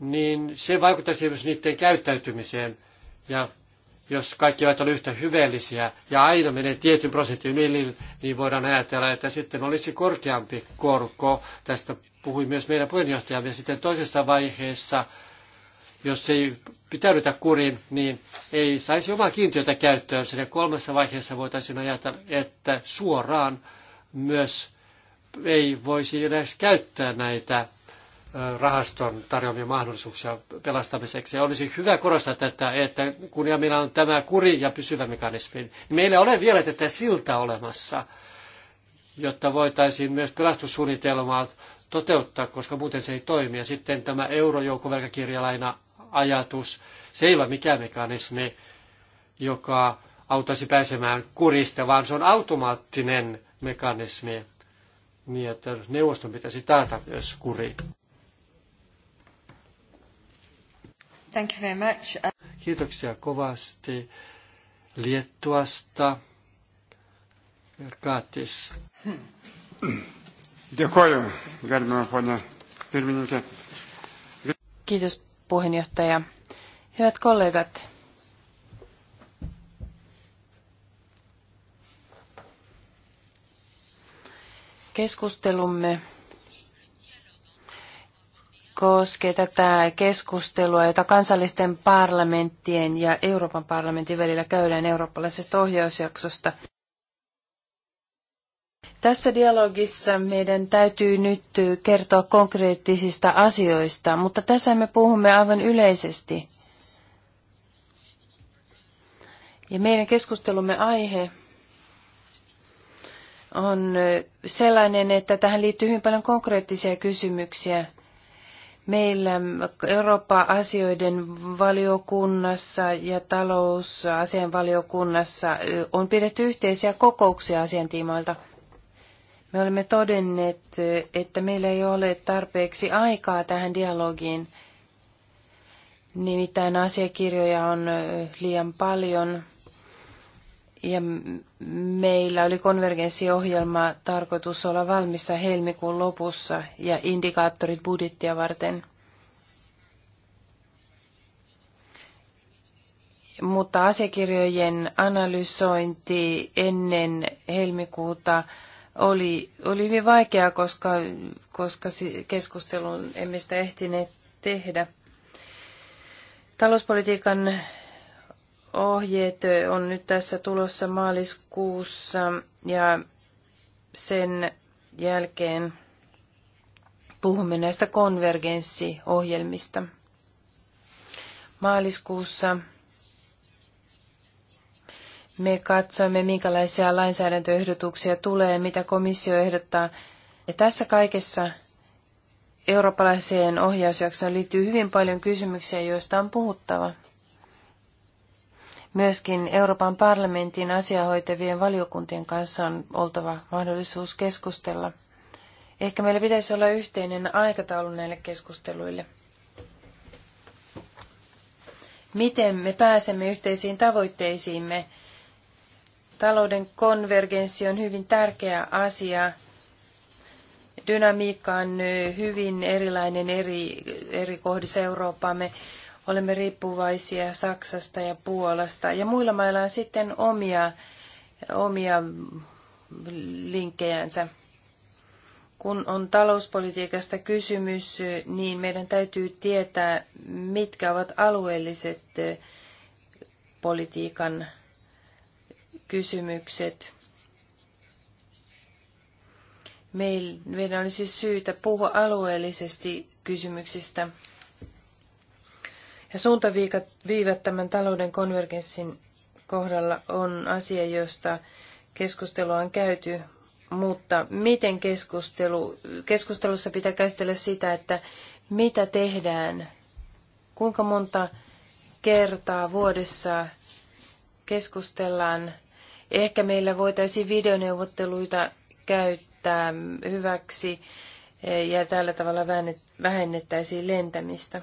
niin se vaikuttaisi myös niiden käyttäytymiseen. Ja jos kaikki eivät ole yhtä hyveellisiä ja aina menee tietyn prosentin yli, niin voidaan ajatella, että sitten olisi korkeampi korko. Tästä puhui myös meidän puheenjohtajamme. Sitten toisessa vaiheessa jos ei pitäydytä kuriin, niin ei saisi omaa kiintiötä käyttöönsä. Ja kolmessa vaiheessa voitaisiin ajatella, että suoraan myös ei voisi edes käyttää näitä rahaston tarjoamia mahdollisuuksia pelastamiseksi. Ja olisi hyvä korostaa tätä, että kun meillä on tämä kuri ja pysyvä mekanismi, niin meillä ole vielä tätä siltä olemassa, jotta voitaisiin myös pelastussuunnitelmaa toteuttaa, koska muuten se ei toimi. Ja sitten tämä eurojoukovelkakirjalaina ajatus. Se ei ole mikään mekanismi, joka auttaisi pääsemään kurista, vaan se on automaattinen mekanismi, niin että neuvoston pitäisi taata myös kuri. Thank you very much. Kiitoksia kovasti Liettuasta. Kaatis. Kiitos puheenjohtaja. Hyvät kollegat, keskustelumme koskee tätä keskustelua, jota kansallisten parlamenttien ja Euroopan parlamentin välillä käydään eurooppalaisesta ohjausjaksosta. Tässä dialogissa meidän täytyy nyt kertoa konkreettisista asioista, mutta tässä me puhumme aivan yleisesti. Ja meidän keskustelumme aihe on sellainen, että tähän liittyy hyvin paljon konkreettisia kysymyksiä. Meillä Eurooppa-asioiden valiokunnassa ja talousasian valiokunnassa on pidetty yhteisiä kokouksia asiantiimoilta. Me olemme todenneet, että meillä ei ole tarpeeksi aikaa tähän dialogiin. Nimittäin asiakirjoja on liian paljon ja meillä oli konvergenssiohjelma tarkoitus olla valmissa helmikuun lopussa ja indikaattorit budjettia varten. Mutta asiakirjojen analysointi ennen helmikuuta oli, oli hyvin vaikeaa, koska, koska keskustelun emme sitä ehtineet tehdä. Talouspolitiikan ohjeet on nyt tässä tulossa maaliskuussa ja sen jälkeen puhumme näistä konvergenssiohjelmista. Maaliskuussa me katsoimme, minkälaisia lainsäädäntöehdotuksia tulee, mitä komissio ehdottaa. Ja tässä kaikessa eurooppalaiseen ohjausjaksoon liittyy hyvin paljon kysymyksiä, joista on puhuttava. Myöskin Euroopan parlamentin asiahoitavien valiokuntien kanssa on oltava mahdollisuus keskustella. Ehkä meillä pitäisi olla yhteinen aikataulu näille keskusteluille. Miten me pääsemme yhteisiin tavoitteisiimme Talouden konvergenssi on hyvin tärkeä asia. Dynamiikka on hyvin erilainen eri, eri kohdissa Eurooppaa. Me olemme riippuvaisia Saksasta ja Puolasta. Ja muilla mailla on sitten omia, omia linkkejänsä. Kun on talouspolitiikasta kysymys, niin meidän täytyy tietää, mitkä ovat alueelliset politiikan kysymykset. Meidän olisi siis syytä puhua alueellisesti kysymyksistä. Ja suuntaviivat tämän talouden konvergenssin kohdalla on asia, josta keskustelua on käyty, mutta miten keskustelu, keskustelussa pitää käsitellä sitä, että mitä tehdään, kuinka monta kertaa vuodessa keskustellaan Ehkä meillä voitaisiin videoneuvotteluita käyttää hyväksi ja tällä tavalla vähennettäisiin lentämistä.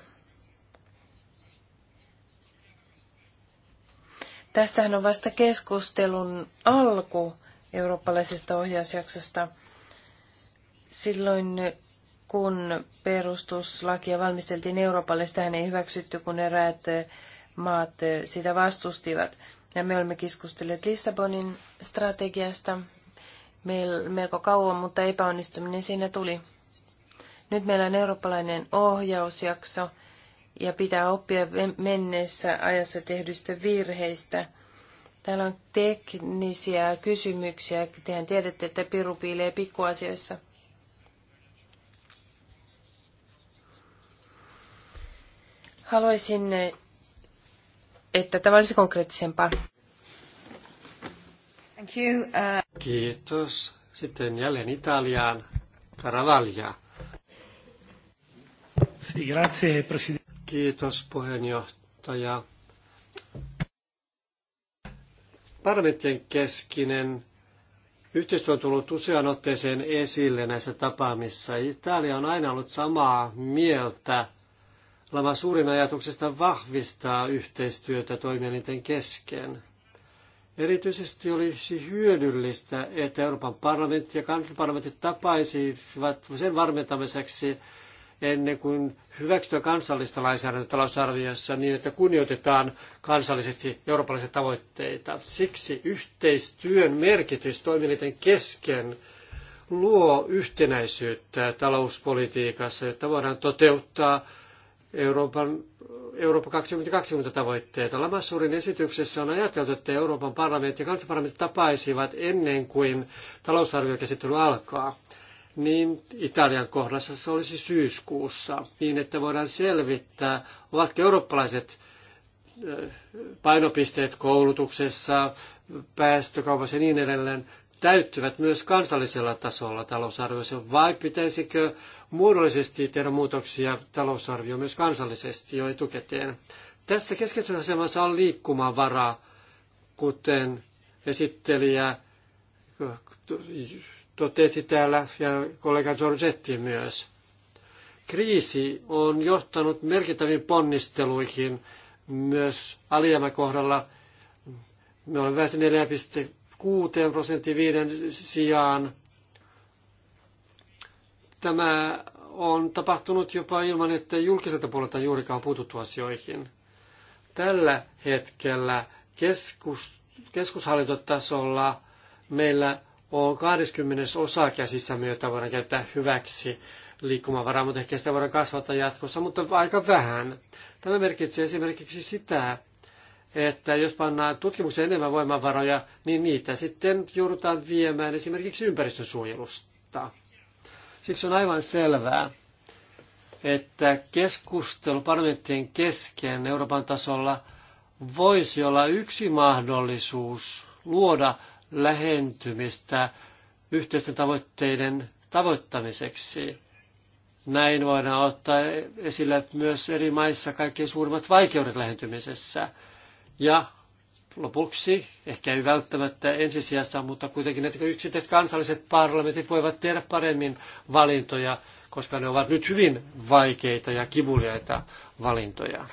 Tässähän on vasta keskustelun alku eurooppalaisesta ohjausjaksosta. Silloin kun perustuslakia valmisteltiin Euroopalle, sitä ei hyväksytty, kun eräät maat sitä vastustivat. Ja me olemme keskustelleet Lissabonin strategiasta melko kauan, mutta epäonnistuminen siinä tuli. Nyt meillä on eurooppalainen ohjausjakso ja pitää oppia menneessä ajassa tehdyistä virheistä. Täällä on teknisiä kysymyksiä. Tehän tiedätte, että piru piilee pikkuasioissa. Haluaisin että tämä olisi konkreettisempaa. Thank you. Uh... Kiitos. Sitten jälleen Italiaan. Caravaglia. Sì, grazie, Kiitos puheenjohtaja. Parlamenttien keskinen yhteistyö on tullut useaan otteeseen esille näissä tapaamissa. Italia on aina ollut samaa mieltä Lama suurin ajatuksesta vahvistaa yhteistyötä toimielinten kesken. Erityisesti olisi hyödyllistä, että Euroopan parlamentti ja kansallisparlamentit tapaisivat sen varmentamiseksi ennen kuin hyväksytyä kansallista lainsäädäntöä talousarviossa niin, että kunnioitetaan kansallisesti eurooppalaisia tavoitteita. Siksi yhteistyön merkitys toimielinten kesken luo yhtenäisyyttä talouspolitiikassa, jotta voidaan toteuttaa Euroopan Eurooppa 2020 tavoitteita. Lamassuurin esityksessä on ajateltu, että Euroopan parlamentti ja kansanparlamentti tapaisivat ennen kuin talousarviokäsittely alkaa. Niin Italian kohdassa se olisi syyskuussa, niin että voidaan selvittää, ovatko eurooppalaiset painopisteet koulutuksessa, päästökaupassa ja niin edelleen täyttyvät myös kansallisella tasolla talousarviossa, vai pitäisikö muodollisesti tehdä muutoksia talousarvioon myös kansallisesti jo etukäteen? Tässä keskeisessä asemassa on liikkumavara, kuten esittelijä totesi täällä ja kollega Giorgetti myös. Kriisi on johtanut merkittäviin ponnisteluihin myös alijäämäkohdalla. Me olemme päässeet kuuteen prosentin viiden sijaan. Tämä on tapahtunut jopa ilman, että julkiselta puolelta on juurikaan puututtu asioihin. Tällä hetkellä keskus, keskushallintotasolla meillä on 20 osa käsissämme, jota voidaan käyttää hyväksi liikkumavaraa, mutta ehkä sitä voidaan kasvata jatkossa, mutta aika vähän. Tämä merkitsee esimerkiksi sitä, että jos pannaan tutkimuksen enemmän voimavaroja, niin niitä sitten joudutaan viemään esimerkiksi ympäristönsuojelusta. Siksi on aivan selvää, että keskustelu parlamenttien kesken Euroopan tasolla voisi olla yksi mahdollisuus luoda lähentymistä yhteisten tavoitteiden tavoittamiseksi. Näin voidaan ottaa esille myös eri maissa kaikkein suurimmat vaikeudet lähentymisessä – ja lopuksi, ehkä ei välttämättä ensisijassa, mutta kuitenkin, että yksittäiset kansalliset parlamentit voivat tehdä paremmin valintoja, koska ne ovat nyt hyvin vaikeita ja kivuliaita valintoja.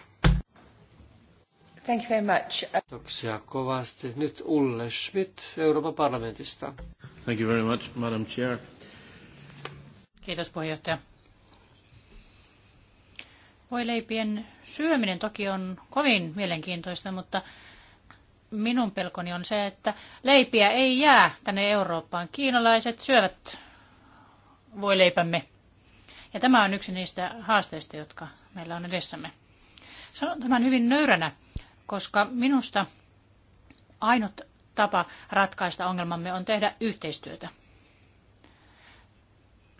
Thank you very much. Kiitoksia kovasti. Nyt Ulle Schmidt Euroopan parlamentista. Thank you very much, Madam Chair. Kiitos puheenjohtaja. Voi leipien syöminen toki on kovin mielenkiintoista, mutta minun pelkoni on se, että leipiä ei jää tänne Eurooppaan. Kiinalaiset syövät voi leipämme. Ja tämä on yksi niistä haasteista, jotka meillä on edessämme. Sanon tämän hyvin nöyränä, koska minusta ainut tapa ratkaista ongelmamme on tehdä yhteistyötä.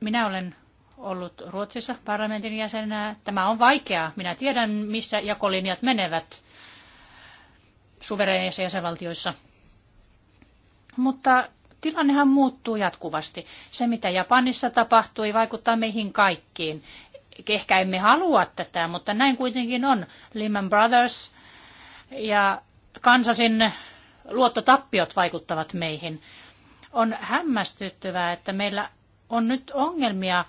Minä olen ollut Ruotsissa parlamentin jäsenenä. Tämä on vaikeaa. Minä tiedän, missä jakolinjat menevät suvereineissa jäsenvaltioissa. Mutta tilannehan muuttuu jatkuvasti. Se, mitä Japanissa tapahtui, vaikuttaa meihin kaikkiin. Ehkä emme halua tätä, mutta näin kuitenkin on. Lehman Brothers ja kansasin luottotappiot vaikuttavat meihin. On hämmästyttävää, että meillä on nyt ongelmia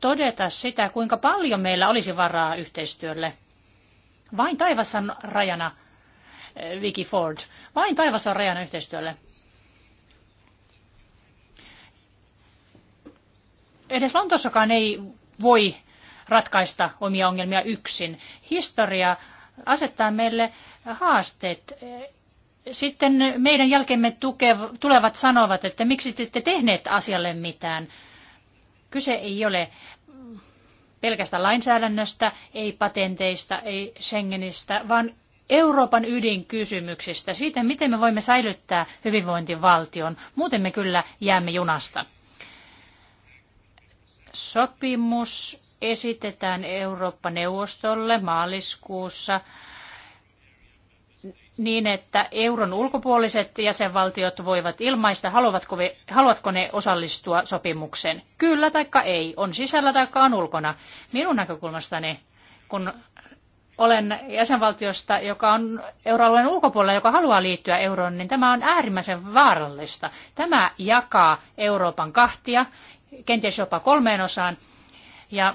todeta sitä, kuinka paljon meillä olisi varaa yhteistyölle. Vain taivas on rajana, eh, Vicky Ford. Vain taivas on rajana yhteistyölle. Edes Lontossakaan ei voi ratkaista omia ongelmia yksin. Historia asettaa meille haasteet. Eh, sitten meidän jälkemme tulevat sanovat, että miksi te ette tehneet asialle mitään. Kyse ei ole pelkästä lainsäädännöstä, ei patenteista, ei Schengenistä, vaan Euroopan ydinkysymyksistä, siitä miten me voimme säilyttää hyvinvointivaltion. Muuten me kyllä jäämme junasta. Sopimus esitetään Eurooppa-neuvostolle maaliskuussa niin, että euron ulkopuoliset jäsenvaltiot voivat ilmaista, haluavatko, haluatko ne osallistua sopimukseen. Kyllä tai ei, on sisällä tai on ulkona. Minun näkökulmastani, kun olen jäsenvaltiosta, joka on euroalueen ulkopuolella, joka haluaa liittyä euroon, niin tämä on äärimmäisen vaarallista. Tämä jakaa Euroopan kahtia, kenties jopa kolmeen osaan. Ja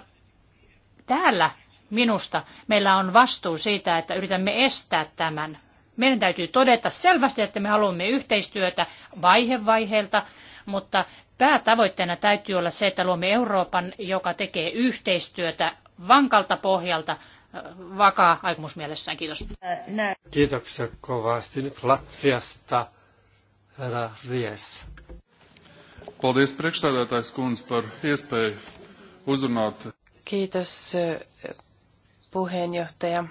täällä minusta meillä on vastuu siitä, että yritämme estää tämän. Meidän täytyy todeta selvästi, että me haluamme yhteistyötä vaihe vaiheelta, mutta päätavoitteena täytyy olla se, että luomme Euroopan, joka tekee yhteistyötä vankalta pohjalta äh, vakaa mielessään. Kiitos. Kiitoksia kovasti. Nyt Latviasta herra Ries. Paldies priekšstādātājs kundz par iespēju uzrunāt. Kiitos eh, puheenjohtaja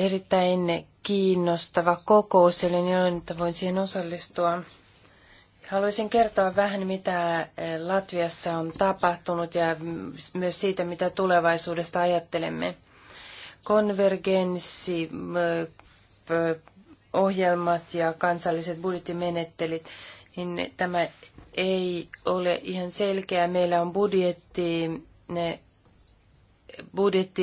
erittäin kiinnostava kokous, eli niin, että voin siihen osallistua. Haluaisin kertoa vähän, mitä eh, Latviassa on tapahtunut ja myös siitä, mitä tulevaisuudesta ajattelemme. Konvergenssi, eh, eh, ohjelmat ja kansalliset budjettimenettelit, niin tämä ei ole ihan selkeä. Meillä on budjetti, ne budjetti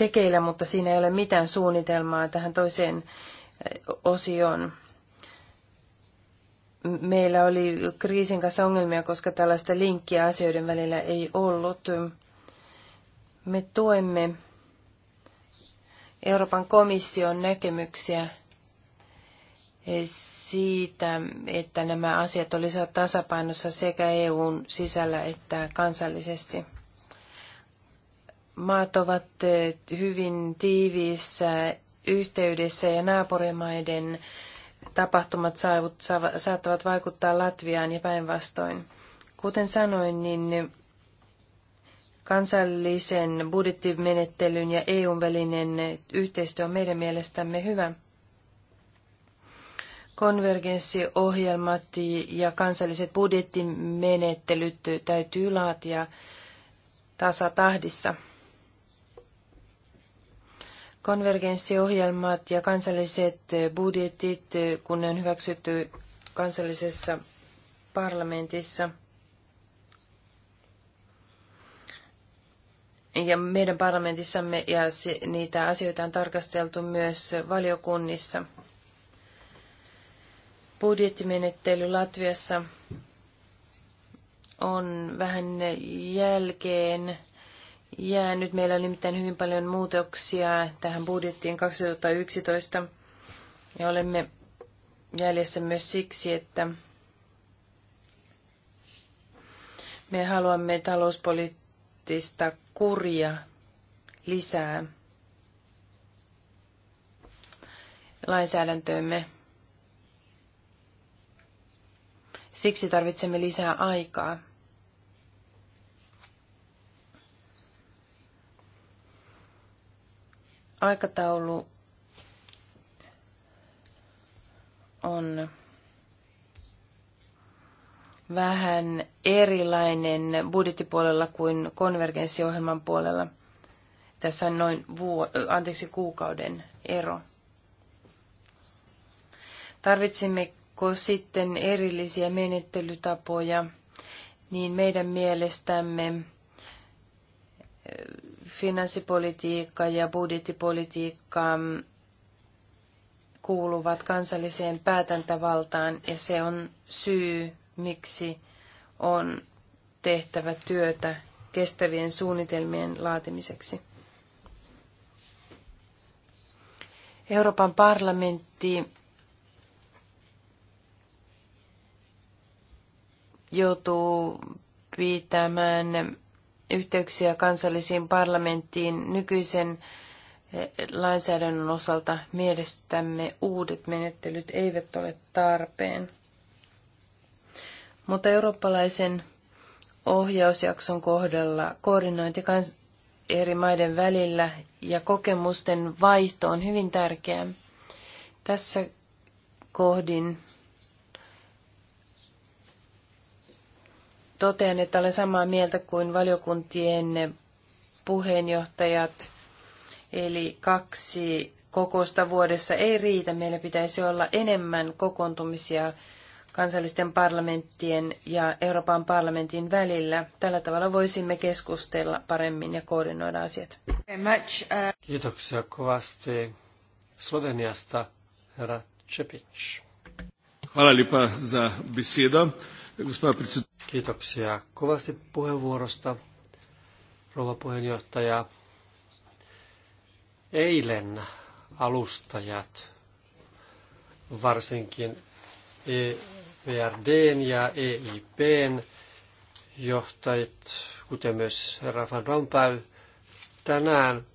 tekeillä, mutta siinä ei ole mitään suunnitelmaa tähän toiseen osioon. Meillä oli kriisin kanssa ongelmia, koska tällaista linkkiä asioiden välillä ei ollut. Me tuemme Euroopan komission näkemyksiä e, siitä, että nämä asiat olisivat tasapainossa sekä EUn sisällä että kansallisesti maat ovat eh, hyvin tiiviissä yhteydessä ja naapurimaiden tapahtumat saattavat vaikuttaa Latviaan ja päinvastoin. Kuten sanoin, niin kansallisen budjettimenettelyn ja EUn välinen yhteistyö on meidän mielestämme hyvä. Konvergenssiohjelmat ja kansalliset budjettimenettelyt täytyy laatia tasatahdissa. Konvergenssiohjelmat ja kansalliset budjetit, kun ne on hyväksytty kansallisessa parlamentissa. Ja meidän parlamentissamme ja niitä asioita on tarkasteltu myös valiokunnissa. Budjettimenettely Latviassa on vähän jälkeen ja nyt meillä on nimittäin hyvin paljon muutoksia tähän budjettiin 2011. Ja olemme jäljessä myös siksi, että me haluamme talouspoliittista kuria lisää lainsäädäntöömme. Siksi tarvitsemme lisää aikaa. Aikataulu on vähän erilainen budjettipuolella kuin konvergenssiohjelman puolella. Tässä on noin vuo- anteeksi, kuukauden ero. Tarvitsimmeko sitten erillisiä menettelytapoja, niin meidän mielestämme finanssipolitiikka ja budjettipolitiikka kuuluvat kansalliseen päätäntävaltaan ja se on syy, miksi on tehtävä työtä kestävien suunnitelmien laatimiseksi. Euroopan parlamentti joutuu pitämään yhteyksiä kansallisiin parlamenttiin nykyisen eh, lainsäädännön osalta mielestämme uudet menettelyt eivät ole tarpeen. Mutta eurooppalaisen ohjausjakson kohdalla koordinointi eri maiden välillä ja kokemusten vaihto on hyvin tärkeää. Tässä kohdin totean, että olen samaa mieltä kuin valiokuntien puheenjohtajat. Eli kaksi kokousta vuodessa ei riitä. Meillä pitäisi olla enemmän kokoontumisia kansallisten parlamenttien ja Euroopan parlamentin välillä. Tällä tavalla voisimme keskustella paremmin ja koordinoida asiat. Kiitoksia kovasti Sloveniasta, herra Čepić. Hvala Lipa za besedo. Kiitoksia kovasti puheenvuorosta, rouva puheenjohtaja. Eilen alustajat, varsinkin EVRDn ja EIPn johtajat, kuten myös herra Van Rompuy, tänään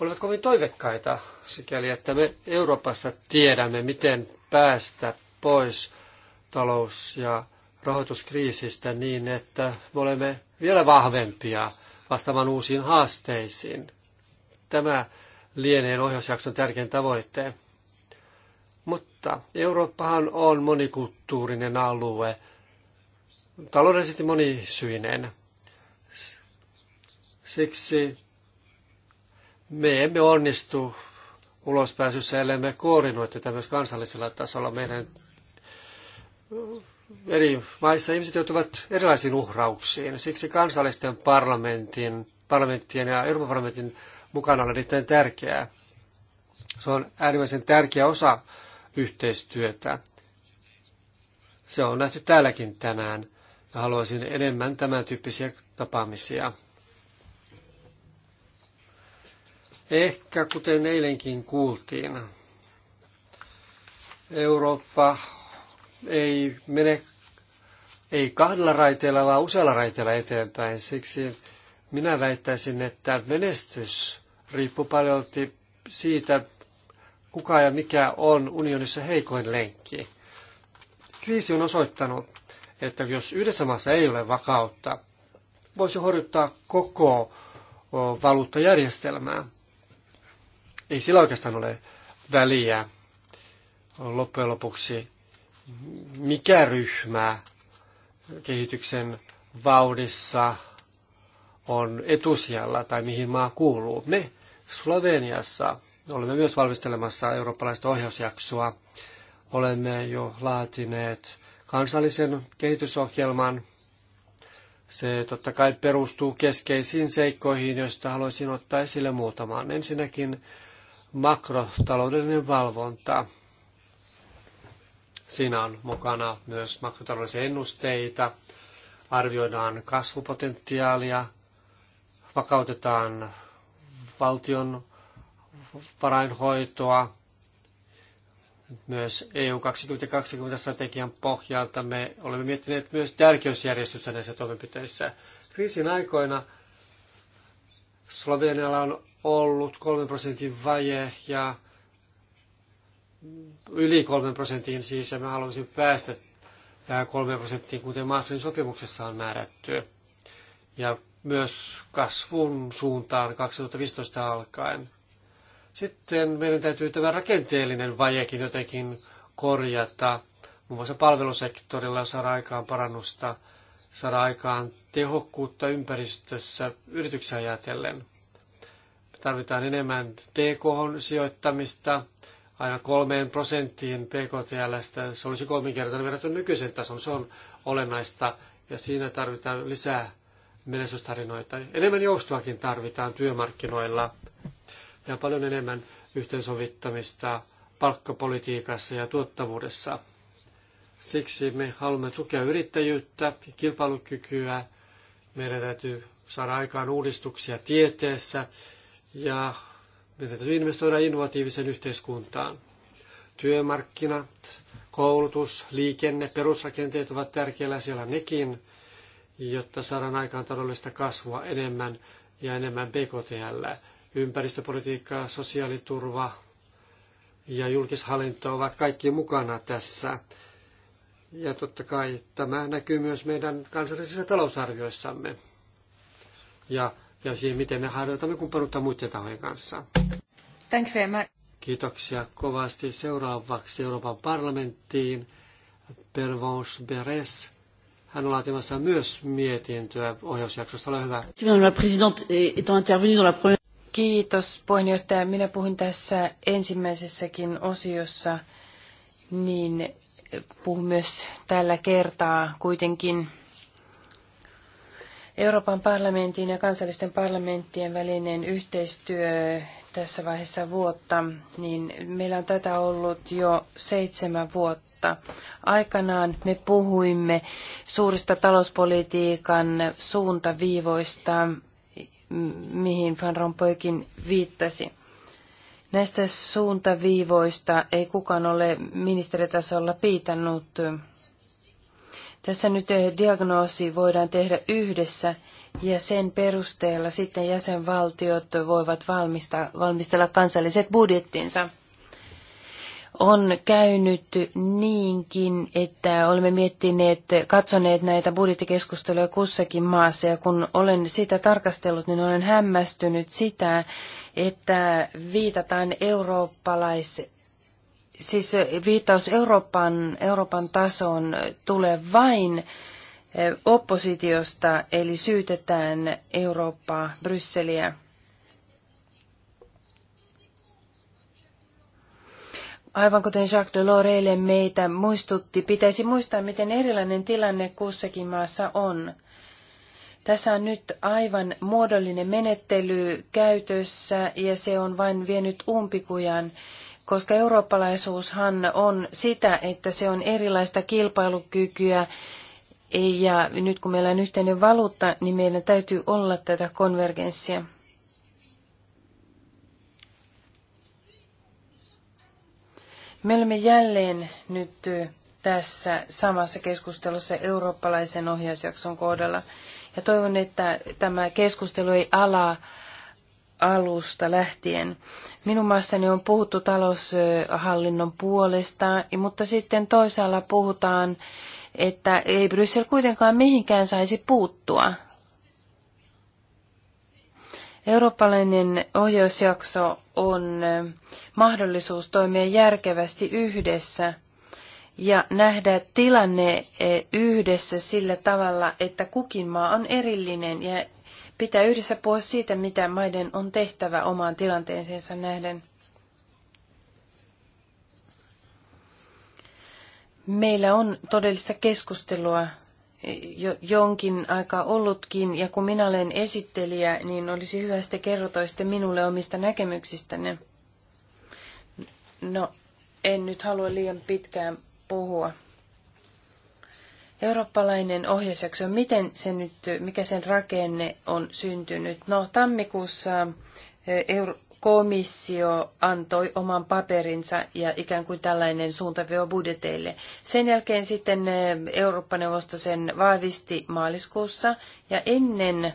olivat kovin toivekkaita sikäli, että me Euroopassa tiedämme, miten päästä pois talous- ja rahoituskriisistä niin, että me olemme vielä vahvempia vastaamaan uusiin haasteisiin. Tämä lienee ohjausjakson tärkein tavoite. Mutta Eurooppahan on monikulttuurinen alue, taloudellisesti monisyinen. Siksi me emme onnistu ulospääsyssä, ellei me koordinoi tätä myös kansallisella tasolla. Meidän eri maissa ihmiset joutuvat erilaisiin uhrauksiin. Siksi kansallisten parlamentin, parlamenttien ja Euroopan parlamentin mukana on erittäin tärkeää. Se on äärimmäisen tärkeä osa yhteistyötä. Se on nähty täälläkin tänään ja haluaisin enemmän tämän tyyppisiä tapaamisia. Ehkä kuten eilenkin kuultiin, Eurooppa ei mene ei kahdella raiteella, vaan usealla raiteella eteenpäin. Siksi minä väittäisin, että menestys riippuu paljon siitä, kuka ja mikä on unionissa heikoin lenkki. Kriisi on osoittanut, että jos yhdessä maassa ei ole vakautta, voisi horjuttaa koko valuuttajärjestelmää. Ei sillä oikeastaan ole väliä loppujen lopuksi mikä ryhmä kehityksen vauhdissa on etusijalla tai mihin maa kuuluu. Me Sloveniassa olemme myös valmistelemassa eurooppalaista ohjausjaksoa. Olemme jo laatineet kansallisen kehitysohjelman. Se totta kai perustuu keskeisiin seikkoihin, joista haluaisin ottaa esille muutaman. Ensinnäkin makrotaloudellinen valvonta – Siinä on mukana myös makrotaloudellisia ennusteita, arvioidaan kasvupotentiaalia, vakautetaan valtion varainhoitoa. Myös EU 2020-strategian pohjalta me olemme miettineet myös tärkeysjärjestystä näissä toimenpiteissä. Kriisin aikoina Slovenialla on ollut 3 prosentin vaje ja yli kolmen prosentin siis, ja mä haluaisin päästä tähän kolmen prosenttiin, kuten Maastrin sopimuksessa on määrätty. Ja myös kasvun suuntaan 2015 alkaen. Sitten meidän täytyy tämä rakenteellinen vajekin jotenkin korjata. Muun muassa palvelusektorilla saada aikaan parannusta, saada aikaan tehokkuutta ympäristössä yrityksiä ajatellen. Me tarvitaan enemmän TK-sijoittamista, aina kolmeen prosenttiin PKTLstä. Se olisi kolminkertainen verrattuna nykyisen tason. Se on olennaista ja siinä tarvitaan lisää menestystarinoita. Enemmän joustoakin tarvitaan työmarkkinoilla ja paljon enemmän yhteensovittamista palkkapolitiikassa ja tuottavuudessa. Siksi me haluamme tukea yrittäjyyttä, kilpailukykyä. Meidän täytyy saada aikaan uudistuksia tieteessä ja me täytyy investoida innovatiiviseen yhteiskuntaan. Työmarkkinat, koulutus, liikenne, perusrakenteet ovat tärkeillä siellä nekin, jotta saadaan aikaan taloudellista kasvua enemmän ja enemmän BKTL. Ympäristöpolitiikka, sosiaaliturva ja julkishallinto ovat kaikki mukana tässä. Ja totta kai tämä näkyy myös meidän kansallisissa talousarvioissamme. Ja ja siihen, miten me harjoitamme kumppanuutta muiden tahojen kanssa. Thank you very much. Kiitoksia kovasti. Seuraavaksi Euroopan parlamenttiin Pervons Beres. Hän on laatimassa myös mietintöä ohjausjaksosta. Ole hyvä. Kiitos puheenjohtaja. Minä puhun tässä ensimmäisessäkin osiossa, niin puhun myös tällä kertaa kuitenkin Euroopan parlamentin ja kansallisten parlamenttien välinen yhteistyö tässä vaiheessa vuotta, niin meillä on tätä ollut jo seitsemän vuotta. Aikanaan me puhuimme suurista talouspolitiikan suuntaviivoista, mihin Van Rompuykin viittasi. Näistä suuntaviivoista ei kukaan ole ministeritasolla piitannut tässä nyt eh, diagnoosi voidaan tehdä yhdessä ja sen perusteella sitten jäsenvaltiot voivat valmistella kansalliset budjettinsa. On käynyt niinkin, että olemme miettineet, katsoneet näitä budjettikeskusteluja kussakin maassa ja kun olen sitä tarkastellut, niin olen hämmästynyt sitä, että viitataan eurooppalais Siis viittaus Euroopan, Euroopan tasoon tulee vain oppositiosta, eli syytetään Eurooppaa, Brysseliä. Aivan kuten Jacques Delors eilen meitä muistutti, pitäisi muistaa, miten erilainen tilanne kussakin maassa on. Tässä on nyt aivan muodollinen menettely käytössä ja se on vain vienyt umpikujan koska eurooppalaisuushan on sitä, että se on erilaista kilpailukykyä, ja nyt kun meillä on yhteinen valuutta, niin meidän täytyy olla tätä konvergenssia. Me olemme jälleen nyt tässä samassa keskustelussa eurooppalaisen ohjausjakson kohdalla. Ja toivon, että tämä keskustelu ei alaa alusta lähtien. Minun maassani on puhuttu taloushallinnon puolesta, mutta sitten toisaalla puhutaan, että ei Bryssel kuitenkaan mihinkään saisi puuttua. Eurooppalainen ohjausjakso on mahdollisuus toimia järkevästi yhdessä ja nähdä tilanne yhdessä sillä tavalla, että kukin maa on erillinen ja pitää yhdessä puhua siitä, mitä maiden on tehtävä omaan tilanteeseensa nähden. Meillä on todellista keskustelua jo, jonkin aikaa ollutkin, ja kun minä olen esittelijä, niin olisi hyvä, että kerrotoisitte minulle omista näkemyksistänne. No, en nyt halua liian pitkään puhua. Eurooppalainen ohjausjakso, miten se nyt, mikä sen rakenne on syntynyt? No, tammikuussa Euro- komissio antoi oman paperinsa ja ikään kuin tällainen suuntaveo budjeteille. Sen jälkeen sitten Eurooppa-neuvosto sen vahvisti maaliskuussa ja ennen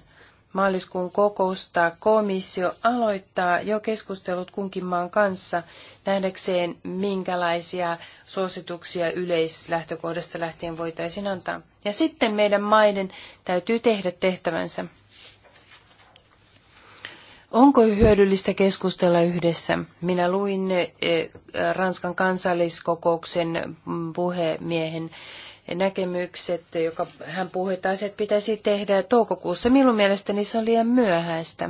maaliskuun kokousta komissio aloittaa jo keskustelut kunkin maan kanssa nähdäkseen, minkälaisia suosituksia yleislähtökohdasta lähtien voitaisiin antaa. Ja sitten meidän maiden täytyy tehdä tehtävänsä. Onko hyödyllistä keskustella yhdessä? Minä luin eh, Ranskan kansalliskokouksen puhemiehen näkemykset, joka hän puhui, että asiat pitäisi tehdä toukokuussa. Minun mielestäni se on liian myöhäistä.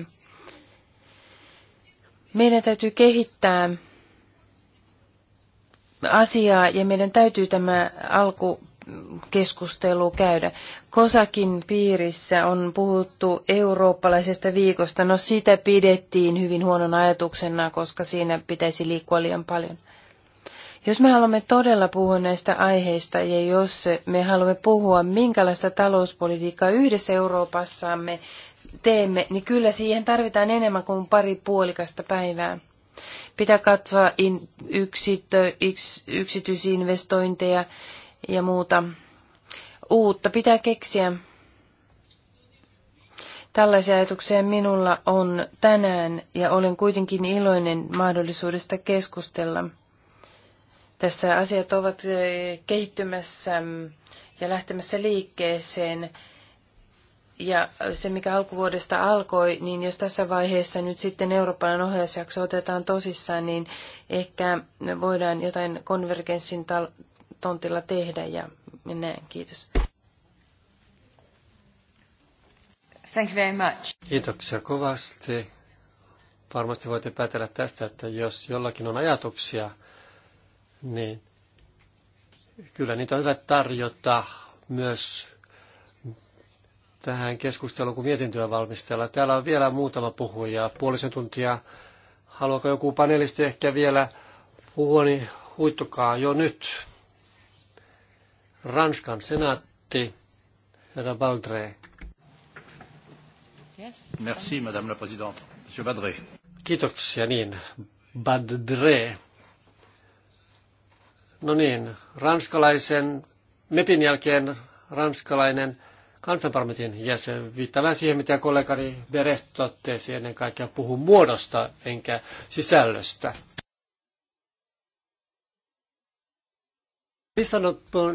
Meidän täytyy kehittää asiaa ja meidän täytyy tämä alku keskustelu käydä. Kosakin piirissä on puhuttu eurooppalaisesta viikosta. No sitä pidettiin hyvin huonon ajatuksena, koska siinä pitäisi liikkua liian paljon. Jos me haluamme todella puhua näistä aiheista ja jos me haluamme puhua, minkälaista talouspolitiikkaa yhdessä Euroopassamme teemme, niin kyllä siihen tarvitaan enemmän kuin pari puolikasta päivää. Pitää katsoa in, yksitö, yks, yksityisinvestointeja ja muuta uutta. Pitää keksiä. Tällaisia ajatuksia minulla on tänään ja olen kuitenkin iloinen mahdollisuudesta keskustella. Tässä asiat ovat eh, kehittymässä ja lähtemässä liikkeeseen. Ja se, mikä alkuvuodesta alkoi, niin jos tässä vaiheessa nyt sitten Euroopan ohjausjakso otetaan tosissaan, niin ehkä voidaan jotain konvergenssin tontilla tehdä ja näin. Kiitos. Thank you very much. Kiitoksia kovasti. Varmasti voitte päätellä tästä, että jos jollakin on ajatuksia, niin kyllä niitä on hyvä tarjota myös tähän keskusteluun, kun mietintöä valmistella. Täällä on vielä muutama puhuja, puolisen tuntia. Haluaako joku panelisti ehkä vielä puhua, niin huittukaa jo nyt. Ranskan senaatti, herra Baldré. Merci, madame la présidente. Monsieur Badré. Kiitoksia, niin. Badré. No niin, ranskalaisen, MEPin jälkeen ranskalainen kansanparlamentin jäsen. Viittaan siihen, mitä kollegani Beres totesi ennen kaikkea puhun muodosta enkä sisällöstä.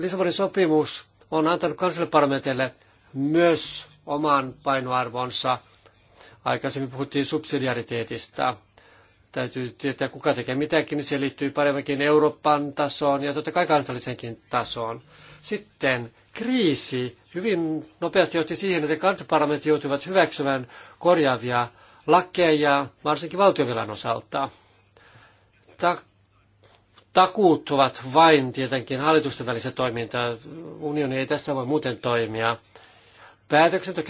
Lissabonin sopimus on antanut kansanparlamentille myös oman painoarvonsa. Aikaisemmin puhuttiin subsidiariteetista. Täytyy tietää, kuka tekee mitäkin, niin se liittyy paremminkin Euroopan tasoon ja totta kai kansallisenkin tasoon. Sitten kriisi hyvin nopeasti johti siihen, että kansanparlamentit joutuivat hyväksymään korjaavia lakkeja, varsinkin valtiovilan osalta. Ta- takuut ovat vain tietenkin hallitusten välistä toimintaa. Unioni ei tässä voi muuten toimia.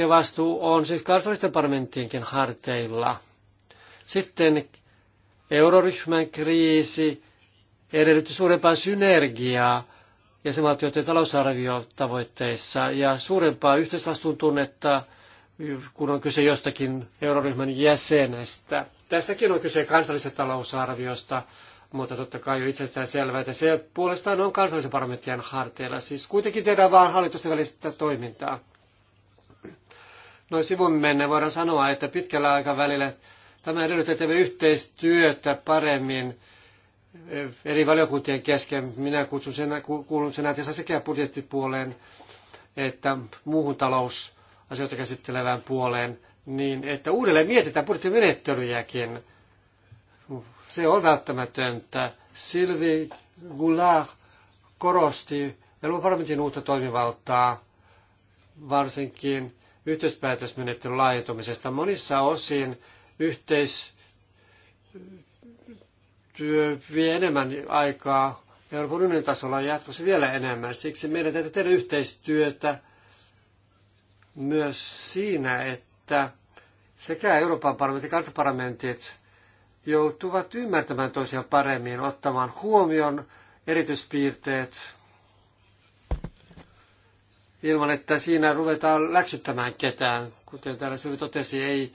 vastuu on siis kansallisten parlamenttienkin harteilla. Sitten euroryhmän kriisi edellytti suurempaa synergiaa jäsenvaltioiden talousarviotavoitteissa ja suurempaa yhteisvastuun tunnetta, kun on kyse jostakin euroryhmän jäsenestä. Tässäkin on kyse kansallisesta talousarviosta, mutta totta kai on itsestään selvää, että se puolestaan on kansallisen parlamenttien harteilla. Siis kuitenkin tehdään vain hallitusten välistä toimintaa. Noin sivun menne voidaan sanoa, että pitkällä aikavälillä tämä edellyttää yhteistyötä paremmin eri valiokuntien kesken. Minä kutsun sen, kuulun senaatissa sekä budjettipuoleen että muuhun talousasioita käsittelevään puoleen, niin että uudelleen mietitään budjettimenettelyjäkin. Se on välttämätöntä. Sylvie Goulart korosti Euroopan parlamentin uutta toimivaltaa, varsinkin yhteispäätösmenettelyn laajentumisesta. Monissa osin yhteis työ vie enemmän aikaa Euroopan unionin tasolla jatkossa vielä enemmän. Siksi meidän täytyy tehdä yhteistyötä myös siinä, että sekä Euroopan parlamentti että kansanparlamentit joutuvat ymmärtämään toisiaan paremmin, ottamaan huomioon erityispiirteet ilman, että siinä ruvetaan läksyttämään ketään. Kuten täällä Sylvi totesi, ei,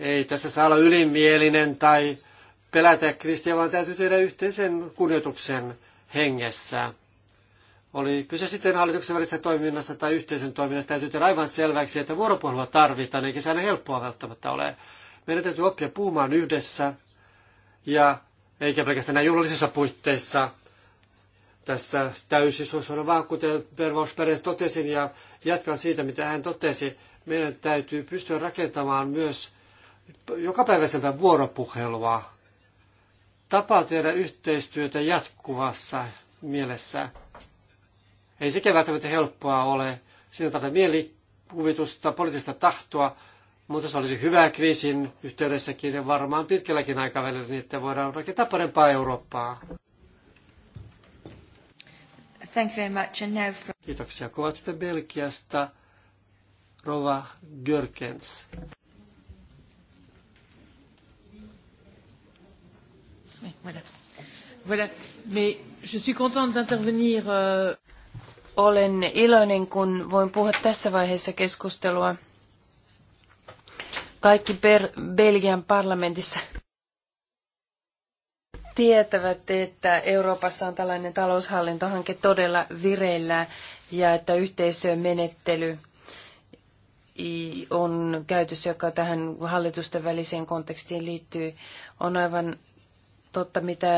ei tässä saa olla ylimielinen tai pelätä kristiä, vaan täytyy tehdä yhteisen kunnioituksen hengessä. Oli kyse sitten hallituksen välisestä toiminnasta tai yhteisen toiminnasta, täytyy tehdä aivan selväksi, että vuoropuhelua tarvitaan, eikä se aina helppoa välttämättä ole. Meidän täytyy oppia puhumaan yhdessä, ja eikä pelkästään näin juhlallisissa puitteissa, tässä täysistunnossa, vaan kuten Pervaus totesin ja jatkan siitä, mitä hän totesi, meidän täytyy pystyä rakentamaan myös jokapäiväisempää vuoropuhelua tapa tehdä yhteistyötä jatkuvassa mielessä. Ei sekään välttämättä helppoa ole. Siinä tarvitaan mielikuvitusta, poliittista tahtoa, mutta se olisi hyvä kriisin yhteydessäkin ja varmaan pitkälläkin aikavälillä, niin että voidaan rakentaa parempaa Eurooppaa. Thank you very much. And now from... Kiitoksia kovasti Belgiasta. Rova Görkens. Voilà. Voilà. Mais je suis contente d'intervenir. Euh... Olen iloinen, kun voin puhua tässä vaiheessa keskustelua. Kaikki per- Belgian parlamentissa tietävät, että Euroopassa on tällainen taloushallintohanke todella vireillä ja että yhteisömenettely on käytössä, joka tähän hallitusten väliseen kontekstiin liittyy, on aivan totta, mitä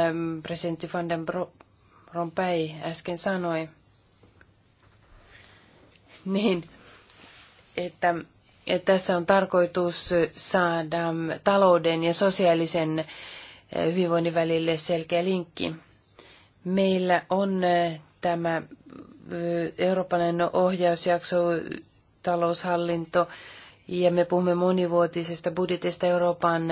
presidentti Van den Rompuy äsken sanoi, niin että, että tässä on tarkoitus saada talouden ja sosiaalisen eh, hyvinvoinnin välille selkeä linkki. Meillä on eh, tämä eh, eurooppalainen ohjausjakso, taloushallinto, ja me puhumme monivuotisesta budjetista Euroopan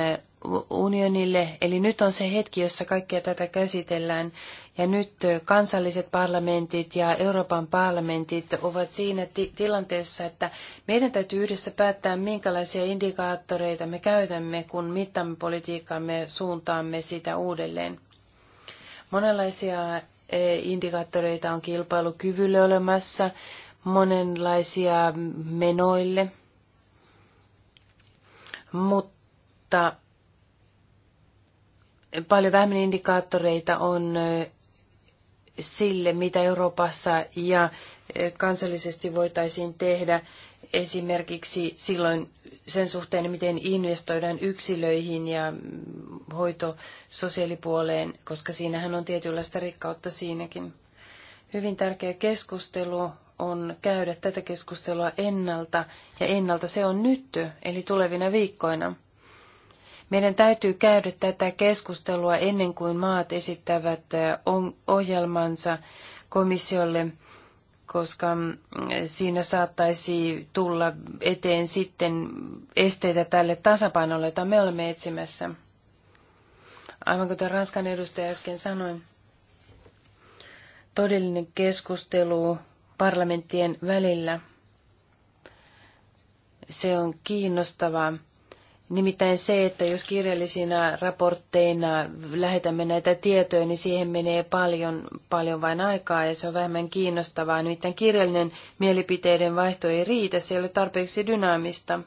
unionille. Eli nyt on se hetki, jossa kaikkea tätä käsitellään. Ja nyt kansalliset parlamentit ja Euroopan parlamentit ovat siinä ti- tilanteessa, että meidän täytyy yhdessä päättää, minkälaisia indikaattoreita me käytämme, kun mittamme politiikkaamme, suuntaamme sitä uudelleen. Monenlaisia e, indikaattoreita on kilpailukyvylle olemassa, monenlaisia menoille, mutta Paljon vähemmän indikaattoreita on sille, mitä Euroopassa ja kansallisesti voitaisiin tehdä esimerkiksi silloin sen suhteen, miten investoidaan yksilöihin ja mm, hoito sosiaalipuoleen, koska siinähän on tietynlaista rikkautta siinäkin. Hyvin tärkeä keskustelu on käydä tätä keskustelua ennalta, ja ennalta se on nyt, eli tulevina viikkoina. Meidän täytyy käydä tätä keskustelua ennen kuin maat esittävät ohjelmansa komissiolle, koska mm, siinä saattaisi tulla eteen sitten esteitä tälle tasapainolle, jota me olemme etsimässä. Aivan kuten Ranskan edustaja äsken sanoi, todellinen keskustelu parlamenttien välillä. Se on kiinnostavaa. Nimittäin se, että jos kirjallisina raportteina lähetämme näitä tietoja, niin siihen menee paljon, paljon vain aikaa ja se on vähemmän kiinnostavaa. Nimittäin kirjallinen mielipiteiden vaihto ei riitä, se ei ole tarpeeksi dynaamista.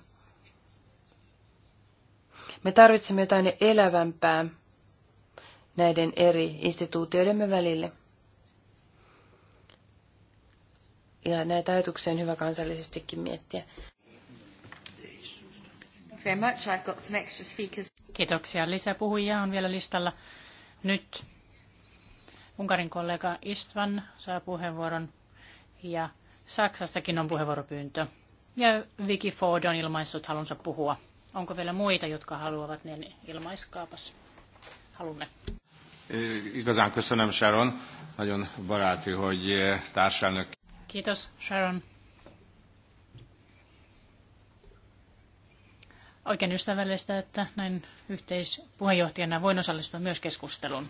Me tarvitsemme jotain elävämpää näiden eri instituutioidemme välille. Ja näitä ajatuksia on hyvä kansallisestikin miettiä very much. I've got some extra speakers. Kiitoksia. Lisäpuhujia on vielä listalla. Nyt Unkarin kollega Istvan saa puheenvuoron ja Saksastakin on puheenvuoropyyntö. Ja Vicky Ford on ilmaissut halunsa puhua. Onko vielä muita, jotka haluavat, niin ilmaiskaapas halunne. Eh, igazán köszönöm Sharon, nagyon baráti, hogy eh, társelnök. Kiitos Sharon. oikein ystävällistä, että näin yhteispuheenjohtajana voin osallistua myös keskusteluun.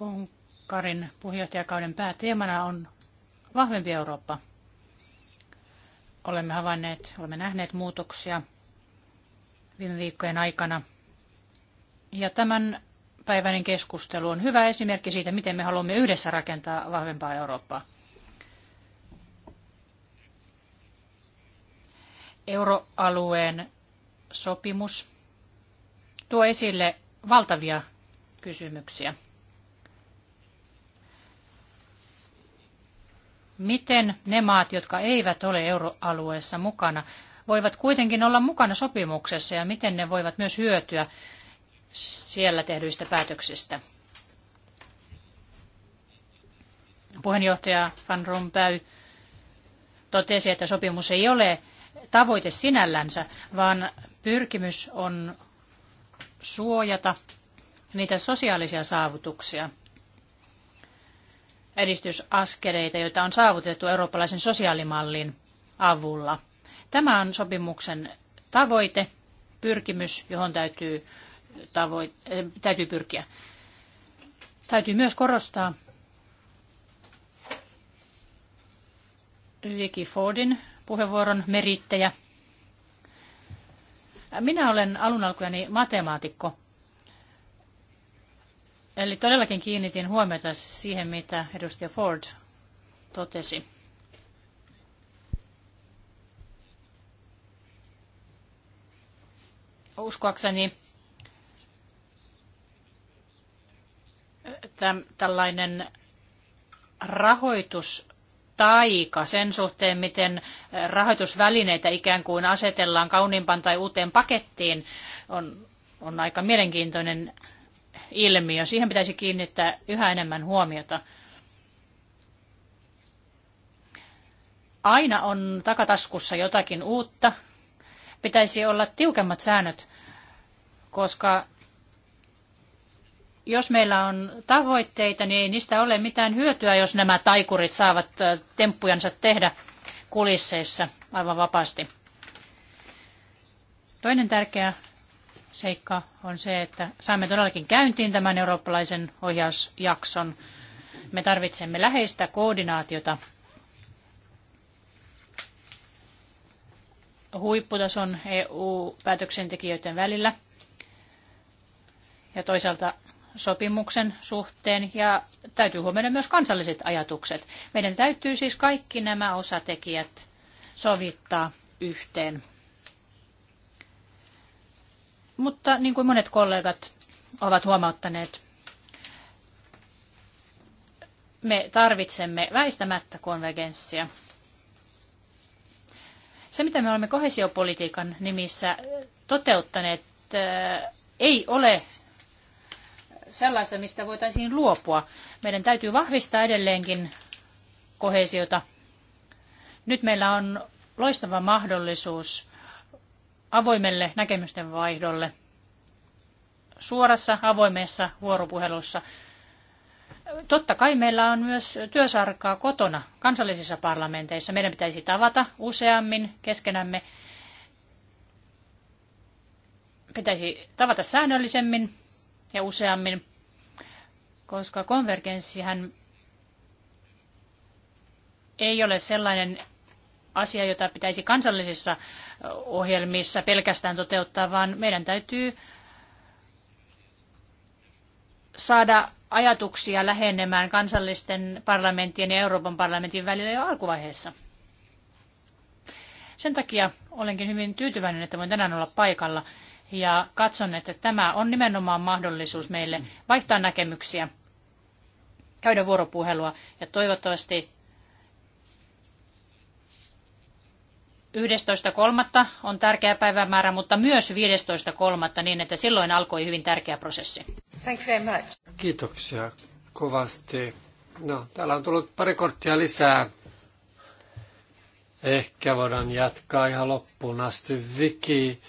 Unkarin puheenjohtajakauden pääteemana on vahvempi Eurooppa. Olemme havainneet, olemme nähneet muutoksia viime viikkojen aikana. Ja tämän päiväinen keskustelu on hyvä esimerkki siitä, miten me haluamme yhdessä rakentaa vahvempaa Eurooppaa. Euroalueen sopimus tuo esille valtavia kysymyksiä. Miten ne maat, jotka eivät ole euroalueessa mukana, voivat kuitenkin olla mukana sopimuksessa ja miten ne voivat myös hyötyä siellä tehdyistä päätöksistä? Puheenjohtaja Van Rompuy totesi, että sopimus ei ole tavoite sinällänsä, vaan pyrkimys on suojata niitä sosiaalisia saavutuksia, edistysaskeleita, joita on saavutettu eurooppalaisen sosiaalimallin avulla. Tämä on sopimuksen tavoite, pyrkimys, johon täytyy, tavoite, eh, täytyy pyrkiä. Täytyy myös korostaa Vicky Fordin puheenvuoron merittejä. Minä olen alun alkujani matemaatikko. Eli todellakin kiinnitin huomiota siihen, mitä edustaja Ford totesi. Uskoakseni äh, tällainen rahoitus taika sen suhteen, miten rahoitusvälineitä ikään kuin asetellaan kauniimpaan tai uuteen pakettiin, on, on aika mielenkiintoinen ilmiö. Siihen pitäisi kiinnittää yhä enemmän huomiota. Aina on takataskussa jotakin uutta. Pitäisi olla tiukemmat säännöt, koska jos meillä on tavoitteita, niin ei niistä ole mitään hyötyä, jos nämä taikurit saavat temppujansa tehdä kulisseissa aivan vapaasti. Toinen tärkeä seikka on se, että saamme todellakin käyntiin tämän eurooppalaisen ohjausjakson. Me tarvitsemme läheistä koordinaatiota huipputason EU-päätöksentekijöiden välillä ja toisaalta sopimuksen suhteen ja täytyy huomioida myös kansalliset ajatukset. Meidän täytyy siis kaikki nämä osatekijät sovittaa yhteen. Mutta niin kuin monet kollegat ovat huomauttaneet, me tarvitsemme väistämättä konvergenssia. Se, mitä me olemme kohesiopolitiikan nimissä toteuttaneet, ei ole sellaista, mistä voitaisiin luopua. Meidän täytyy vahvistaa edelleenkin kohesiota. Nyt meillä on loistava mahdollisuus avoimelle näkemysten vaihdolle suorassa avoimessa vuoropuhelussa. Totta kai meillä on myös työsarkaa kotona kansallisissa parlamenteissa. Meidän pitäisi tavata useammin keskenämme. Pitäisi tavata säännöllisemmin ja useammin, koska konvergenssihän ei ole sellainen asia, jota pitäisi kansallisissa ohjelmissa pelkästään toteuttaa, vaan meidän täytyy saada ajatuksia lähenemään kansallisten parlamenttien ja Euroopan parlamentin välillä jo alkuvaiheessa. Sen takia olenkin hyvin tyytyväinen, että voin tänään olla paikalla ja katson, että tämä on nimenomaan mahdollisuus meille vaihtaa näkemyksiä, käydä vuoropuhelua ja toivottavasti 11.3. on tärkeä päivämäärä, mutta myös 15.3. niin, että silloin alkoi hyvin tärkeä prosessi. Thank you very much. Kiitoksia kovasti. No, täällä on tullut pari korttia lisää. Ehkä voidaan jatkaa ihan loppuun asti. Viki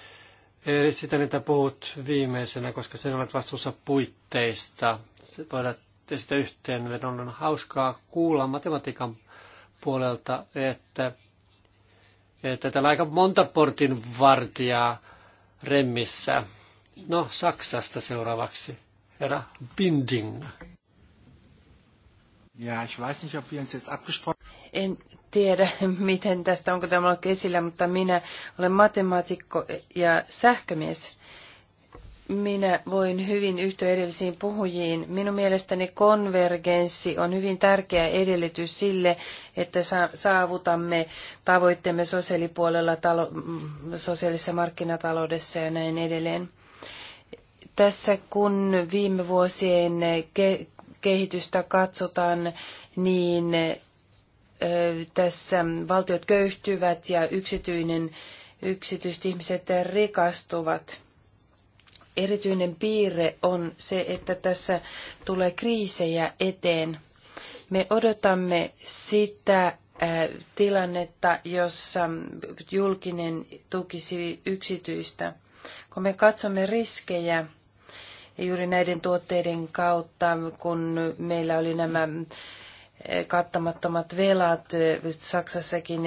Esitän, että puhut viimeisenä, koska sinä olet vastuussa puitteista. Voidaan esittää yhteenvedon. On hauskaa kuulla matematiikan puolelta, että, että täällä on aika monta portin vartijaa remmissä. No, Saksasta seuraavaksi. Herra Binding. Ja, ich weiß nicht, ob wir uns jetzt abgesprochen... En tiedä, [laughs] miten tästä, onko tämä ollut esillä, mutta minä olen matemaatikko ja sähkömies. Minä voin hyvin yhtyä edellisiin puhujiin. Minun mielestäni konvergenssi on hyvin tärkeä edellytys sille, että saavutamme tavoitteemme sosiaalipuolella, talo, mm, sosiaalisessa markkinataloudessa ja näin edelleen. Tässä kun viime vuosien kehitystä katsotaan, niin tässä mm, valtiot köyhtyvät ja yksityinen, yksityiset ihmiset rikastuvat. Erityinen piirre on se, että tässä tulee kriisejä eteen. Me odotamme sitä tilannetta, jossa mm, julkinen tukisi yksityistä. Kun me katsomme riskejä juuri näiden tuotteiden kautta, kun meillä oli nämä mm, kattamattomat velat Saksassakin,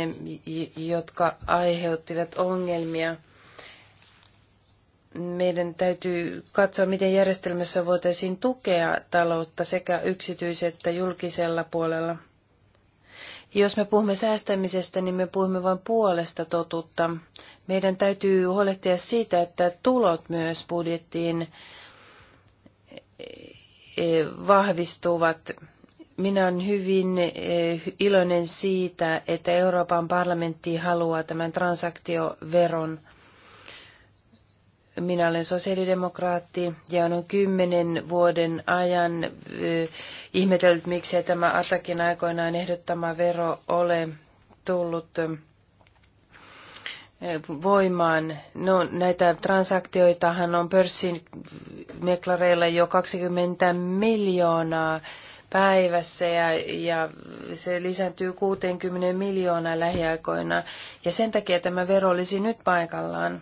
jotka aiheuttivat ongelmia. Meidän täytyy katsoa, miten järjestelmässä voitaisiin tukea taloutta sekä yksityisellä että julkisella puolella. Jos me puhumme säästämisestä, niin me puhumme vain puolesta totutta. Meidän täytyy huolehtia siitä, että tulot myös budjettiin e, e, vahvistuvat minä olen hyvin eh, iloinen siitä, että Euroopan parlamentti haluaa tämän transaktioveron. Minä olen sosiaalidemokraatti ja olen kymmenen vuoden ajan eh, ihmetellyt, miksi tämä Atakin aikoinaan ehdottama vero ole tullut eh, voimaan. No, näitä transaktioitahan on pörssin meklareilla jo 20 miljoonaa päivässä ja, ja se lisääntyy 60 miljoonaa lähiaikoina. Ja sen takia tämä vero olisi nyt paikallaan.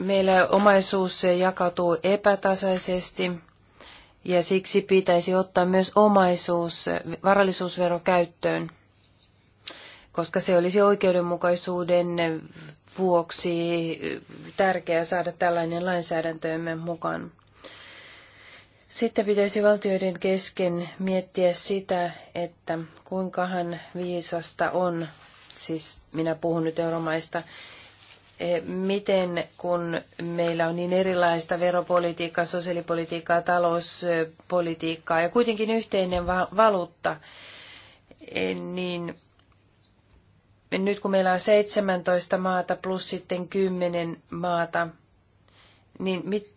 Meillä omaisuus jakautuu epätasaisesti ja siksi pitäisi ottaa myös omaisuus, varallisuusvero käyttöön koska se olisi oikeudenmukaisuuden vuoksi tärkeää saada tällainen lainsäädäntöömme mukaan. Sitten pitäisi valtioiden kesken miettiä sitä, että kuinkahan viisasta on, siis minä puhun nyt euromaista, eh, miten kun meillä on niin erilaista veropolitiikkaa, sosiaalipolitiikkaa, talouspolitiikkaa ja kuitenkin yhteinen valuutta, eh, niin nyt kun meillä on 17 maata plus sitten 10 maata, niin mit,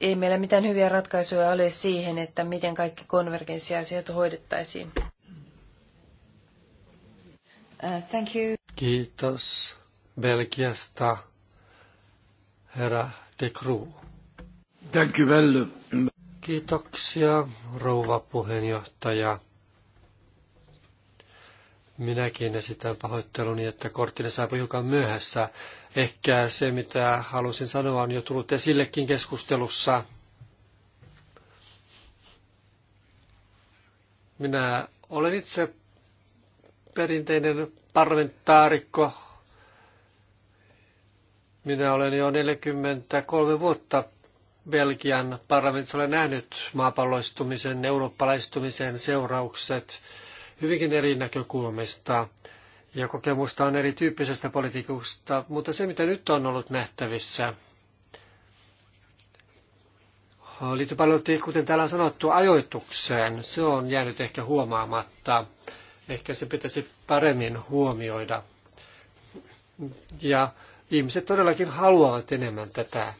ei meillä mitään hyviä ratkaisuja ole siihen, että miten kaikki konvergenssiasiat hoidettaisiin. Uh, thank you. Kiitos Belgiasta, herra de Croo. Thank you well. Kiitoksia, rouva puheenjohtaja. Minäkin esitän pahoitteluni, että korttini saapui hiukan myöhässä. Ehkä se, mitä halusin sanoa, on jo tullut esillekin keskustelussa. Minä olen itse perinteinen parlamentaarikko. Minä olen jo 43 vuotta Belgian parlamentissa olen nähnyt maapalloistumisen, eurooppalaistumisen seuraukset – hyvinkin eri näkökulmista ja kokemusta on erityyppisestä politiikusta, mutta se mitä nyt on ollut nähtävissä, liittyy paljon, kuten täällä on sanottu, ajoitukseen. Se on jäänyt ehkä huomaamatta. Ehkä se pitäisi paremmin huomioida. Ja ihmiset todellakin haluavat enemmän tätä.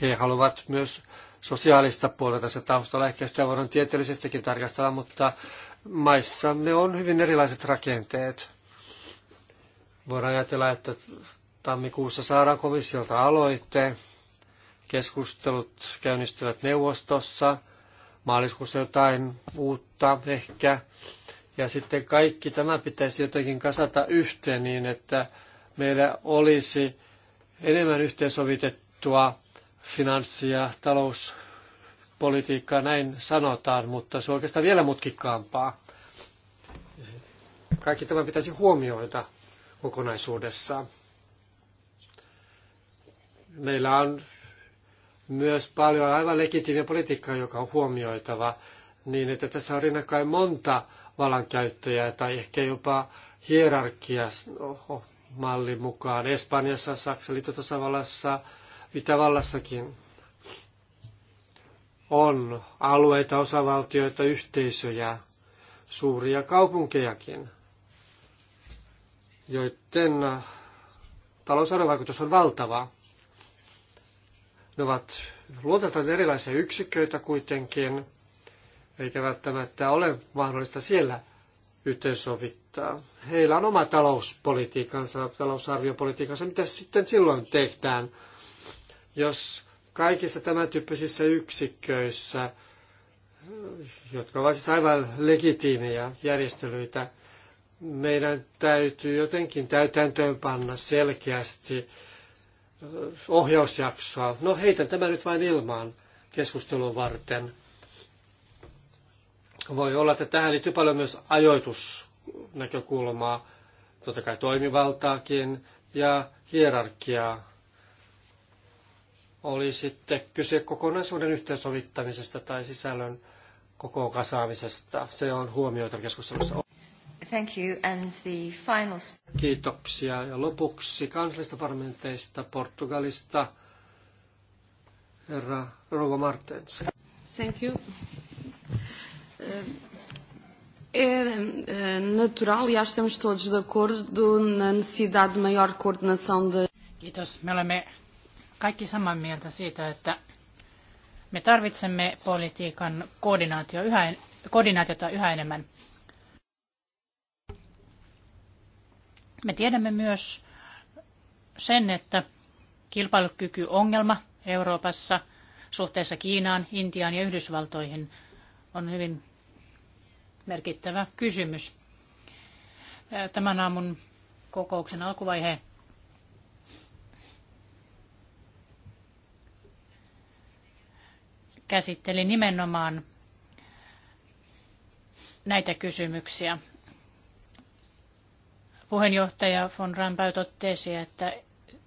He haluavat myös sosiaalista puolta tässä taustalla. Ehkä sitä voidaan tieteellisestikin tarkastella, mutta maissamme on hyvin erilaiset rakenteet. Voidaan ajatella, että tammikuussa saadaan komissiolta aloite. Keskustelut käynnistyvät neuvostossa. Maaliskuussa jotain uutta ehkä. Ja sitten kaikki tämä pitäisi jotenkin kasata yhteen niin, että meillä olisi enemmän yhteensovitettua finanssi- ja talouspolitiikkaa, näin sanotaan, mutta se on oikeastaan vielä mutkikkaampaa. Kaikki tämä pitäisi huomioida kokonaisuudessaan. Meillä on myös paljon aivan legitiimiä politiikkaa, joka on huomioitava, niin että tässä on rinnakkain monta vallankäyttäjää tai ehkä jopa hierarkia mallin mukaan. Espanjassa, Saksan liittotasavallassa, Itävallassakin on alueita, osavaltioita, yhteisöjä, suuria kaupunkejakin, joiden talousarvovaikutus on valtava. Ne ovat luotetaan erilaisia yksiköitä kuitenkin, eikä välttämättä ole mahdollista siellä yhteensovittaa. Heillä on oma talouspolitiikansa, talousarviopolitiikansa, mitä sitten silloin tehdään – jos kaikissa tämän tyyppisissä yksiköissä, jotka ovat siis aivan legitiimejä järjestelyitä, meidän täytyy jotenkin täytäntöön panna selkeästi ohjausjaksoa. No heitän tämä nyt vain ilmaan keskustelun varten. Voi olla, että tähän liittyy paljon myös ajoitusnäkökulmaa, totta kai toimivaltaakin ja hierarkiaa oli sitten kyse kokonaisuuden yhteensovittamisesta tai sisällön kokoon kasaamisesta. Se on huomioita keskustelussa. Thank you. And the final... Kiitoksia. Ja lopuksi kansallista parlamenteista Portugalista herra Rova Martens. Thank you. Eh, é natural, e acho que estamos todos de acordo, na necessidade de maior coordenação de... Kiitos. Me olemme kaikki samaa mieltä siitä, että me tarvitsemme politiikan koordinaatio yhä, koordinaatiota yhä enemmän. Me tiedämme myös sen, että kilpailukykyongelma Euroopassa suhteessa Kiinaan, Intiaan ja Yhdysvaltoihin on hyvin merkittävä kysymys. Tämän aamun kokouksen alkuvaihe käsitteli nimenomaan näitä kysymyksiä. Puheenjohtaja von Rampäy totesi, että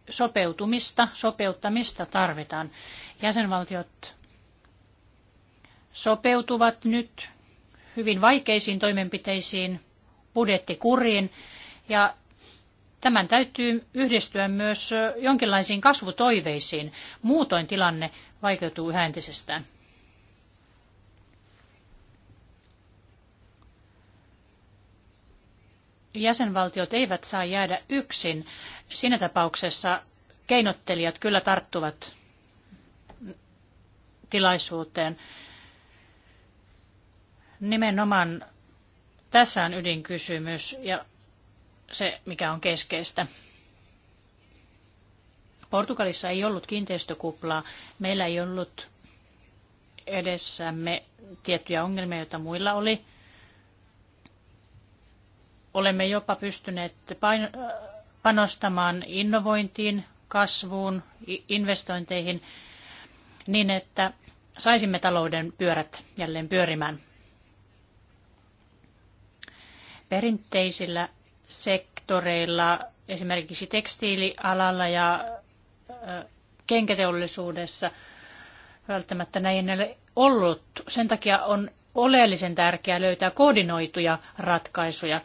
sopeutumista, sopeuttamista tarvitaan. Jäsenvaltiot sopeutuvat nyt hyvin vaikeisiin toimenpiteisiin, budjettikuriin, ja tämän täytyy yhdistyä myös jonkinlaisiin kasvutoiveisiin. Muutoin tilanne vaikeutuu yhä entisestään. Jäsenvaltiot eivät saa jäädä yksin. Siinä tapauksessa keinottelijat kyllä tarttuvat tilaisuuteen. Nimenomaan tässä on ydinkysymys ja se, mikä on keskeistä. Portugalissa ei ollut kiinteistökuplaa. Meillä ei ollut edessämme tiettyjä ongelmia, joita muilla oli. Olemme jopa pystyneet panostamaan innovointiin, kasvuun, investointeihin niin, että saisimme talouden pyörät jälleen pyörimään. Perinteisillä sektoreilla, esimerkiksi tekstiilialalla ja kenkäteollisuudessa välttämättä näin ei ollut. Sen takia on oleellisen tärkeää löytää koordinoituja ratkaisuja.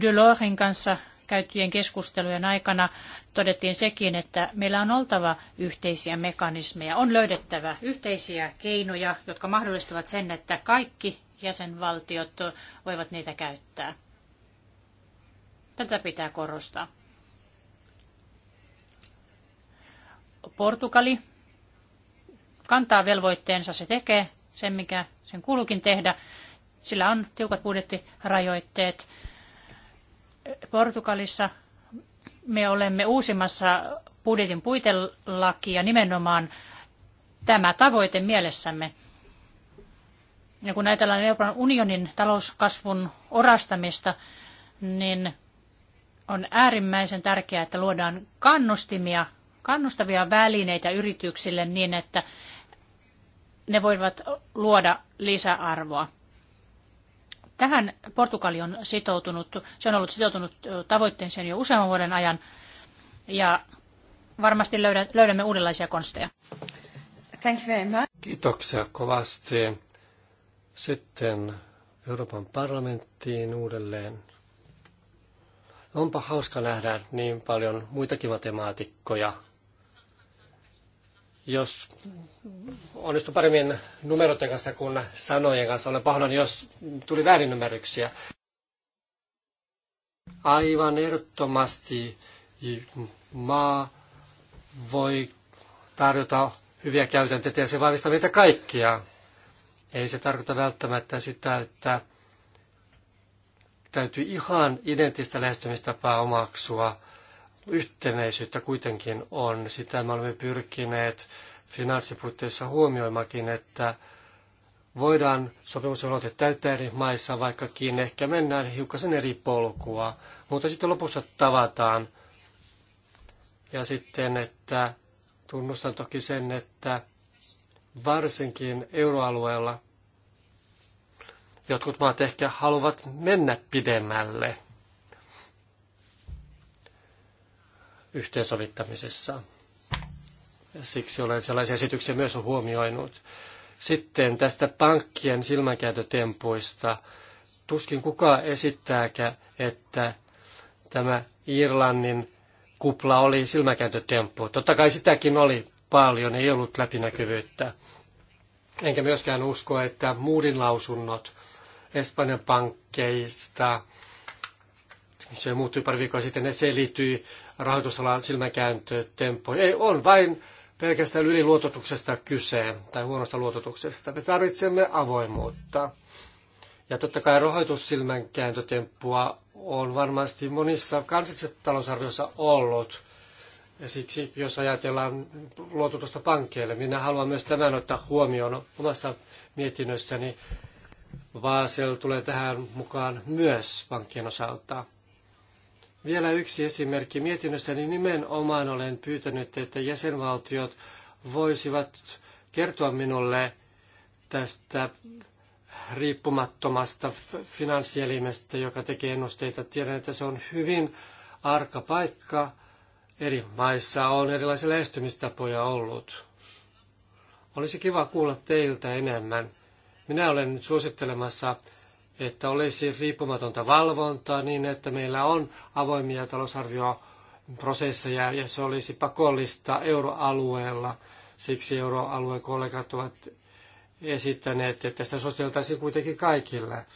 Delorin kanssa käytyjen keskustelujen aikana todettiin sekin, että meillä on oltava yhteisiä mekanismeja, on löydettävä yhteisiä keinoja, jotka mahdollistavat sen, että kaikki jäsenvaltiot voivat niitä käyttää. Tätä pitää korostaa. Portugali kantaa velvoitteensa, se tekee sen, mikä sen kuulukin tehdä. Sillä on tiukat budjettirajoitteet. Portugalissa me olemme uusimassa budjetin puitelakia nimenomaan tämä tavoite mielessämme. Ja kun ajatellaan Euroopan unionin talouskasvun orastamista, niin on äärimmäisen tärkeää, että luodaan kannustimia, kannustavia välineitä yrityksille niin, että ne voivat luoda lisäarvoa. Tähän Portugali on sitoutunut, se on ollut sitoutunut tavoitteeseen jo useamman vuoden ajan ja varmasti löydämme uudenlaisia konsteja. Thank you very much. Kiitoksia kovasti. Sitten Euroopan parlamenttiin uudelleen Onpa hauska nähdä niin paljon muitakin matemaatikkoja. Jos onnistu paremmin numeroiden kanssa kuin sanojen kanssa, olen pahoillani, jos tuli väärinymmärryksiä. Aivan ehdottomasti maa voi tarjota hyviä käytänteitä ja se vahvistaa meitä kaikkia. Ei se tarkoita välttämättä sitä, että täytyy ihan identistä lähestymistapaa omaksua. Yhtenäisyyttä kuitenkin on. Sitä me olemme pyrkineet finanssipuitteissa huomioimakin, että voidaan sopimusvelvoite täyttää eri maissa, vaikkakin ehkä mennään hiukkasen eri polkua, mutta sitten lopussa tavataan. Ja sitten, että tunnustan toki sen, että varsinkin euroalueella Jotkut maat ehkä haluavat mennä pidemmälle yhteensovittamisessa. Siksi olen sellaisia esityksiä myös huomioinut. Sitten tästä pankkien silmänkäytötempuista. Tuskin kuka esittääkä, että tämä Irlannin kupla oli silmäkääntötemppu. Totta kai sitäkin oli paljon, ei ollut läpinäkyvyyttä. Enkä myöskään usko, että muudin lausunnot Espanjan pankkeista. Se muuttui pari viikkoa sitten, että se liittyy rahoitusalan silmäkääntötempoihin. Ei, on vain pelkästään yliluototuksesta kyse tai huonosta luototuksesta. Me tarvitsemme avoimuutta. Ja totta kai rahoitussilmänkääntötemppua on varmasti monissa kansallisissa talousarvioissa ollut. Ja siksi, jos ajatellaan luototusta pankkeille, minä haluan myös tämän ottaa huomioon omassa mietinnössäni. Vaasel tulee tähän mukaan myös pankkien osalta. Vielä yksi esimerkki mietinnöstäni niin nimenomaan olen pyytänyt, että jäsenvaltiot voisivat kertoa minulle tästä riippumattomasta finanssielimestä, joka tekee ennusteita. Tiedän, että se on hyvin arka paikka. Eri maissa on erilaisia lähestymistapoja ollut. Olisi kiva kuulla teiltä enemmän minä olen nyt suosittelemassa, että olisi riippumatonta valvontaa niin, että meillä on avoimia talousarvioprosesseja ja se olisi pakollista euroalueella. Siksi euroalueen kollegat ovat esittäneet, että sitä suositeltaisiin kuitenkin kaikille.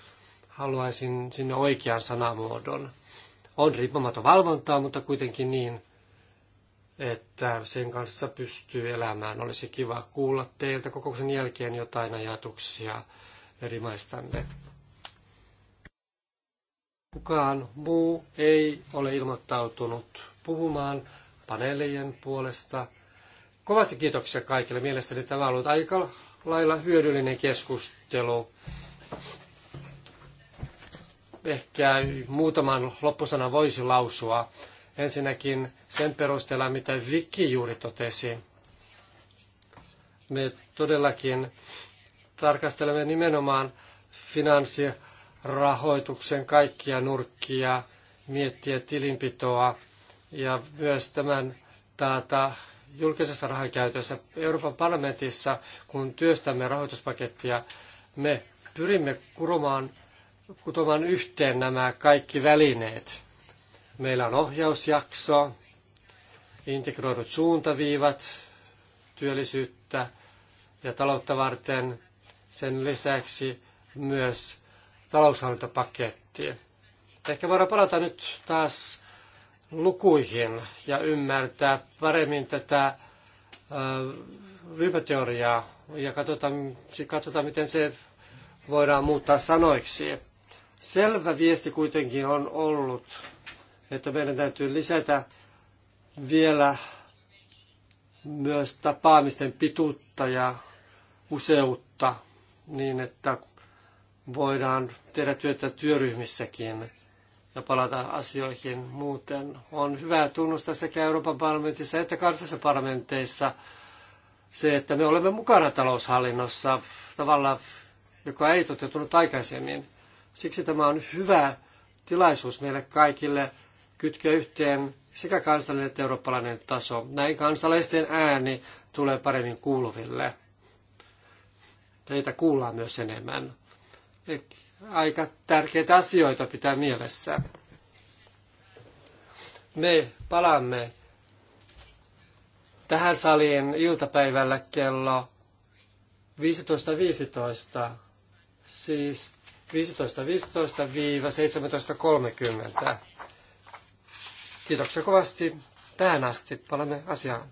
Haluaisin sinne oikean sanamuodon. On riippumaton valvontaa, mutta kuitenkin niin, että sen kanssa pystyy elämään. Olisi kiva kuulla teiltä kokouksen jälkeen jotain ajatuksia eri maistanne. Kukaan muu ei ole ilmoittautunut puhumaan paneelien puolesta. Kovasti kiitoksia kaikille. Mielestäni tämä on ollut aika lailla hyödyllinen keskustelu. Ehkä muutaman loppusana voisi lausua. Ensinnäkin sen perusteella, mitä Viki juuri totesi. Me todellakin tarkastelemme nimenomaan finanssirahoituksen kaikkia nurkkia, miettiä tilinpitoa ja myös tämän taata julkisessa rahankäytössä Euroopan parlamentissa, kun työstämme rahoituspakettia, me pyrimme kuromaan, kutomaan yhteen nämä kaikki välineet. Meillä on ohjausjakso, integroidut suuntaviivat työllisyyttä ja taloutta varten. Sen lisäksi myös taloushallintopaketti. Ehkä voidaan palata nyt taas lukuihin ja ymmärtää paremmin tätä ryhmäteoriaa ja katsotaan, katsotaan, miten se voidaan muuttaa sanoiksi. Selvä viesti kuitenkin on ollut että meidän täytyy lisätä vielä myös tapaamisten pituutta ja useutta niin, että voidaan tehdä työtä työryhmissäkin ja palata asioihin muuten. On hyvä tunnustaa sekä Euroopan parlamentissa että kansallisissa parlamenteissa se, että me olemme mukana taloushallinnossa tavalla, joka ei toteutunut aikaisemmin. Siksi tämä on hyvä tilaisuus meille kaikille – kytkeä yhteen sekä kansallinen että eurooppalainen taso. Näin kansalaisten ääni tulee paremmin kuuluville. Teitä kuullaan myös enemmän. Aika tärkeitä asioita pitää mielessä. Me palaamme tähän saliin iltapäivällä kello 15.15, 15, siis 15.15-17.30. Kiitoksia kovasti tähän asti. Palaamme asiaan.